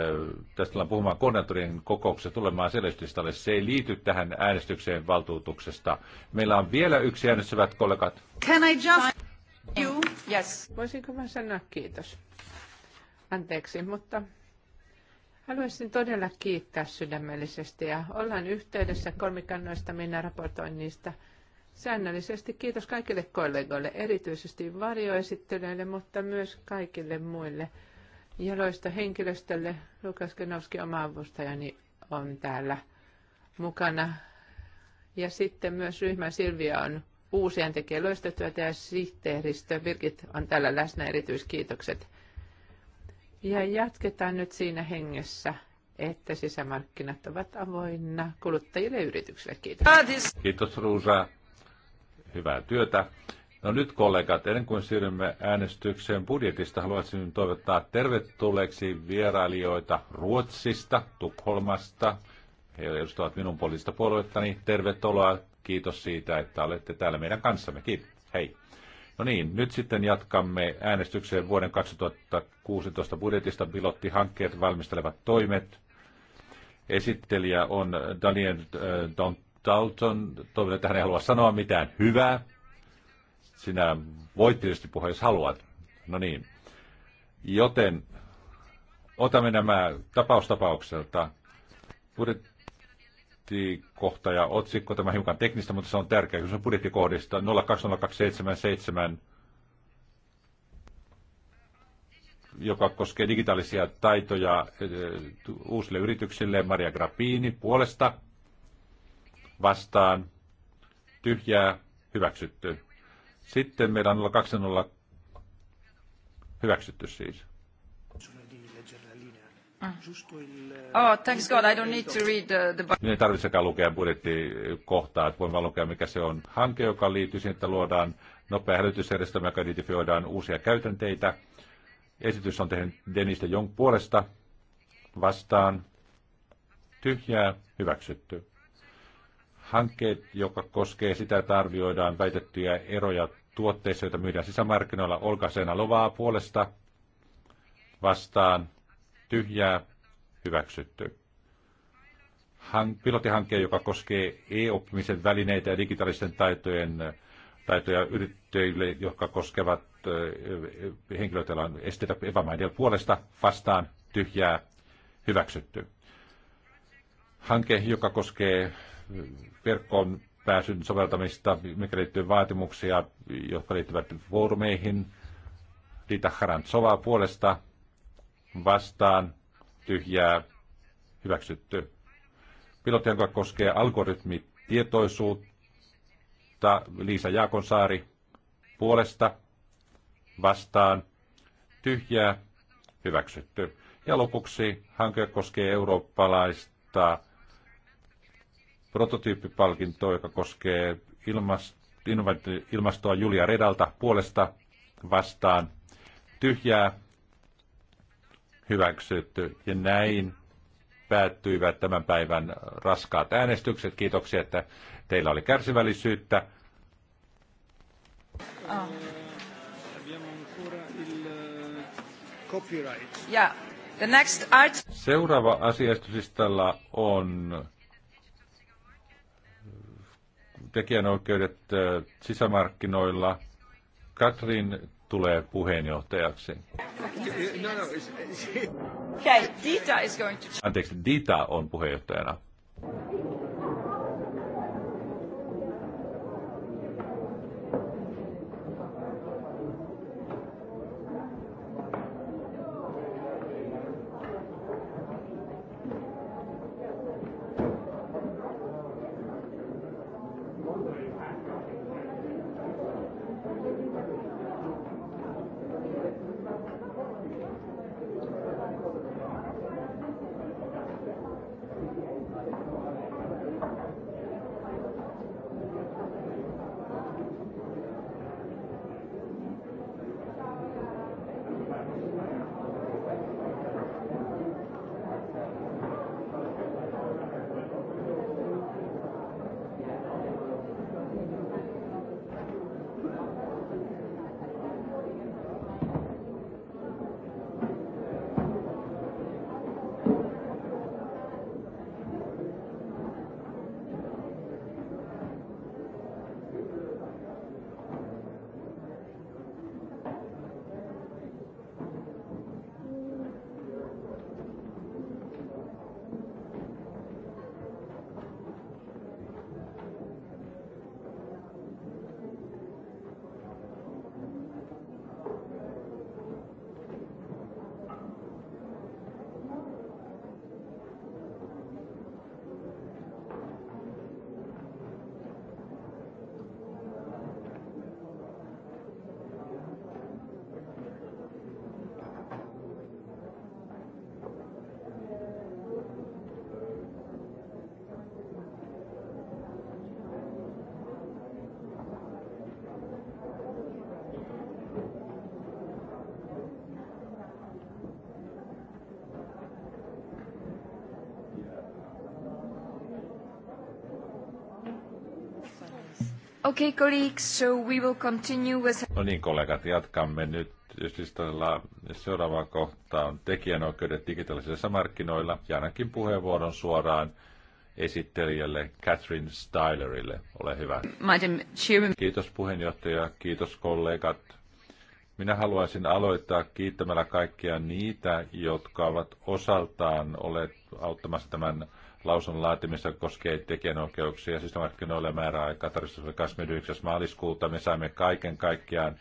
tästä tullaan puhumaan koordinaattorien kokouksessa tulemaan selvitystalle. Se ei liity tähän äänestykseen valtuutuksesta. Meillä on vielä yksi äänestys, kollegat. Can I just... You? Yes. Voisinko mä sanoa kiitos? Anteeksi, mutta Haluaisin todella kiittää sydämellisesti ja ollaan yhteydessä kolmikannoista minä raportoinnista säännöllisesti. Kiitos kaikille kollegoille, erityisesti varjoesittelyille, mutta myös kaikille muille jaloista henkilöstölle. Lukas Genovski, oma avustajani, on täällä mukana. Ja sitten myös ryhmä Silvia on uusien tekee loistotyötä ja sihteeristö Birgit on täällä läsnä erityiskiitokset. Ja jatketaan nyt siinä hengessä, että sisämarkkinat ovat avoinna kuluttajille ja yrityksille. Kiitos. Kiitos Ruusa. Hyvää työtä. No nyt kollegat, ennen kuin siirrymme äänestykseen budjetista, haluaisin toivottaa tervetulleeksi vierailijoita Ruotsista, Tukholmasta. He edustavat minun poliittista puoluettani. Tervetuloa. Kiitos siitä, että olette täällä meidän kanssamme. Kiitos. Hei. No niin, nyt sitten jatkamme äänestykseen vuoden 2016 budjetista pilottihankkeet valmistelevat toimet. Esittelijä on Daniel äh, Dalton. Toivon, että hän ei halua sanoa mitään hyvää sinä voit tietysti puhua, jos haluat. No niin. Joten otamme nämä tapaustapaukselta. Budjettikohta ja otsikko, tämä on hiukan teknistä, mutta se on tärkeä. se on budjettikohdista 020277, joka koskee digitaalisia taitoja eh, uusille yrityksille. Maria Grappini puolesta vastaan tyhjää hyväksytty. Sitten meillä on 2.0 hyväksytty siis. Mm. Eh, oh, thanks God, I don't need to read the... the... Niin ei tarvitsekaan lukea budjettikohtaa, että voin vaan lukea, mikä se on hanke, joka liittyy siihen, että luodaan nopea hälytysjärjestelmä, joka identifioidaan uusia käytänteitä. Esitys on tehnyt Dennis de Jong puolesta vastaan. Tyhjää, hyväksytty hankkeet, joka koskee sitä, että arvioidaan väitettyjä eroja tuotteissa, joita myydään sisämarkkinoilla. Olka Seena Lovaa puolesta vastaan tyhjää hyväksytty. Han, pilotihanke, joka koskee e-oppimisen välineitä ja digitaalisten taitojen taitoja yrittäjille, jotka koskevat henkilöitä, joilla on esteitä epämaiden puolesta vastaan tyhjää hyväksytty. Hanke, joka koskee verkkoon pääsyn soveltamista, mikä liittyy vaatimuksia, jotka liittyvät foorumeihin. Rita Harantsova puolesta vastaan tyhjää hyväksytty. Pilotti, joka koskee algoritmitietoisuutta, Liisa Jaakonsaari puolesta vastaan tyhjää hyväksytty. Ja lopuksi hanke koskee eurooppalaista prototyyppipalkinto, joka koskee ilmastoa Julia Redalta puolesta vastaan. Tyhjää hyväksytty ja näin päättyivät tämän päivän raskaat äänestykset. Kiitoksia, että teillä oli kärsivällisyyttä. Seuraava asiaistusistalla on tekijänoikeudet sisämarkkinoilla. Katrin tulee puheenjohtajaksi. Okay, Dita is going to... Anteeksi, Dita on puheenjohtajana. Okay, colleagues, so we will continue with... No niin, kollegat, jatkamme nyt. Listalla seuraava kohta on tekijänoikeudet digitaalisilla markkinoilla. Ja ainakin puheenvuoron suoraan esittelijälle Catherine Stylerille. Ole hyvä. Madam Kiitos puheenjohtaja, kiitos kollegat. Minä haluaisin aloittaa kiittämällä kaikkia niitä, jotka ovat osaltaan olleet auttamassa tämän lausun laatimista koskee tekijänoikeuksia sisämarkkinoille määräaikaa tarkistus oli 29. maaliskuuta. Me saimme kaiken kaikkiaan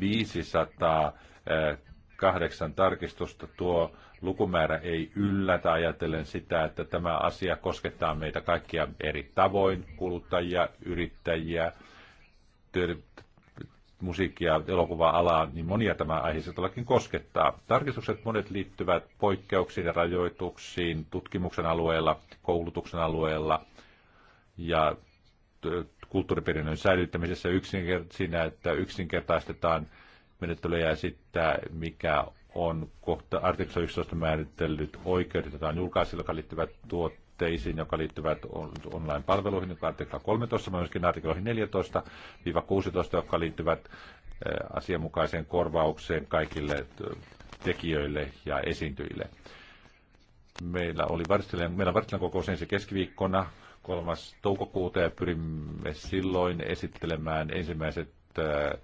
508 eh, tarkistusta. Tuo lukumäärä ei yllätä ajatellen sitä, että tämä asia koskettaa meitä kaikkia eri tavoin, kuluttajia, yrittäjiä, musiikki- ja elokuva-alaa, niin monia tämä aihe todellakin koskettaa. Tarkistukset monet liittyvät poikkeuksiin ja rajoituksiin tutkimuksen alueella, koulutuksen alueella ja kulttuuriperinnön säilyttämisessä yksinkert- siinä, että yksinkertaistetaan menettelyjä ja sitten mikä on kohta artikla 11 määritellyt oikeudet, jotka on julkaisilla, jotka liittyvät tuot tuotteisiin, joka liittyvät online-palveluihin, joka artikla 13, myöskin artikloihin 14-16, jotka liittyvät eh, asianmukaiseen korvaukseen kaikille eh, tekijöille ja esiintyjille. Meillä oli Vartilan, meillä Vartilan kokous ensi keskiviikkona 3. toukokuuta ja pyrimme silloin esittelemään ensimmäiset eh,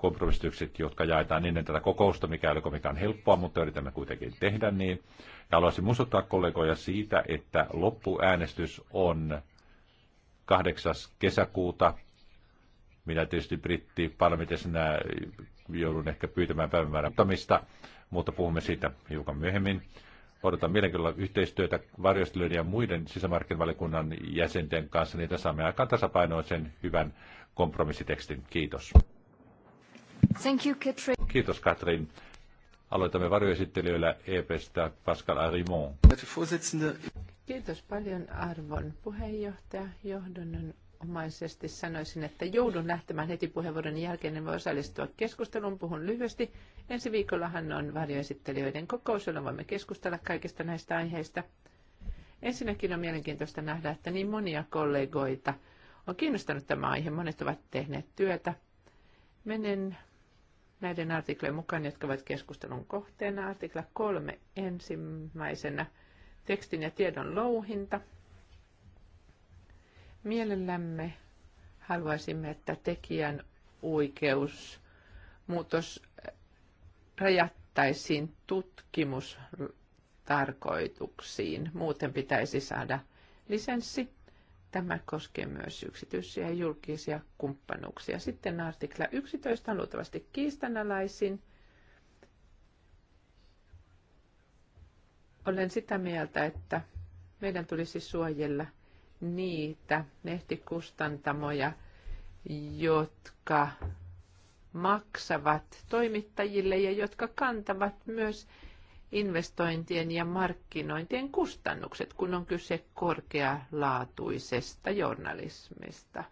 kompromissitykset, jotka jaetaan ennen tätä kokousta, mikä ei ole kovinkaan helppoa, mutta yritämme kuitenkin tehdä niin. Ja haluaisin muistuttaa kollegoja siitä, että loppuäänestys on 8. kesäkuuta. Minä tietysti britti parlamentissa joudun ehkä pyytämään päivämäärän ottamista, mutta puhumme siitä hiukan myöhemmin. Odotan mielenkiinnolla yhteistyötä varjostelijoiden ja muiden sisämarkkinavaliokunnan jäsenten kanssa, niin saamme aikaan tasapainoisen hyvän kompromissitekstin. Kiitos. Thank you, Katrin. Kiitos Katrin. Aloitamme varjoesittelijöillä EPstä Pascal Arimon. Kiitos paljon arvon puheenjohtaja. sanoisin, että joudun lähtemään heti puheenvuoron jälkeen, en voi osallistua keskusteluun, puhun lyhyesti. Ensi viikollahan on varjoesittelijöiden kokous, jolloin voimme keskustella kaikista näistä aiheista. Ensinnäkin on mielenkiintoista nähdä, että niin monia kollegoita on kiinnostanut tämä aihe. Monet ovat tehneet työtä. Menen näiden artiklojen mukaan, jotka ovat keskustelun kohteena. Artikla kolme ensimmäisenä tekstin ja tiedon louhinta. Mielellämme haluaisimme, että tekijän oikeus muutos rajattaisiin tutkimustarkoituksiin. Muuten pitäisi saada lisenssi Tämä koskee myös yksityisiä ja julkisia kumppanuuksia. Sitten artikla 11 on luultavasti kiistanalaisin. Olen sitä mieltä, että meidän tulisi suojella niitä lehtikustantamoja, jotka maksavat toimittajille ja jotka kantavat myös investointien ja markkinointien kustannukset, kun on kyse korkealaatuisesta journalismista.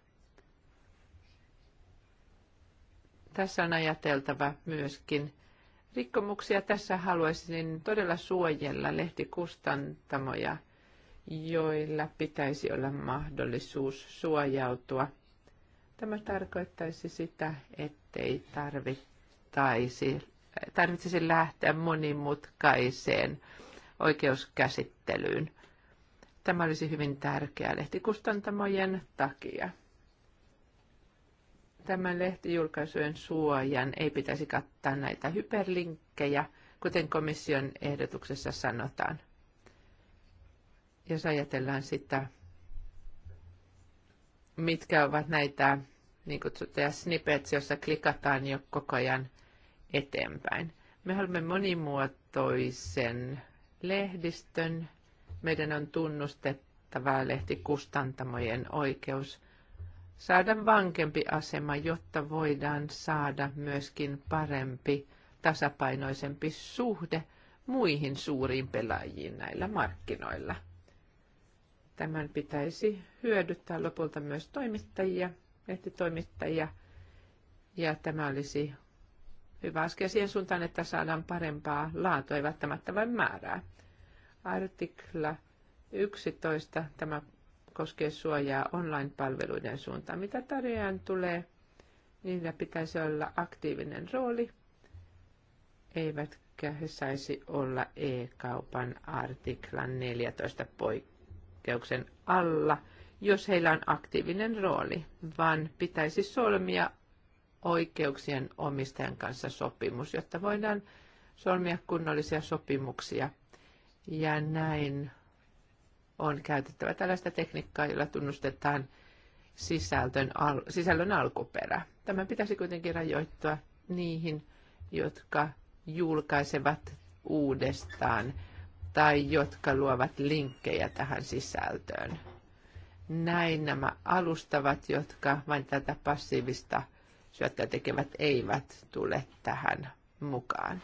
Tässä on ajateltava myöskin rikkomuksia. Tässä haluaisin todella suojella lehtikustantamoja, joilla pitäisi olla mahdollisuus suojautua. Tämä tarkoittaisi sitä, ettei tarvittaisi tarvitsisi lähteä monimutkaiseen oikeuskäsittelyyn. Tämä olisi hyvin tärkeää lehtikustantamojen takia. Tämän lehtijulkaisujen suojan ei pitäisi kattaa näitä hyperlinkkejä, kuten komission ehdotuksessa sanotaan. Jos ajatellaan sitä, mitkä ovat näitä niin kutsuttuja snippets, joissa klikataan jo koko ajan eteenpäin. Me haluamme monimuotoisen lehdistön. Meidän on tunnustettava lehtikustantamojen oikeus saada vankempi asema, jotta voidaan saada myöskin parempi, tasapainoisempi suhde muihin suuriin pelaajiin näillä markkinoilla. Tämän pitäisi hyödyttää lopulta myös toimittajia, lehtitoimittajia, ja tämä olisi hyvä askel siihen suuntaan, että saadaan parempaa laatua, ei välttämättä vain määrää. Artikla 11, tämä koskee suojaa online-palveluiden suuntaan. Mitä tarjoajan tulee, niillä pitäisi olla aktiivinen rooli, eivätkä he saisi olla e-kaupan artiklan 14 poikkeuksen alla, jos heillä on aktiivinen rooli, vaan pitäisi solmia oikeuksien omistajan kanssa sopimus, jotta voidaan solmia kunnollisia sopimuksia. Ja näin on käytettävä tällaista tekniikkaa, jolla tunnustetaan sisältön al- sisällön alkuperä. Tämä pitäisi kuitenkin rajoittua niihin, jotka julkaisevat uudestaan tai jotka luovat linkkejä tähän sisältöön. Näin nämä alustavat, jotka vain tätä passiivista – syöttää tekevät, eivät tule tähän mukaan.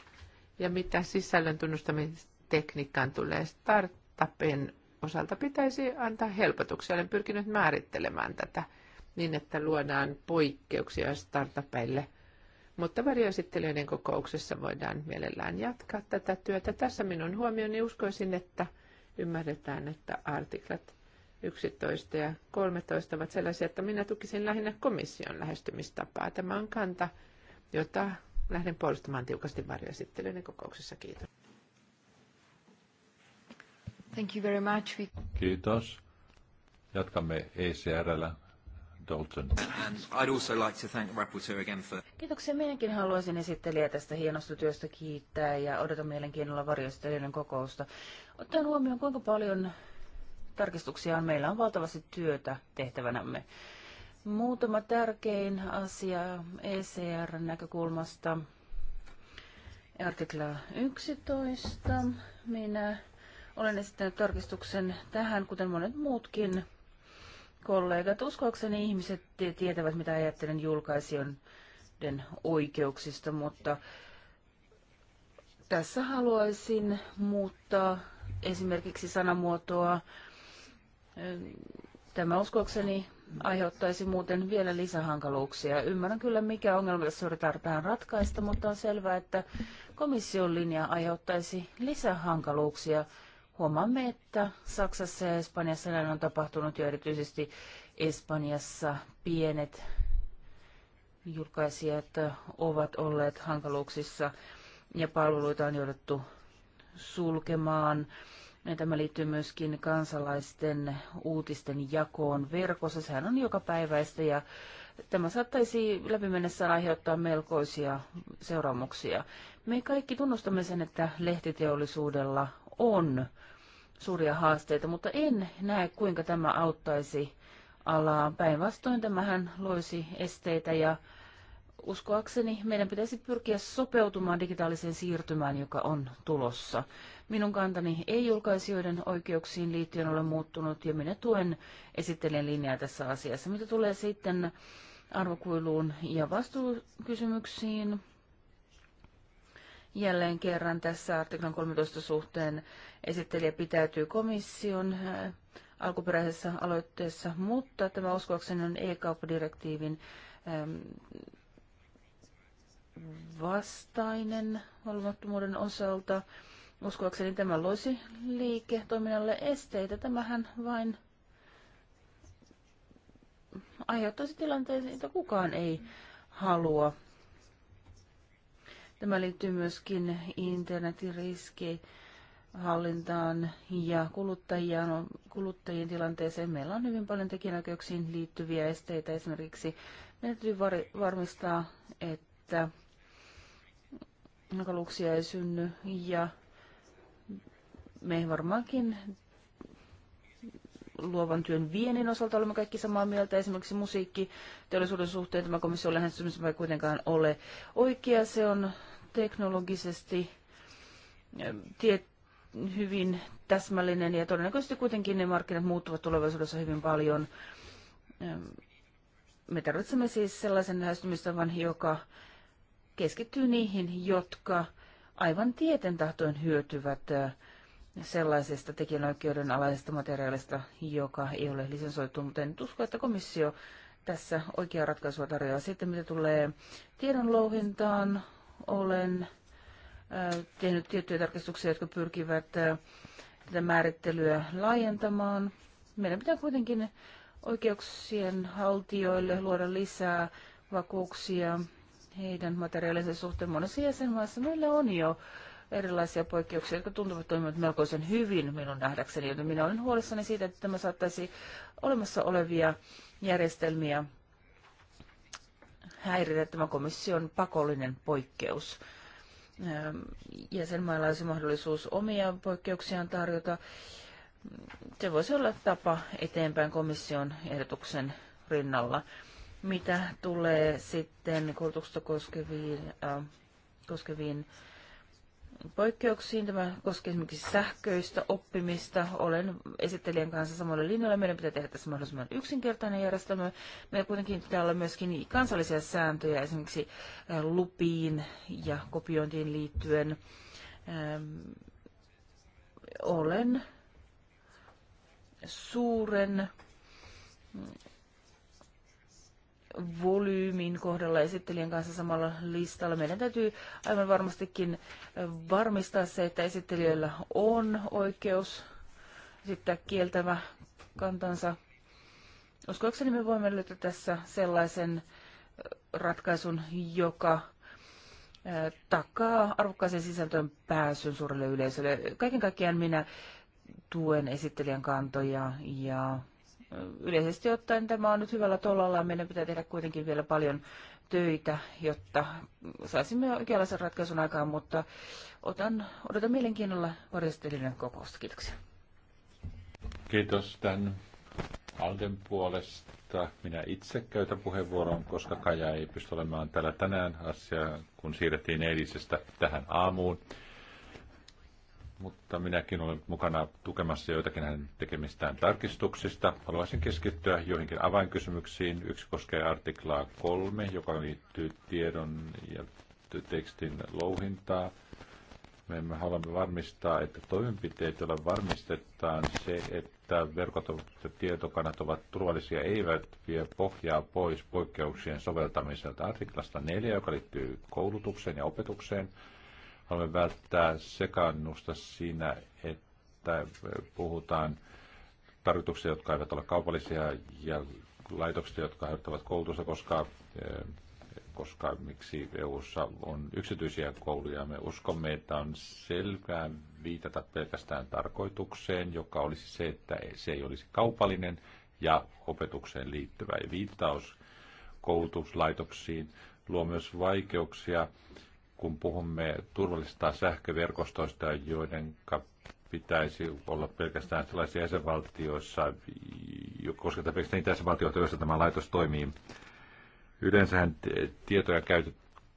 Ja mitä sisällön tunnustamistekniikkaan tulee startupin osalta, pitäisi antaa helpotuksia. Olen pyrkinyt määrittelemään tätä niin, että luodaan poikkeuksia startupeille. Mutta varjoesittelijöiden kokouksessa voidaan mielellään jatkaa tätä työtä. Tässä minun huomioni uskoisin, että ymmärretään, että artiklat 11 ja 13 ovat sellaisia, että minä tukisin lähinnä komission lähestymistapaa. Tämä on kanta, jota lähden puolustamaan tiukasti varjoesittelyyn kokouksessa. Kiitos. Thank you very much. Kiitos. Jatkamme ECRllä. Dalton. And I'd also like to thank rapporteur again for... Kiitoksia. Minäkin haluaisin esittelijä tästä hienosta työstä kiittää ja odotan mielenkiinnolla varjoesittelijöiden kokousta. Ottaen huomioon, kuinka paljon tarkistuksiaan. Meillä on valtavasti työtä tehtävänämme. Muutama tärkein asia ECR-näkökulmasta. Artikla 11. Minä olen esittänyt tarkistuksen tähän, kuten monet muutkin kollegat. Uskoakseni ihmiset tietävät, mitä ajattelen julkaisijoiden oikeuksista, mutta tässä haluaisin muuttaa esimerkiksi sanamuotoa Tämä uskokseni aiheuttaisi muuten vielä lisähankaluuksia. Ymmärrän kyllä, mikä ongelma tässä yritetään tähän ratkaista, mutta on selvää, että komission linja aiheuttaisi lisähankaluuksia. Huomaamme, että Saksassa ja Espanjassa näin on tapahtunut jo erityisesti Espanjassa pienet julkaisijat ovat olleet hankaluuksissa ja palveluita on jouduttu sulkemaan Tämä liittyy myöskin kansalaisten uutisten jakoon verkossa. Sehän on joka päiväistä ja tämä saattaisi läpimennessään aiheuttaa melkoisia seuraamuksia. Me kaikki tunnustamme sen, että lehtiteollisuudella on suuria haasteita, mutta en näe, kuinka tämä auttaisi alaa. Päinvastoin tämähän loisi esteitä ja uskoakseni meidän pitäisi pyrkiä sopeutumaan digitaaliseen siirtymään, joka on tulossa. Minun kantani ei julkaisijoiden oikeuksiin liittyen ole muuttunut ja minä tuen esittelijän linjaa tässä asiassa. Mitä tulee sitten arvokuiluun ja vastuukysymyksiin, jälleen kerran tässä artiklan 13 suhteen esittelijä pitäytyy komission äh, alkuperäisessä aloitteessa, mutta tämä uskoakseni on e-kauppadirektiivin ähm, vastainen valvottomuuden osalta. Uskoakseni tämä loisi liiketoiminnalle esteitä. Tämähän vain aiheuttaisi tilanteen, että kukaan ei halua. Tämä liittyy myöskin internetin riski hallintaan ja kuluttajien, kuluttajien tilanteeseen. Meillä on hyvin paljon tekijänäköyksiin liittyviä esteitä. Esimerkiksi meidän täytyy varmistaa, että hankaluuksia ei synny ja me varmaankin luovan työn viennin osalta olemme kaikki samaa mieltä. Esimerkiksi musiikki teollisuuden suhteen tämä komission lähestymisemme ei kuitenkaan ole oikea. Se on teknologisesti eh, tie, hyvin täsmällinen ja todennäköisesti kuitenkin ne markkinat muuttuvat tulevaisuudessa hyvin paljon. Me tarvitsemme siis sellaisen lähestymistavan, joka keskittyy niihin, jotka aivan tieten hyötyvät äh, sellaisesta tekijänoikeuden alaisesta materiaalista, joka ei ole lisensoitu, mutta en usko, että komissio tässä oikea ratkaisua tarjoaa. Sitten mitä tulee tiedonlouhintaan, olen äh, tehnyt tiettyjä tarkistuksia, jotka pyrkivät äh, tätä määrittelyä laajentamaan. Meidän pitää kuitenkin oikeuksien haltijoille luoda lisää vakuuksia heidän materiaalinsa suhteen. Monessa jäsenmaassa meillä on jo erilaisia poikkeuksia, jotka tuntuvat toimivat melkoisen hyvin minun nähdäkseni, joten minä olen huolissani siitä, että tämä saattaisi olemassa olevia järjestelmiä häiritä tämä komission pakollinen poikkeus. Ähm, jäsenmailla olisi mahdollisuus omia poikkeuksiaan tarjota. Se voisi olla tapa eteenpäin komission ehdotuksen rinnalla. Mitä tulee sitten koulutuksesta koskeviin, äh, koskeviin poikkeuksiin. Tämä koskee esimerkiksi sähköistä oppimista. Olen esittelijän kanssa samalla linjalla. Meidän pitää tehdä tässä mahdollisimman yksinkertainen järjestelmä. Meillä kuitenkin pitää olla myöskin kansallisia sääntöjä esimerkiksi äh, lupiin ja kopiointiin liittyen. Ähm, olen suuren volyymin kohdalla esittelijän kanssa samalla listalla. Meidän täytyy aivan varmastikin varmistaa se, että esittelijöillä on oikeus sitten kieltävä kantansa. Uskoakseni me voimme löytää tässä sellaisen ratkaisun, joka takaa arvokkaisen sisältöön pääsyn suurelle yleisölle. Kaiken kaikkiaan minä tuen esittelijän kantoja ja yleisesti ottaen tämä on nyt hyvällä tolalla. Meidän pitää tehdä kuitenkin vielä paljon töitä, jotta saisimme oikeanlaisen ratkaisun aikaan, mutta otan, odotan mielenkiinnolla varjostelijan kokousta. Kiitoksia. Kiitos tämän Alden puolesta. Minä itse käytän puheenvuoron, koska Kaja ei pysty olemaan täällä tänään asiaa, kun siirrettiin eilisestä tähän aamuun mutta minäkin olen mukana tukemassa joitakin hänen tekemistään tarkistuksista. Haluaisin keskittyä joihinkin avainkysymyksiin. Yksi koskee artiklaa kolme, joka liittyy tiedon ja tekstin louhintaa. Me emme haluamme varmistaa, että toimenpiteet, joilla varmistetaan se, että verkot ja tietokannat ovat turvallisia, eivät vie pohjaa pois poikkeuksien soveltamiselta. Artiklasta 4, joka liittyy koulutukseen ja opetukseen, Haluamme välttää sekannusta siinä, että puhutaan tarkoituksia, jotka eivät ole kaupallisia ja laitoksia, jotka aiheuttavat koulutusta, koska, eh, koska miksi EU:ssa on yksityisiä kouluja. Me uskomme, että on selvää viitata pelkästään tarkoitukseen, joka olisi se, että se ei olisi kaupallinen ja opetukseen liittyvä. Ja viittaus koulutuslaitoksiin luo myös vaikeuksia kun puhumme turvallisista sähköverkostoista, joiden pitäisi olla pelkästään sellaisia jäsenvaltioissa, koska pelkästään niitä jäsenvaltioita, joissa tämä laitos toimii. Yleensähän tietoja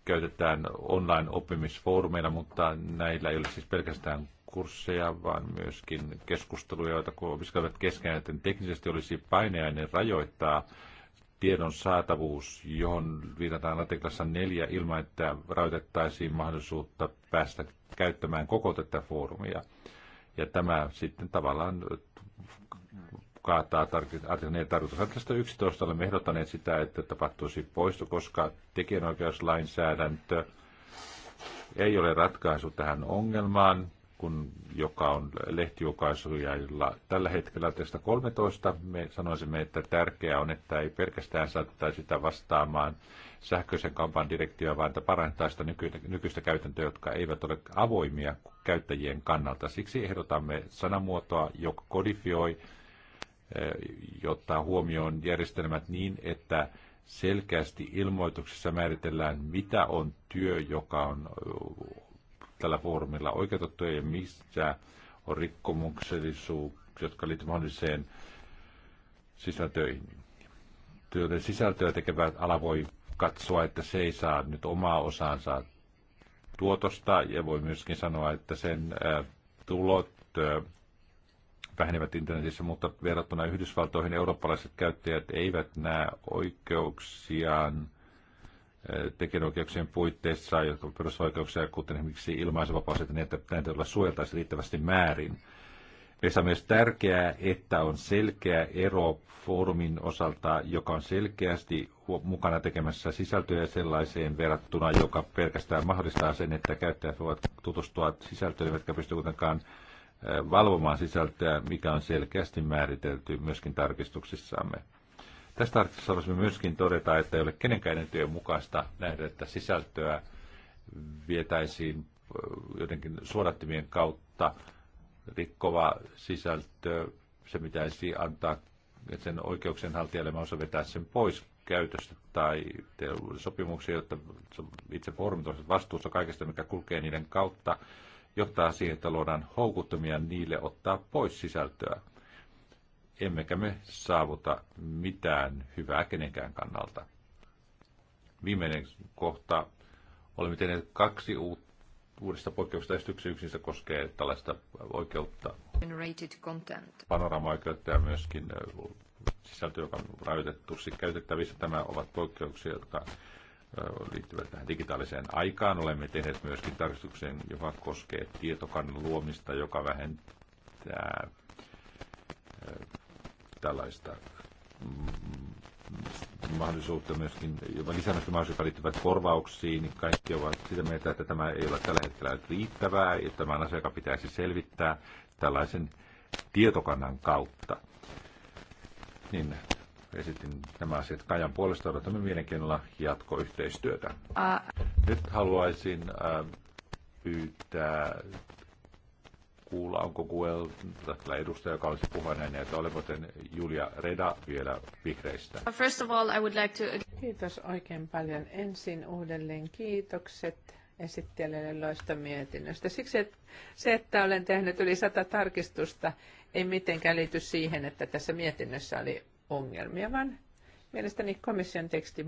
käytetään online-oppimisfoorumeilla, mutta näillä ei ole siis pelkästään kursseja, vaan myöskin keskusteluja, joita opiskelevat kesken, joten teknisesti olisi paineainen rajoittaa tiedon saatavuus, johon viitataan artiklassa neljä ilman, että rajoitettaisiin mahdollisuutta päästä käyttämään koko tätä foorumia. Ja tämä sitten tavallaan kaataa artikla 4 tarkoitus. Artiklasta 11 olemme ehdottaneet sitä, että tapahtuisi poisto, koska tekijänoikeuslainsäädäntö ei ole ratkaisu tähän ongelmaan kun, joka on lehtijulkaisu, jolla tällä hetkellä tästä 13 me sanoisimme, että tärkeää on, että ei pelkästään saattaisi sitä vastaamaan sähköisen kaupan direktiiviä, vaan että parantaa sitä nykyistä, nykyistä käytäntöä, jotka eivät ole avoimia käyttäjien kannalta. Siksi ehdotamme sanamuotoa, joka kodifioi eh, jotta huomioon järjestelmät niin, että selkeästi ilmoituksessa määritellään, mitä on työ, joka on tällä foorumilla oikeutettuja ja missä on rikkomuksellisuus, jotka liittyvät mahdolliseen sisältöihin. Työtä sisältöä tekevät ala voi katsoa, että se ei saa nyt omaa osaansa tuotosta ja voi myöskin sanoa, että sen tulot vähenevät internetissä, mutta verrattuna Yhdysvaltoihin eurooppalaiset käyttäjät eivät näe oikeuksiaan tekijänoikeuksien puitteissa, jotka on perusoikeuksia, kuten esimerkiksi ilmaisuvapaus, niin että näitä, näitä suojeltaisiin riittävästi määrin. Meissä on myös tärkeää, että on selkeä ero foorumin osalta, joka on selkeästi mukana tekemässä sisältöjä sellaiseen verrattuna, joka pelkästään mahdollistaa sen, että käyttäjät voivat tutustua sisältöön, jotka pystyvät kuitenkaan valvomaan sisältöä, mikä on selkeästi määritelty myöskin tarkistuksissamme. Tästä artikkelista haluaisimme myöskin todeta, että ei ole kenenkään työn mukaista nähdä, että sisältöä vietäisiin äh, jotenkin suodattimien kautta rikkova sisältö, se pitäisi antaa, että sen oikeuksien haltijalle osaan vetää sen pois käytöstä tai sopimuksia, jotta itse foorumit ovat vastuussa kaikesta, mikä kulkee niiden kautta, johtaa siihen, että luodaan houkuttomia niille ottaa pois sisältöä emmekä me saavuta mitään hyvää kenenkään kannalta. Viimeinen kohta. Olemme tehneet kaksi uutta uudesta poikkeuksesta esityksistä koskee tällaista oikeutta. Generated content. Panorama-oikeutta ja myöskin sisältö, joka on rajoitettu käytettävissä. Tämä ovat poikkeuksia, jotka liittyvät tähän digitaaliseen aikaan. Olemme tehneet myöskin tarkistuksen, joka koskee tietokannan luomista, joka vähentää tällaista mm, mahdollisuutta myöskin, jopa lisäämästä mahdollisuutta liittyvät korvauksiin, niin kaikki ovat sitä mieltä, että tämä ei ole tällä hetkellä riittävää, ja tämä on asia, joka pitäisi selvittää tällaisen tietokannan kautta. Niin esitin nämä asiat Kajan puolesta, odotamme mielenkiinnolla jatkoyhteistyötä. Ää. Nyt haluaisin pyytää kuulla, onko Kuel, tällä edustaja, joka olisi puhunut että olemme Julia Reda vielä vihreistä. First of all, I would like to... Kiitos oikein paljon. Ensin uudelleen kiitokset esittelijälle loista mietinnöstä. Siksi että se, että olen tehnyt yli sata tarkistusta, ei mitenkään liity siihen, että tässä mietinnössä oli ongelmia, vaan mielestäni komission teksti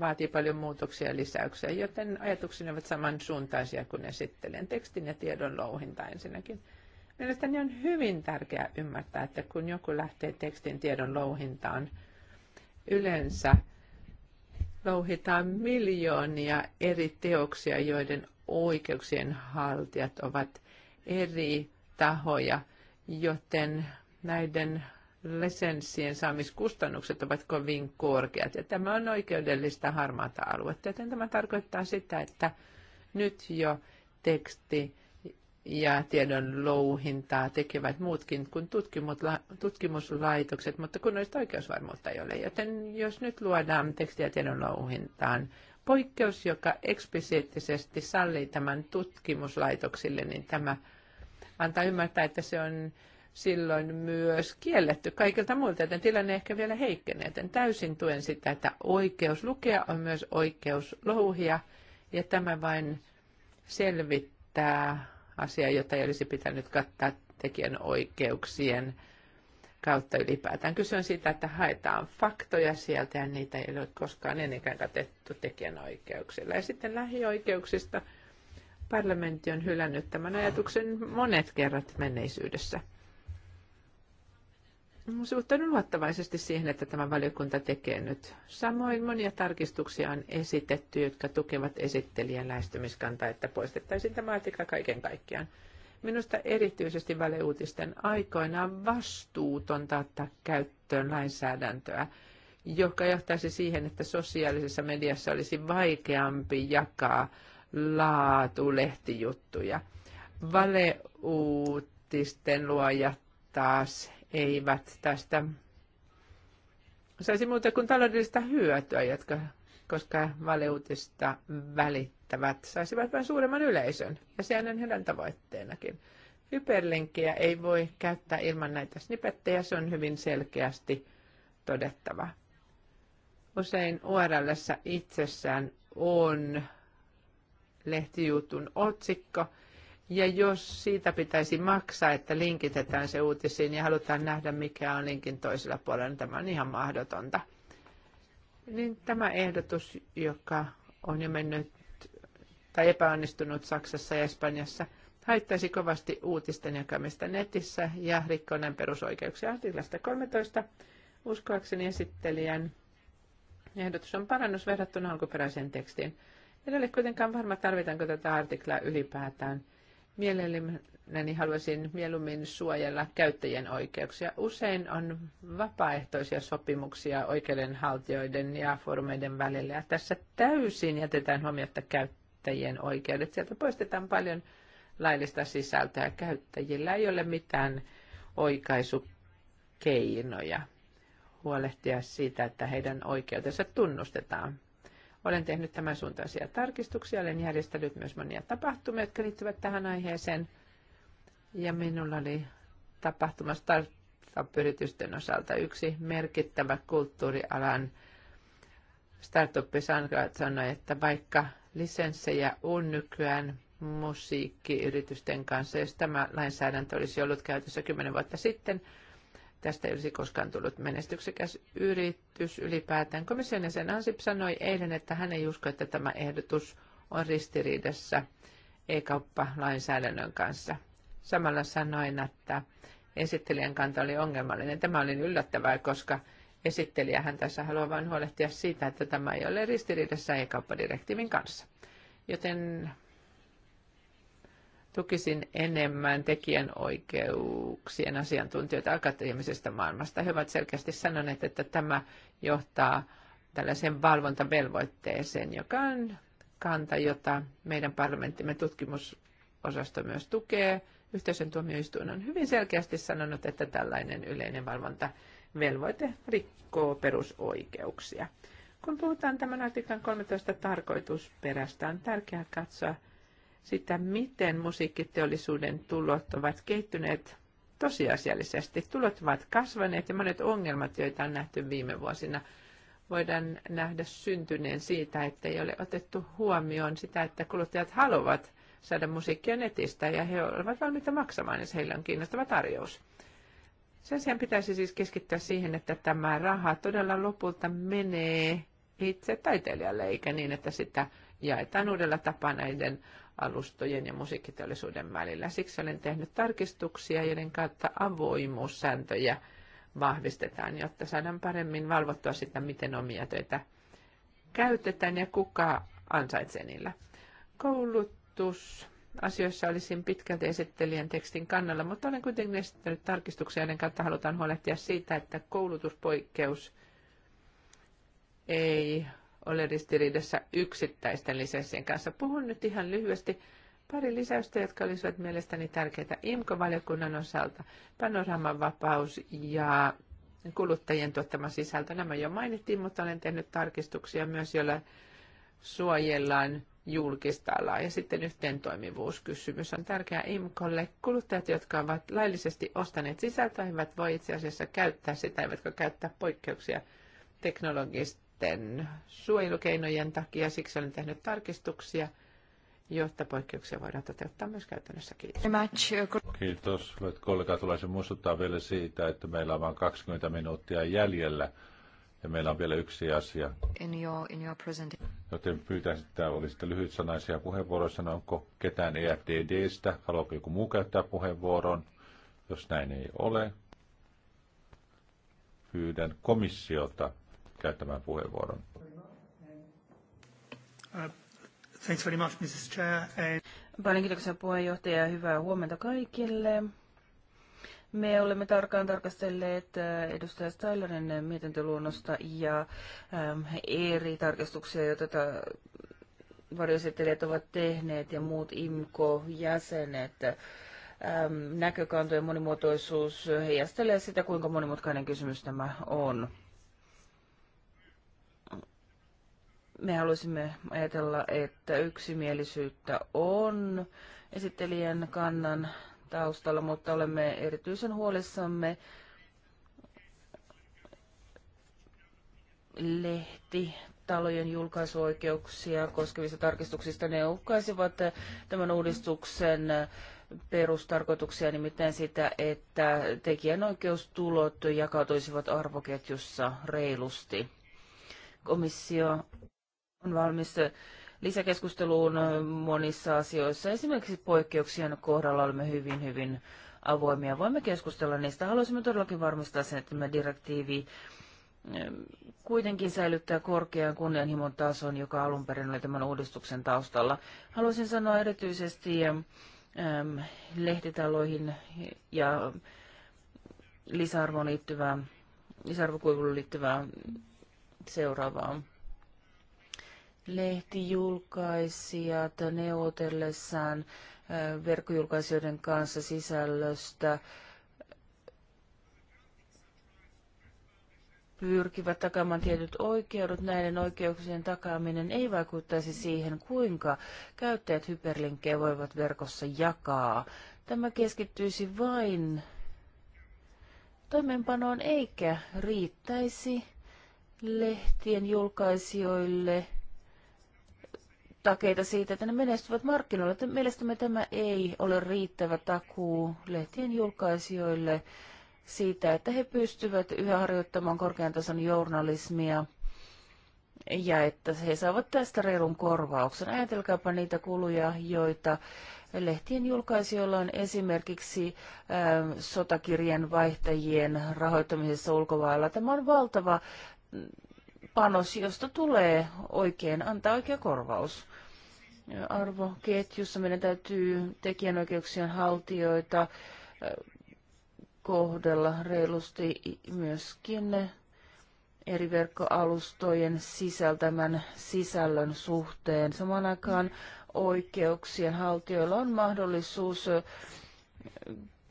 vaatii paljon muutoksia ja lisäyksiä, joten ajatukseni ovat samansuuntaisia kuin esittelen tekstin ja tiedon louhinta ensinnäkin. Mielestäni on hyvin tärkeää ymmärtää, että kun joku lähtee tekstin tiedon louhintaan, yleensä louhitaan miljoonia eri teoksia, joiden oikeuksien haltijat ovat eri tahoja, joten näiden lisenssien saamiskustannukset ovat kovin korkeat. Ja tämä on oikeudellista harmaata aluetta, joten tämä tarkoittaa sitä, että nyt jo teksti ja tiedon louhintaa tekevät muutkin kuin tutkimuslaitokset, mutta kun noista oikeusvarmuutta ei ole. Joten jos nyt luodaan tekstiä tiedon louhintaan poikkeus, joka eksplisiittisesti sallii tämän tutkimuslaitoksille, niin tämä antaa ymmärtää, että se on silloin myös kielletty kaikilta muilta, joten tilanne ehkä vielä heikkenee. Joten täysin tuen sitä, että oikeus lukea on myös oikeus louhia, ja tämä vain selvittää asia, jota ei olisi pitänyt kattaa tekijän oikeuksien kautta ylipäätään. Kyse on siitä, että haetaan faktoja sieltä ja niitä ei ole koskaan ennenkään katettu tekijänoikeuksilla. Ja sitten lähioikeuksista parlamentti on hylännyt tämän ajatuksen monet kerrat menneisyydessä suhtaudun luottavaisesti siihen, että tämä valiokunta tekee nyt. Samoin monia tarkistuksia on esitetty, jotka tukevat esittelijän lähestymiskantaa, että poistettaisiin tämä artikla kaiken kaikkiaan. Minusta erityisesti valeuutisten aikoina on vastuutonta ottaa käyttöön lainsäädäntöä, joka johtaisi siihen, että sosiaalisessa mediassa olisi vaikeampi jakaa laatulehtijuttuja. Valeuutisten luoja taas eivät tästä saisi muuta kuin taloudellista hyötyä, jotka, koska valeutista välittävät, saisivat vain suuremman yleisön. Ja sehän on heidän tavoitteenakin. Hyperlinkkiä ei voi käyttää ilman näitä snipettejä, se on hyvin selkeästi todettava. Usein url itsessään on lehtijutun otsikko – ja jos siitä pitäisi maksaa, että linkitetään se uutisiin ja halutaan nähdä, mikä on linkin toisella puolella, niin tämä on ihan mahdotonta. Niin tämä ehdotus, joka on jo mennyt tai epäonnistunut Saksassa ja Espanjassa, haittaisi kovasti uutisten jakamista netissä ja rikkoneen perusoikeuksia artiklasta 13. Uskoakseni esittelijän ehdotus on parannus verrattuna alkuperäiseen tekstiin. En ole kuitenkaan varma, tarvitaanko tätä artiklaa ylipäätään – mielelläni haluaisin mieluummin suojella käyttäjien oikeuksia. Usein on vapaaehtoisia sopimuksia oikeudenhaltijoiden ja foorumeiden välillä. Ja tässä täysin jätetään huomiota käyttäjien oikeudet. Sieltä poistetaan paljon laillista sisältöä. Käyttäjillä ei ole mitään oikaisukeinoja huolehtia siitä, että heidän oikeutensa tunnustetaan. Olen tehnyt tämän suuntaisia tarkistuksia, olen järjestänyt myös monia tapahtumia, jotka liittyvät tähän aiheeseen. Ja minulla oli tapahtuma startup-yritysten osalta yksi merkittävä kulttuurialan startup sanoi, että vaikka lisenssejä on nykyään musiikkiyritysten kanssa, jos tämä lainsäädäntö olisi ollut käytössä kymmenen vuotta sitten – tästä ei olisi koskaan tullut menestyksekäs yritys ylipäätään. Komission jäsen Ansip sanoi eilen, että hän ei usko, että tämä ehdotus on ristiriidassa e-kauppalainsäädännön kanssa. Samalla sanoin, että esittelijän kanta oli ongelmallinen. Tämä oli yllättävää, koska esittelijä hän tässä haluaa vain huolehtia siitä, että tämä ei ole ristiriidassa e-kauppadirektiivin kanssa. Joten tukisin enemmän tekijänoikeuksien asiantuntijoita akateemisesta maailmasta. He ovat selkeästi sanoneet, että tämä johtaa tällaiseen valvontavelvoitteeseen, joka on kanta, jota meidän parlamenttimme tutkimusosasto myös tukee. Yhteisön tuomioistuin on hyvin selkeästi sanonut, että tällainen yleinen valvontavelvoite rikkoo perusoikeuksia. Kun puhutaan tämän artiklan 13 tarkoitusperästä, on tärkeää katsoa, sitä, miten musiikkiteollisuuden tulot ovat kehittyneet tosiasiallisesti. Tulot ovat kasvaneet ja monet ongelmat, joita on nähty viime vuosina, voidaan nähdä syntyneen siitä, että ei ole otettu huomioon sitä, että kuluttajat haluavat saada musiikkia netistä ja he ovat valmiita maksamaan, jos heillä on kiinnostava tarjous. Sen sijaan pitäisi siis keskittyä siihen, että tämä raha todella lopulta menee itse taiteilijalle, eikä niin, että sitä jaetaan uudella tapaa näiden alustojen ja musiikkiteollisuuden välillä. Siksi olen tehnyt tarkistuksia, joiden kautta avoimuussääntöjä vahvistetaan, jotta saadaan paremmin valvottua sitä, miten omia töitä käytetään ja kuka ansaitsee niillä. Koulutus asioissa olisin pitkälti esittelijän tekstin kannalla, mutta olen kuitenkin esittänyt tarkistuksia, joiden kautta halutaan huolehtia siitä, että koulutuspoikkeus ei ole ristiriidassa yksittäisten lisenssien kanssa. Puhun nyt ihan lyhyesti pari lisäystä, jotka olisivat mielestäni tärkeitä IMKO-valiokunnan osalta. Panoraman vapaus ja kuluttajien tuottama sisältö. Nämä jo mainittiin, mutta olen tehnyt tarkistuksia myös, joilla suojellaan julkista alaa. Ja sitten yhteen toimivuuskysymys on tärkeä IMKOlle. Kuluttajat, jotka ovat laillisesti ostaneet sisältöä, eivät voi itse asiassa käyttää sitä, eivätkä käyttää poikkeuksia teknologista sitten suojelukeinojen takia. Siksi olen tehnyt tarkistuksia, jotta poikkeuksia voidaan toteuttaa myös käytännössä. Kiitos. Uh, Kiitos. Hyvät kollegat, haluaisin muistuttaa vielä siitä, että meillä on vain 20 minuuttia jäljellä. Ja meillä on vielä yksi asia. In your, in your Joten pyytäisin, että olisitte lyhytsanaisia puheenvuoroissa. No, onko ketään EFDDstä? Haluaako joku muu käyttää puheenvuoron? Jos näin ei ole, pyydän komissiota käyttämään puheenvuoron. Uh, thanks very much, Mrs. Chair. Paljon kiitoksia puheenjohtaja ja hyvää huomenta kaikille. Me olemme tarkkaan tarkastelleet uh, edustaja Stylerin mietintöluonnosta ja um, eri tarkastuksia, joita varjoesittelijät ovat tehneet ja muut IMKO-jäsenet. Um, näkökantojen monimuotoisuus heijastelee sitä, kuinka monimutkainen kysymys tämä on. me haluaisimme ajatella, että yksimielisyyttä on esittelijän kannan taustalla, mutta olemme erityisen huolissamme lehti talojen julkaisuoikeuksia koskevista tarkistuksista. Ne uhkaisivat tämän uudistuksen perustarkoituksia, nimittäin sitä, että tekijänoikeustulot jakautuisivat arvoketjussa reilusti. Komissio on valmis äh, lisäkeskusteluun äh, monissa asioissa. Esimerkiksi poikkeuksien kohdalla olemme hyvin, hyvin avoimia. Voimme keskustella niistä. Haluaisimme todellakin varmistaa sen, että tämä direktiivi äh, kuitenkin säilyttää korkean kunnianhimon tason, joka alun perin oli tämän uudistuksen taustalla. Haluaisin sanoa erityisesti ähm, ähm, lehtitaloihin ja lisäarvoon liittyvää, lisäarvokuivuun liittyvää seuraavaa lehtijulkaisijat neuvotellessaan verkkojulkaisijoiden kanssa sisällöstä pyrkivät takaamaan tietyt oikeudet. Näiden oikeuksien takaaminen ei vaikuttaisi siihen, kuinka käyttäjät hyperlinkkejä voivat verkossa jakaa. Tämä keskittyisi vain toimeenpanoon eikä riittäisi lehtien julkaisijoille – takeita siitä, että ne menestyvät markkinoilla. Mielestämme tämä ei ole riittävä takuu lehtien julkaisijoille siitä, että he pystyvät yhä harjoittamaan korkean tason journalismia ja että he saavat tästä reilun korvauksen. Ajatelkaapa niitä kuluja, joita lehtien julkaisijoilla on esimerkiksi äh, sotakirjan vaihtajien rahoittamisessa ulkovailla. Tämä on valtava mm, panos, josta tulee oikein antaa oikea korvaus arvoketjussa. Meidän täytyy tekijänoikeuksien haltijoita äh, kohdella reilusti myöskin eri verkkoalustojen sisältämän sisällön suhteen. Samaan aikaan oikeuksien haltijoilla on mahdollisuus äh,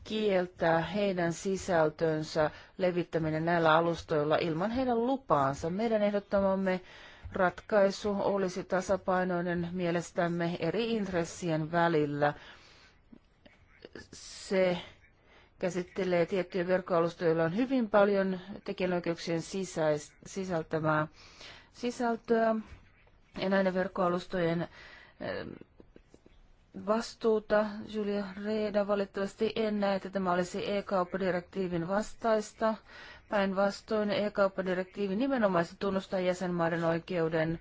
kieltää heidän sisältönsä levittäminen näillä alustoilla ilman heidän lupaansa. Meidän ehdottamamme ratkaisu olisi tasapainoinen mielestämme eri intressien välillä. Se käsittelee tiettyjä verkkoalustoja, joilla on hyvin paljon tekijänoikeuksien sisäis- sisältämää sisältöä ja näiden verkkoalustojen eh, vastuuta. Julia Reeda valitettavasti en näe, että tämä olisi e-kauppadirektiivin vastaista. Päinvastoin e-kauppadirektiivi nimenomaisesti tunnustaa jäsenmaiden oikeuden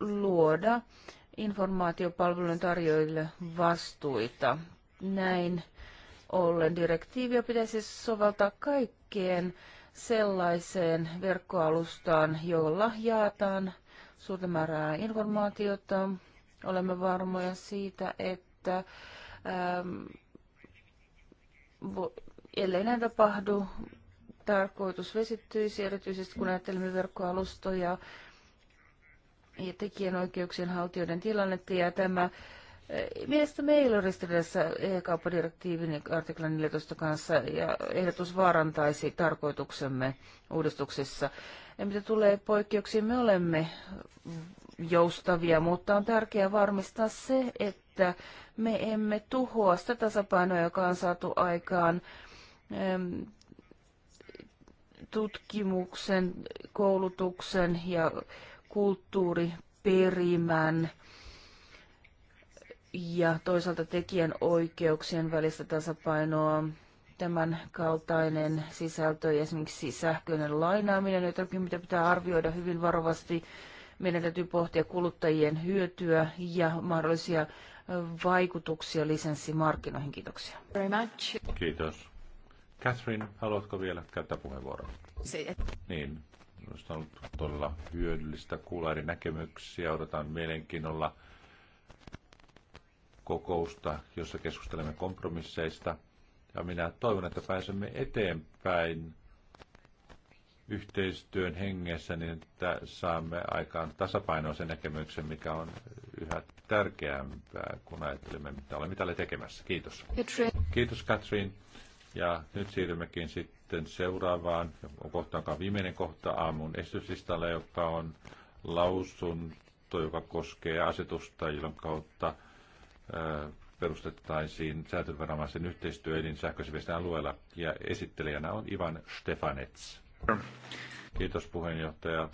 luoda informaatiopalvelun tarjoajille vastuita. Näin ollen direktiiviä pitäisi soveltaa kaikkeen sellaiseen verkkoalustaan, jolla jaetaan suurta määrää informaatiota. Olemme varmoja siitä, että ähm, ellei näin tapahdu, tarkoitus vesittyisi, erityisesti kun ajattelemme verkkoalustoja ja tekijänoikeuksien haltijoiden tilannetta. Ja tämä eh, mielestäni ei ole ristiriidassa e-kauppadirektiivin artiklan 14 kanssa ja ehdotus vaarantaisi tarkoituksemme uudistuksessa. Ja mitä tulee poikkeuksiin, me olemme joustavia, mutta on tärkeää varmistaa se, että me emme tuhoa sitä tasapainoa, joka on saatu aikaan tutkimuksen, koulutuksen ja kulttuuriperimän ja toisaalta tekijän oikeuksien välistä tasapainoa. Tämän kaltainen sisältö ja esimerkiksi sähköinen lainaaminen, jotakin mitä pitää arvioida hyvin varovasti. Meidän täytyy pohtia kuluttajien hyötyä ja mahdollisia vaikutuksia lisenssimarkkinoihin. Kiitoksia. Very much. Kiitos. Catherine, haluatko vielä käyttää puheenvuoron? Se. Niin, minusta on ollut todella hyödyllistä kuulla eri näkemyksiä. Odotan mielenkiinnolla kokousta, jossa keskustelemme kompromisseista. Ja minä toivon, että pääsemme eteenpäin yhteistyön hengessä niin, että saamme aikaan tasapainoisen näkemyksen, mikä on yhä tärkeämpää, kun ajattelemme, mitä olemme täällä tekemässä. Kiitos. Katrin. Kiitos, Katrin. Ja nyt siirrymmekin sitten seuraavaan on kohtaankaan viimeinen kohta aamun esityslistalle, joka on lausunto, joka koskee asetusta, jolla kautta ää, äh, perustettaisiin säätelyviranomaisen yhteistyöelin sähköisen alueella. Ja esittelijänä on Ivan Stefanets. Kiitos puheenjohtaja.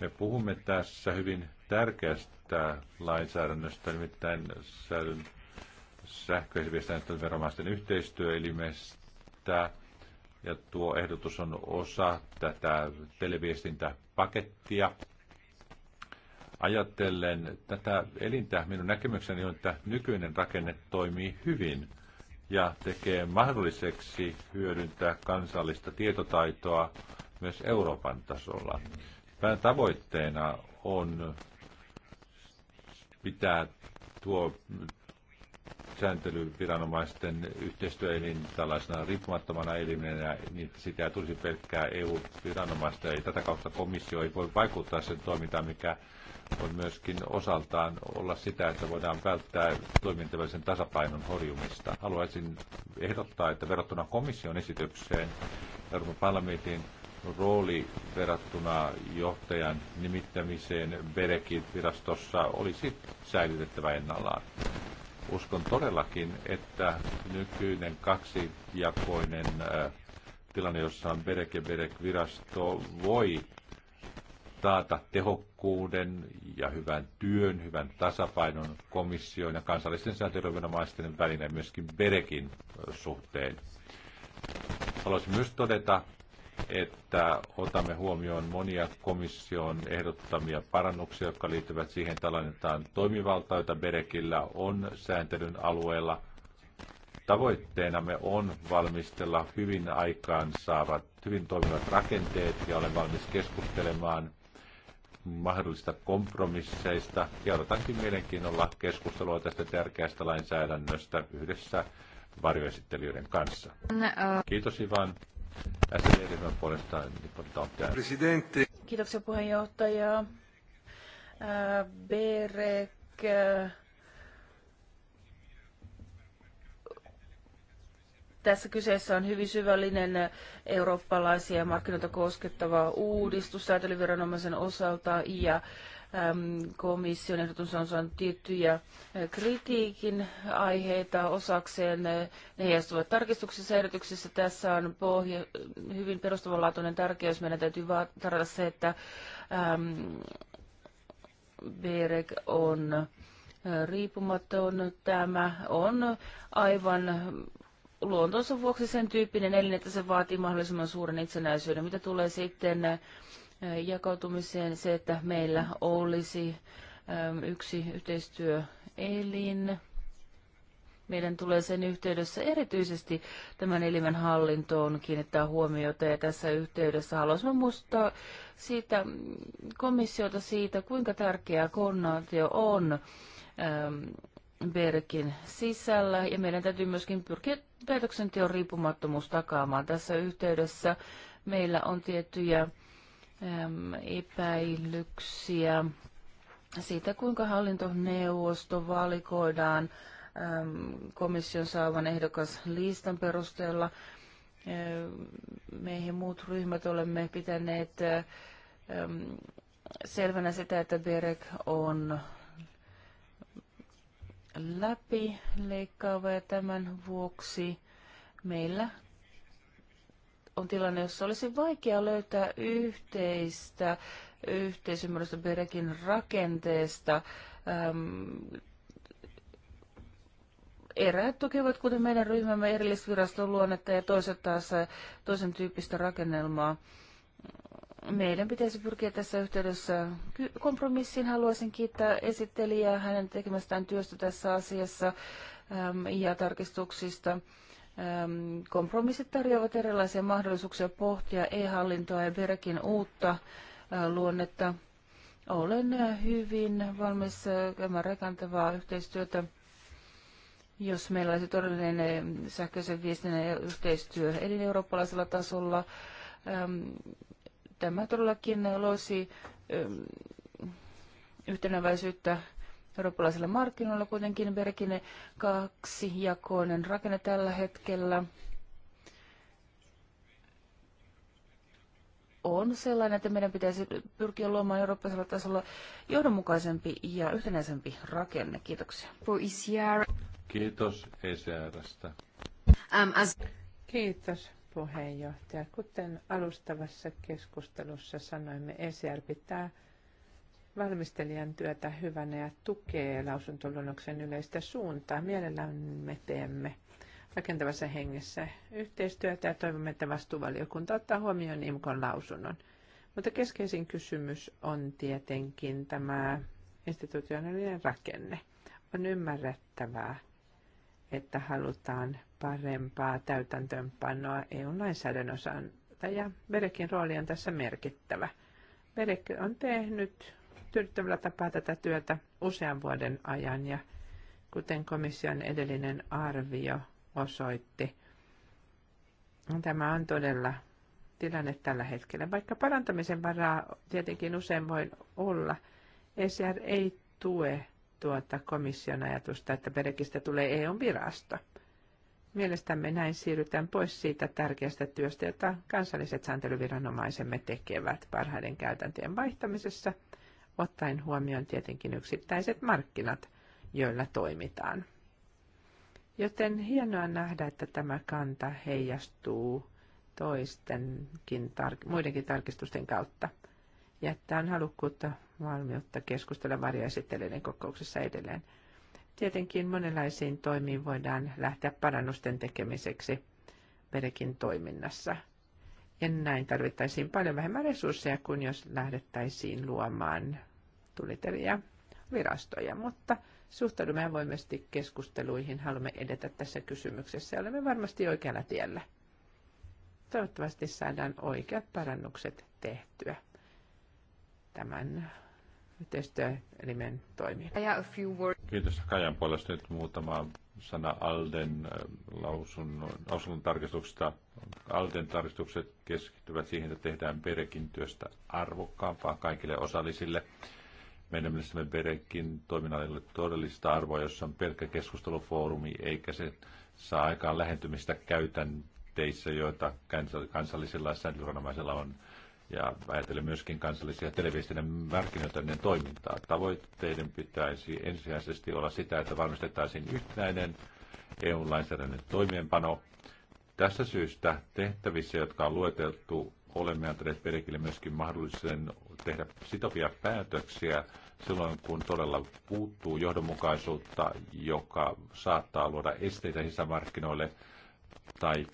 Me puhumme tässä hyvin tärkeästä lainsäädännöstä, nimittäin säädön sähköisen viestinnän veromaisten yhteistyöelimestä. Ja tuo ehdotus on osa tätä televiestintäpakettia. Ajatellen tätä elintä, minun näkemykseni on, että nykyinen rakenne toimii hyvin ja tekee mahdolliseksi hyödyntää kansallista tietotaitoa myös Euroopan tasolla. Päätavoitteena on pitää tuo sääntelyviranomaisten yhteistyöelin tällaisena riippumattomana elimenä, niin sitä ei tulisi pelkkää EU-viranomaista. Ei tätä kautta komissio ei voi vaikuttaa sen toimintaan, mikä voi myöskin osaltaan olla sitä, että voidaan välttää toimintavälisen tasapainon horjumista. Haluaisin ehdottaa, että verrattuna komission esitykseen Euroopan parlamentin rooli verrattuna johtajan nimittämiseen Berekin virastossa olisi säilytettävä ennallaan. Uskon todellakin, että nykyinen kaksijakoinen tilanne, jossa on Berek ja Berek-virasto, voi taata tehokkuuden ja hyvän työn, hyvän tasapainon komission ja kansallisten sääntelyviranomaisten välinen myöskin Berekin suhteen. Haluaisin myös todeta, että otamme huomioon monia komission ehdottamia parannuksia, jotka liittyvät siihen tällainen toimivalta, jota Berekillä on sääntelyn alueella. Tavoitteenamme on valmistella hyvin aikaansaavat, hyvin toimivat rakenteet ja olen valmis keskustelemaan mahdollista kompromisseista. Ja odotankin mielenkiinnolla keskustelua tästä tärkeästä lainsäädännöstä yhdessä varjoesittelijöiden kanssa. No, uh. Kiitos Ivan. SD-ryhmän puolesta Presidente. Kiitoksia puheenjohtaja. Äh, Berek äh, tässä kyseessä on hyvin syvällinen eurooppalaisia markkinoita koskettava uudistus säätelyviranomaisen osalta ja Komission ehdotus on saanut tiettyjä kritiikin aiheita osakseen. Ne heijastuvat tarkistuksissa ehdotuksissa. Tässä on pohja, hyvin perustavanlaatuinen tärkeys. Meidän täytyy tarjota se, että äm, BEREG on riippumaton. Tämä on aivan luontonsa vuoksi sen tyyppinen elin, että se vaatii mahdollisimman suuren itsenäisyyden. Mitä tulee sitten jakautumiseen se, että meillä olisi yksi yhteistyöelin. Meidän tulee sen yhteydessä erityisesti tämän elimen hallintoon kiinnittää huomiota ja tässä yhteydessä haluaisimme muistaa siitä komissiota siitä, kuinka tärkeää koordinaatio on ähm, Berkin sisällä ja meidän täytyy myöskin pyrkiä päätöksenteon riippumattomuus takaamaan tässä yhteydessä. Meillä on tiettyjä epäilyksiä siitä, kuinka hallintoneuvosto valikoidaan komission saavan ehdokas listan perusteella. Meihin muut ryhmät olemme pitäneet selvänä sitä, että Berek on läpi leikkaava ja tämän vuoksi meillä on tilanne, jossa olisi vaikea löytää yhteistä yhteisymmärrystä Berekin rakenteesta. Ähm, eräät tukevat, kuten meidän ryhmämme, erillisviraston luonnetta ja toiset taas toisen tyyppistä rakennelmaa. Meidän pitäisi pyrkiä tässä yhteydessä kompromissiin. Haluaisin kiittää esittelijää hänen tekemästään työstä tässä asiassa ja tarkistuksista. Kompromissit tarjoavat erilaisia mahdollisuuksia pohtia e-hallintoa ja verkin uutta luonnetta. Olen hyvin valmis käymään rakentavaa yhteistyötä, jos meillä olisi todellinen sähköisen viestinnän yhteistyö eli eurooppalaisella tasolla. Tämä todellakin loisi yhtenäväisyyttä eurooppalaisilla markkinoilla. Kuitenkin Berkine kaksijakoinen rakenne tällä hetkellä on sellainen, että meidän pitäisi pyrkiä luomaan eurooppalaisella tasolla johdonmukaisempi ja yhtenäisempi rakenne. Kiitoksia. E Kiitos ECRstä. Um, Kiitos puheenjohtaja. Kuten alustavassa keskustelussa sanoimme, ECR pitää valmistelijan työtä hyvänä ja tukee lausuntoluonnoksen yleistä suuntaa. Mielellämme teemme rakentavassa hengessä yhteistyötä ja toivomme, että vastuuvaliokunta ottaa huomioon IMKon lausunnon. Mutta keskeisin kysymys on tietenkin tämä institutionaalinen rakenne. On ymmärrettävää, että halutaan parempaa täytäntöönpanoa EU-lainsäädännön osalta ja Berekin rooli on tässä merkittävä. Berek on tehnyt tyydyttävällä tapaa tätä työtä usean vuoden ajan ja kuten komission edellinen arvio osoitti, tämä on todella tilanne tällä hetkellä. Vaikka parantamisen varaa tietenkin usein voi olla, ECR ei tue tuota komission ajatusta, että perekistä tulee EU-virasto. Mielestämme näin siirrytään pois siitä tärkeästä työstä, jota kansalliset sääntelyviranomaisemme tekevät parhaiden käytäntöjen vaihtamisessa – ottaen huomioon tietenkin yksittäiset markkinat, joilla toimitaan. Joten hienoa nähdä, että tämä kanta heijastuu toistenkin tar- muidenkin tarkistusten kautta. Jättää on halukkuutta valmiutta keskustella varjoesittelyiden kokouksessa edelleen. Tietenkin monenlaisiin toimiin voidaan lähteä parannusten tekemiseksi meidänkin toiminnassa. Ja näin tarvittaisiin paljon vähemmän resursseja kuin jos lähdettäisiin luomaan tullit virastoja, mutta suhtaudumme avoimesti keskusteluihin, haluamme edetä tässä kysymyksessä ja olemme varmasti oikealla tiellä. Toivottavasti saadaan oikeat parannukset tehtyä tämän yhteistyöelimen toimiin. Kiitos Kajan puolesta nyt muutama sana Alden äh, lausunnon, lausunnon tarkistuksesta. Alden tarkistukset keskittyvät siihen, että tehdään perekin työstä arvokkaampaa kaikille osallisille. Meidän mielestämme Berekin toiminnalle todellista arvoa, jossa on pelkkä keskustelufoorumi, eikä se saa aikaan lähentymistä käytänteissä, joita kansallisilla sääntelyviranomaisilla on ja ajatellen myöskin kansallisia televisioiden markkinoiden toimintaa. Tavoitteiden pitäisi ensisijaisesti olla sitä, että varmistettaisiin yhtenäinen EU-lainsäädännön toimeenpano. Tässä syystä tehtävissä, jotka on lueteltu, olemme antaneet perikille myöskin mahdollisen tehdä sitovia päätöksiä silloin, kun todella puuttuu johdonmukaisuutta, joka saattaa luoda esteitä sisämarkkinoille tai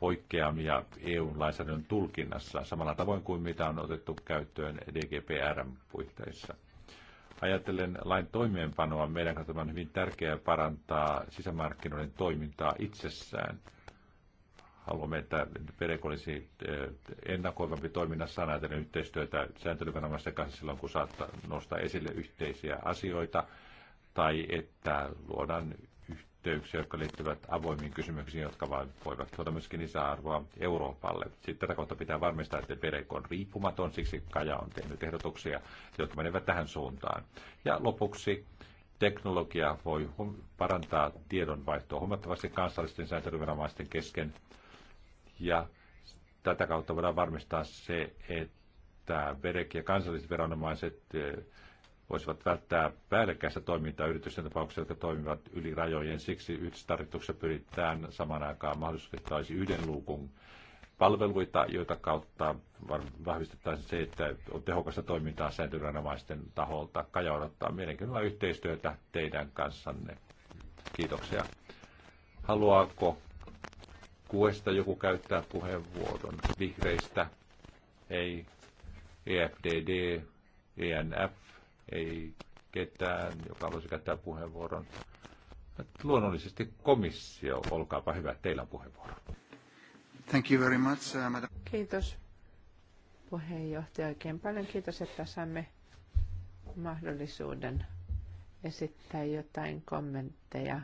poikkeamia EU-lainsäädännön tulkinnassa samalla tavoin kuin mitä on otettu käyttöön dgpr puitteissa. Ajattelen lain toimeenpanoa meidän kannalta on hyvin tärkeää parantaa sisämarkkinoiden toimintaa itsessään – Haluamme, että PDK olisi eh, ennakoivampi toiminnassa näitä yhteistyötä sääntelyviranomaisten kanssa silloin, kun saattaa nostaa esille yhteisiä asioita, tai että luodaan yhteyksiä, jotka liittyvät avoimiin kysymyksiin, jotka vain voivat tuoda myöskin lisäarvoa Euroopalle. Sitten tätä kautta pitää varmistaa, että PDK on riippumaton, siksi Kaja on tehnyt ehdotuksia, jotka menevät tähän suuntaan. Ja lopuksi teknologia voi parantaa tiedonvaihtoa huomattavasti kansallisten sääntelyviranomaisten kesken ja tätä kautta voidaan varmistaa se, että VEREK ja kansalliset viranomaiset eh, voisivat välttää päällekkäistä toimintaa yritysten tapauksessa, jotka toimivat yli rajojen. Siksi yhdessä pyritään samaan aikaan mahdollisesti yhden luukun palveluita, joita kautta vahvistettaisiin se, että on tehokasta toimintaa sääntöviranomaisten taholta. Kaja odottaa mielenkiinnolla yhteistyötä teidän kanssanne. Kiitoksia. Haluaako Kuesta joku käyttää puheenvuoron. Vihreistä ei. EFDD, ENF ei ketään, joka haluaisi käyttää puheenvuoron. Luonnollisesti komissio, olkaapa hyvä, teillä on puheenvuoro. Thank you very much, uh, madam. Kiitos puheenjohtaja oikein paljon. Kiitos, että saamme mahdollisuuden esittää jotain kommentteja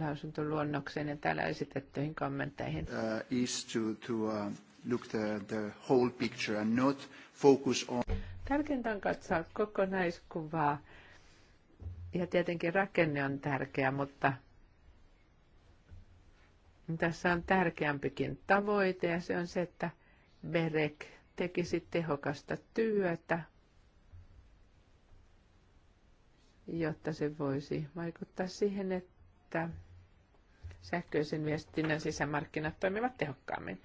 lausuntoluonnokseen ja täällä esitettyihin kommentteihin. Uh, is to, to uh, look the, the whole picture and not focus on... Tärkeintä on katsoa kokonaiskuvaa. Ja tietenkin rakenne on tärkeä, mutta tässä on tärkeämpikin tavoite ja se on se, että Berek tekisi tehokasta työtä, jotta se voisi vaikuttaa siihen, että sähköisen viestinnän sisämarkkinat toimivat tehokkaammin.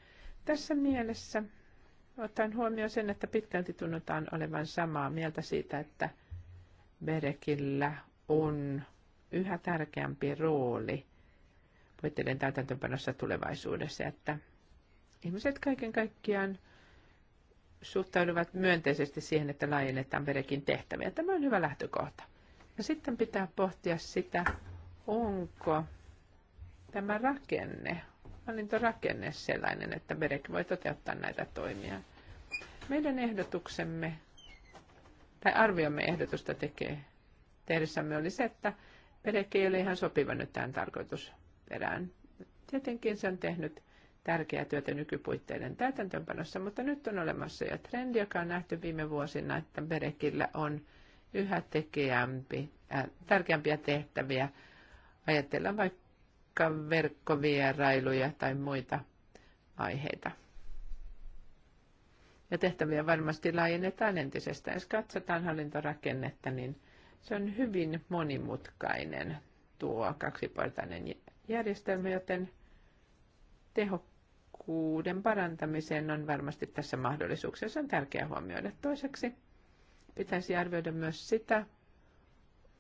Tässä mielessä otan huomioon sen, että pitkälti tunnutaan olevan samaa mieltä siitä, että Berekillä on yhä tärkeämpi rooli voitteiden täytäntöpanossa tulevaisuudessa, että ihmiset kaiken kaikkiaan suhtautuvat myönteisesti siihen, että laajennetaan Berekin tehtäviä. Tämä on hyvä lähtökohta. Ja sitten pitää pohtia sitä, onko tämä rakenne, hallintorakenne sellainen, että BEREC voi toteuttaa näitä toimia. Meidän ehdotuksemme tai arviomme ehdotusta tekee tehdessämme oli se, että BEREC ei ole ihan sopiva nyt tarkoitus tarkoitusperään. Tietenkin se on tehnyt tärkeää työtä nykypuitteiden täytäntöönpanossa, mutta nyt on olemassa jo trendi, joka on nähty viime vuosina, että Berekillä on yhä tekeämpi, äh, tärkeämpiä tehtäviä. Ajatellaan vaikka vaikka verkkovierailuja tai muita aiheita. Ja tehtäviä varmasti laajennetaan entisestään. Jos katsotaan hallintorakennetta, niin se on hyvin monimutkainen tuo kaksiportainen järjestelmä, joten tehokkuuden parantamiseen on varmasti tässä mahdollisuuksia. Se on tärkeää huomioida. Toiseksi pitäisi arvioida myös sitä,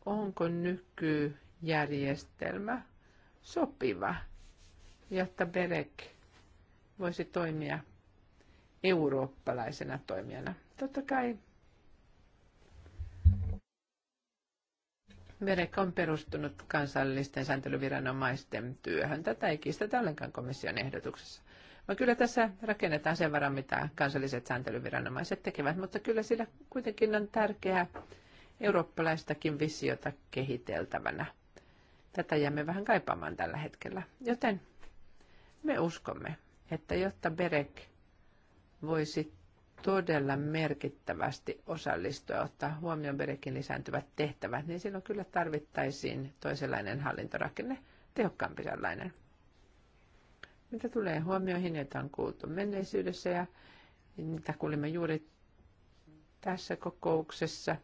onko nykyjärjestelmä sopiva, jotta Berek voisi toimia eurooppalaisena toimijana. Totta kai Berek on perustunut kansallisten sääntelyviranomaisten työhön. Tätä ei kiistetä ollenkaan komission ehdotuksessa. Vaan kyllä tässä rakennetaan sen verran, mitä kansalliset sääntelyviranomaiset tekevät, mutta kyllä sillä kuitenkin on tärkeää eurooppalaistakin visiota kehiteltävänä. Tätä jäämme vähän kaipaamaan tällä hetkellä. Joten me uskomme, että jotta Berek voisi todella merkittävästi osallistua ottaa huomioon Berekin lisääntyvät tehtävät, niin silloin kyllä tarvittaisiin toisenlainen hallintorakenne, tehokkaampi sellainen. Mitä tulee huomioihin, joita on kuultu menneisyydessä ja mitä kuulimme juuri tässä kokouksessa,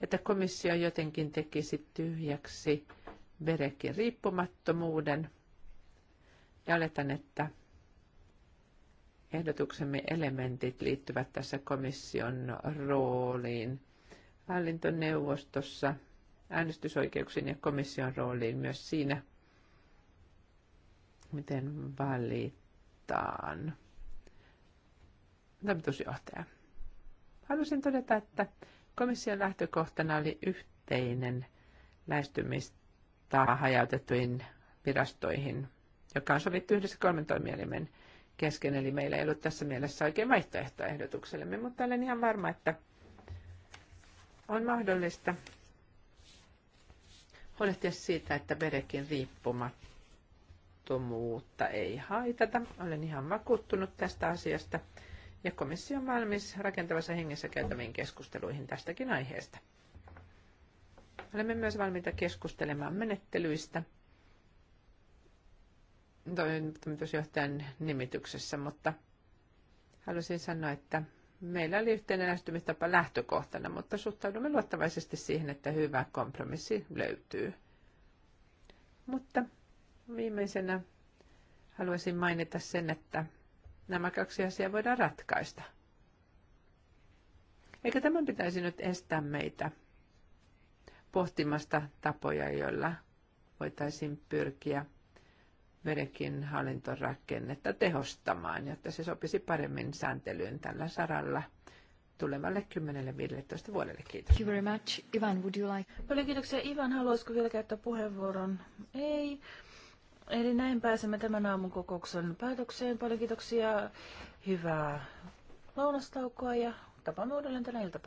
että komissio jotenkin tekisi tyhjäksi – Berekin riippumattomuuden ja oletan, että ehdotuksemme elementit liittyvät tässä komission rooliin hallintoneuvostossa, äänestysoikeuksiin ja komission rooliin myös siinä, miten valitaan toimitusjohtaja. Haluaisin todeta, että komission lähtökohtana oli yhteinen lähestymistapa johtaa hajautettuihin virastoihin, joka on sovittu yhdessä kolmen toimielimen kesken, eli meillä ei ollut tässä mielessä oikein vaihtoehtoa ehdotuksellemme, mutta olen ihan varma, että on mahdollista huolehtia siitä, että verekin riippumattomuutta ei haitata. Olen ihan vakuuttunut tästä asiasta ja komissio on valmis rakentavassa hengessä käytäviin keskusteluihin tästäkin aiheesta. Olemme myös valmiita keskustelemaan menettelyistä toimitusjohtajan nimityksessä, mutta halusin sanoa, että meillä oli yhteinen lähestymistapa lähtökohtana, mutta suhtaudumme luottavaisesti siihen, että hyvä kompromissi löytyy. Mutta viimeisenä haluaisin mainita sen, että nämä kaksi asiaa voidaan ratkaista. Eikä tämän pitäisi nyt estää meitä pohtimasta tapoja, joilla voitaisiin pyrkiä vedenkin hallintorakennetta tehostamaan, jotta se sopisi paremmin sääntelyyn tällä saralla tulevalle 10-15 vuodelle. Kiitos. Thank you very much. Ivan, would you like... Paljon kiitoksia. Ivan, haluaisiko vielä käyttää puheenvuoron? Ei. Eli näin pääsemme tämän aamun kokouksen päätökseen. Paljon kiitoksia. Hyvää lounastaukoa ja tapaamme uudelleen tänä iltapäivänä.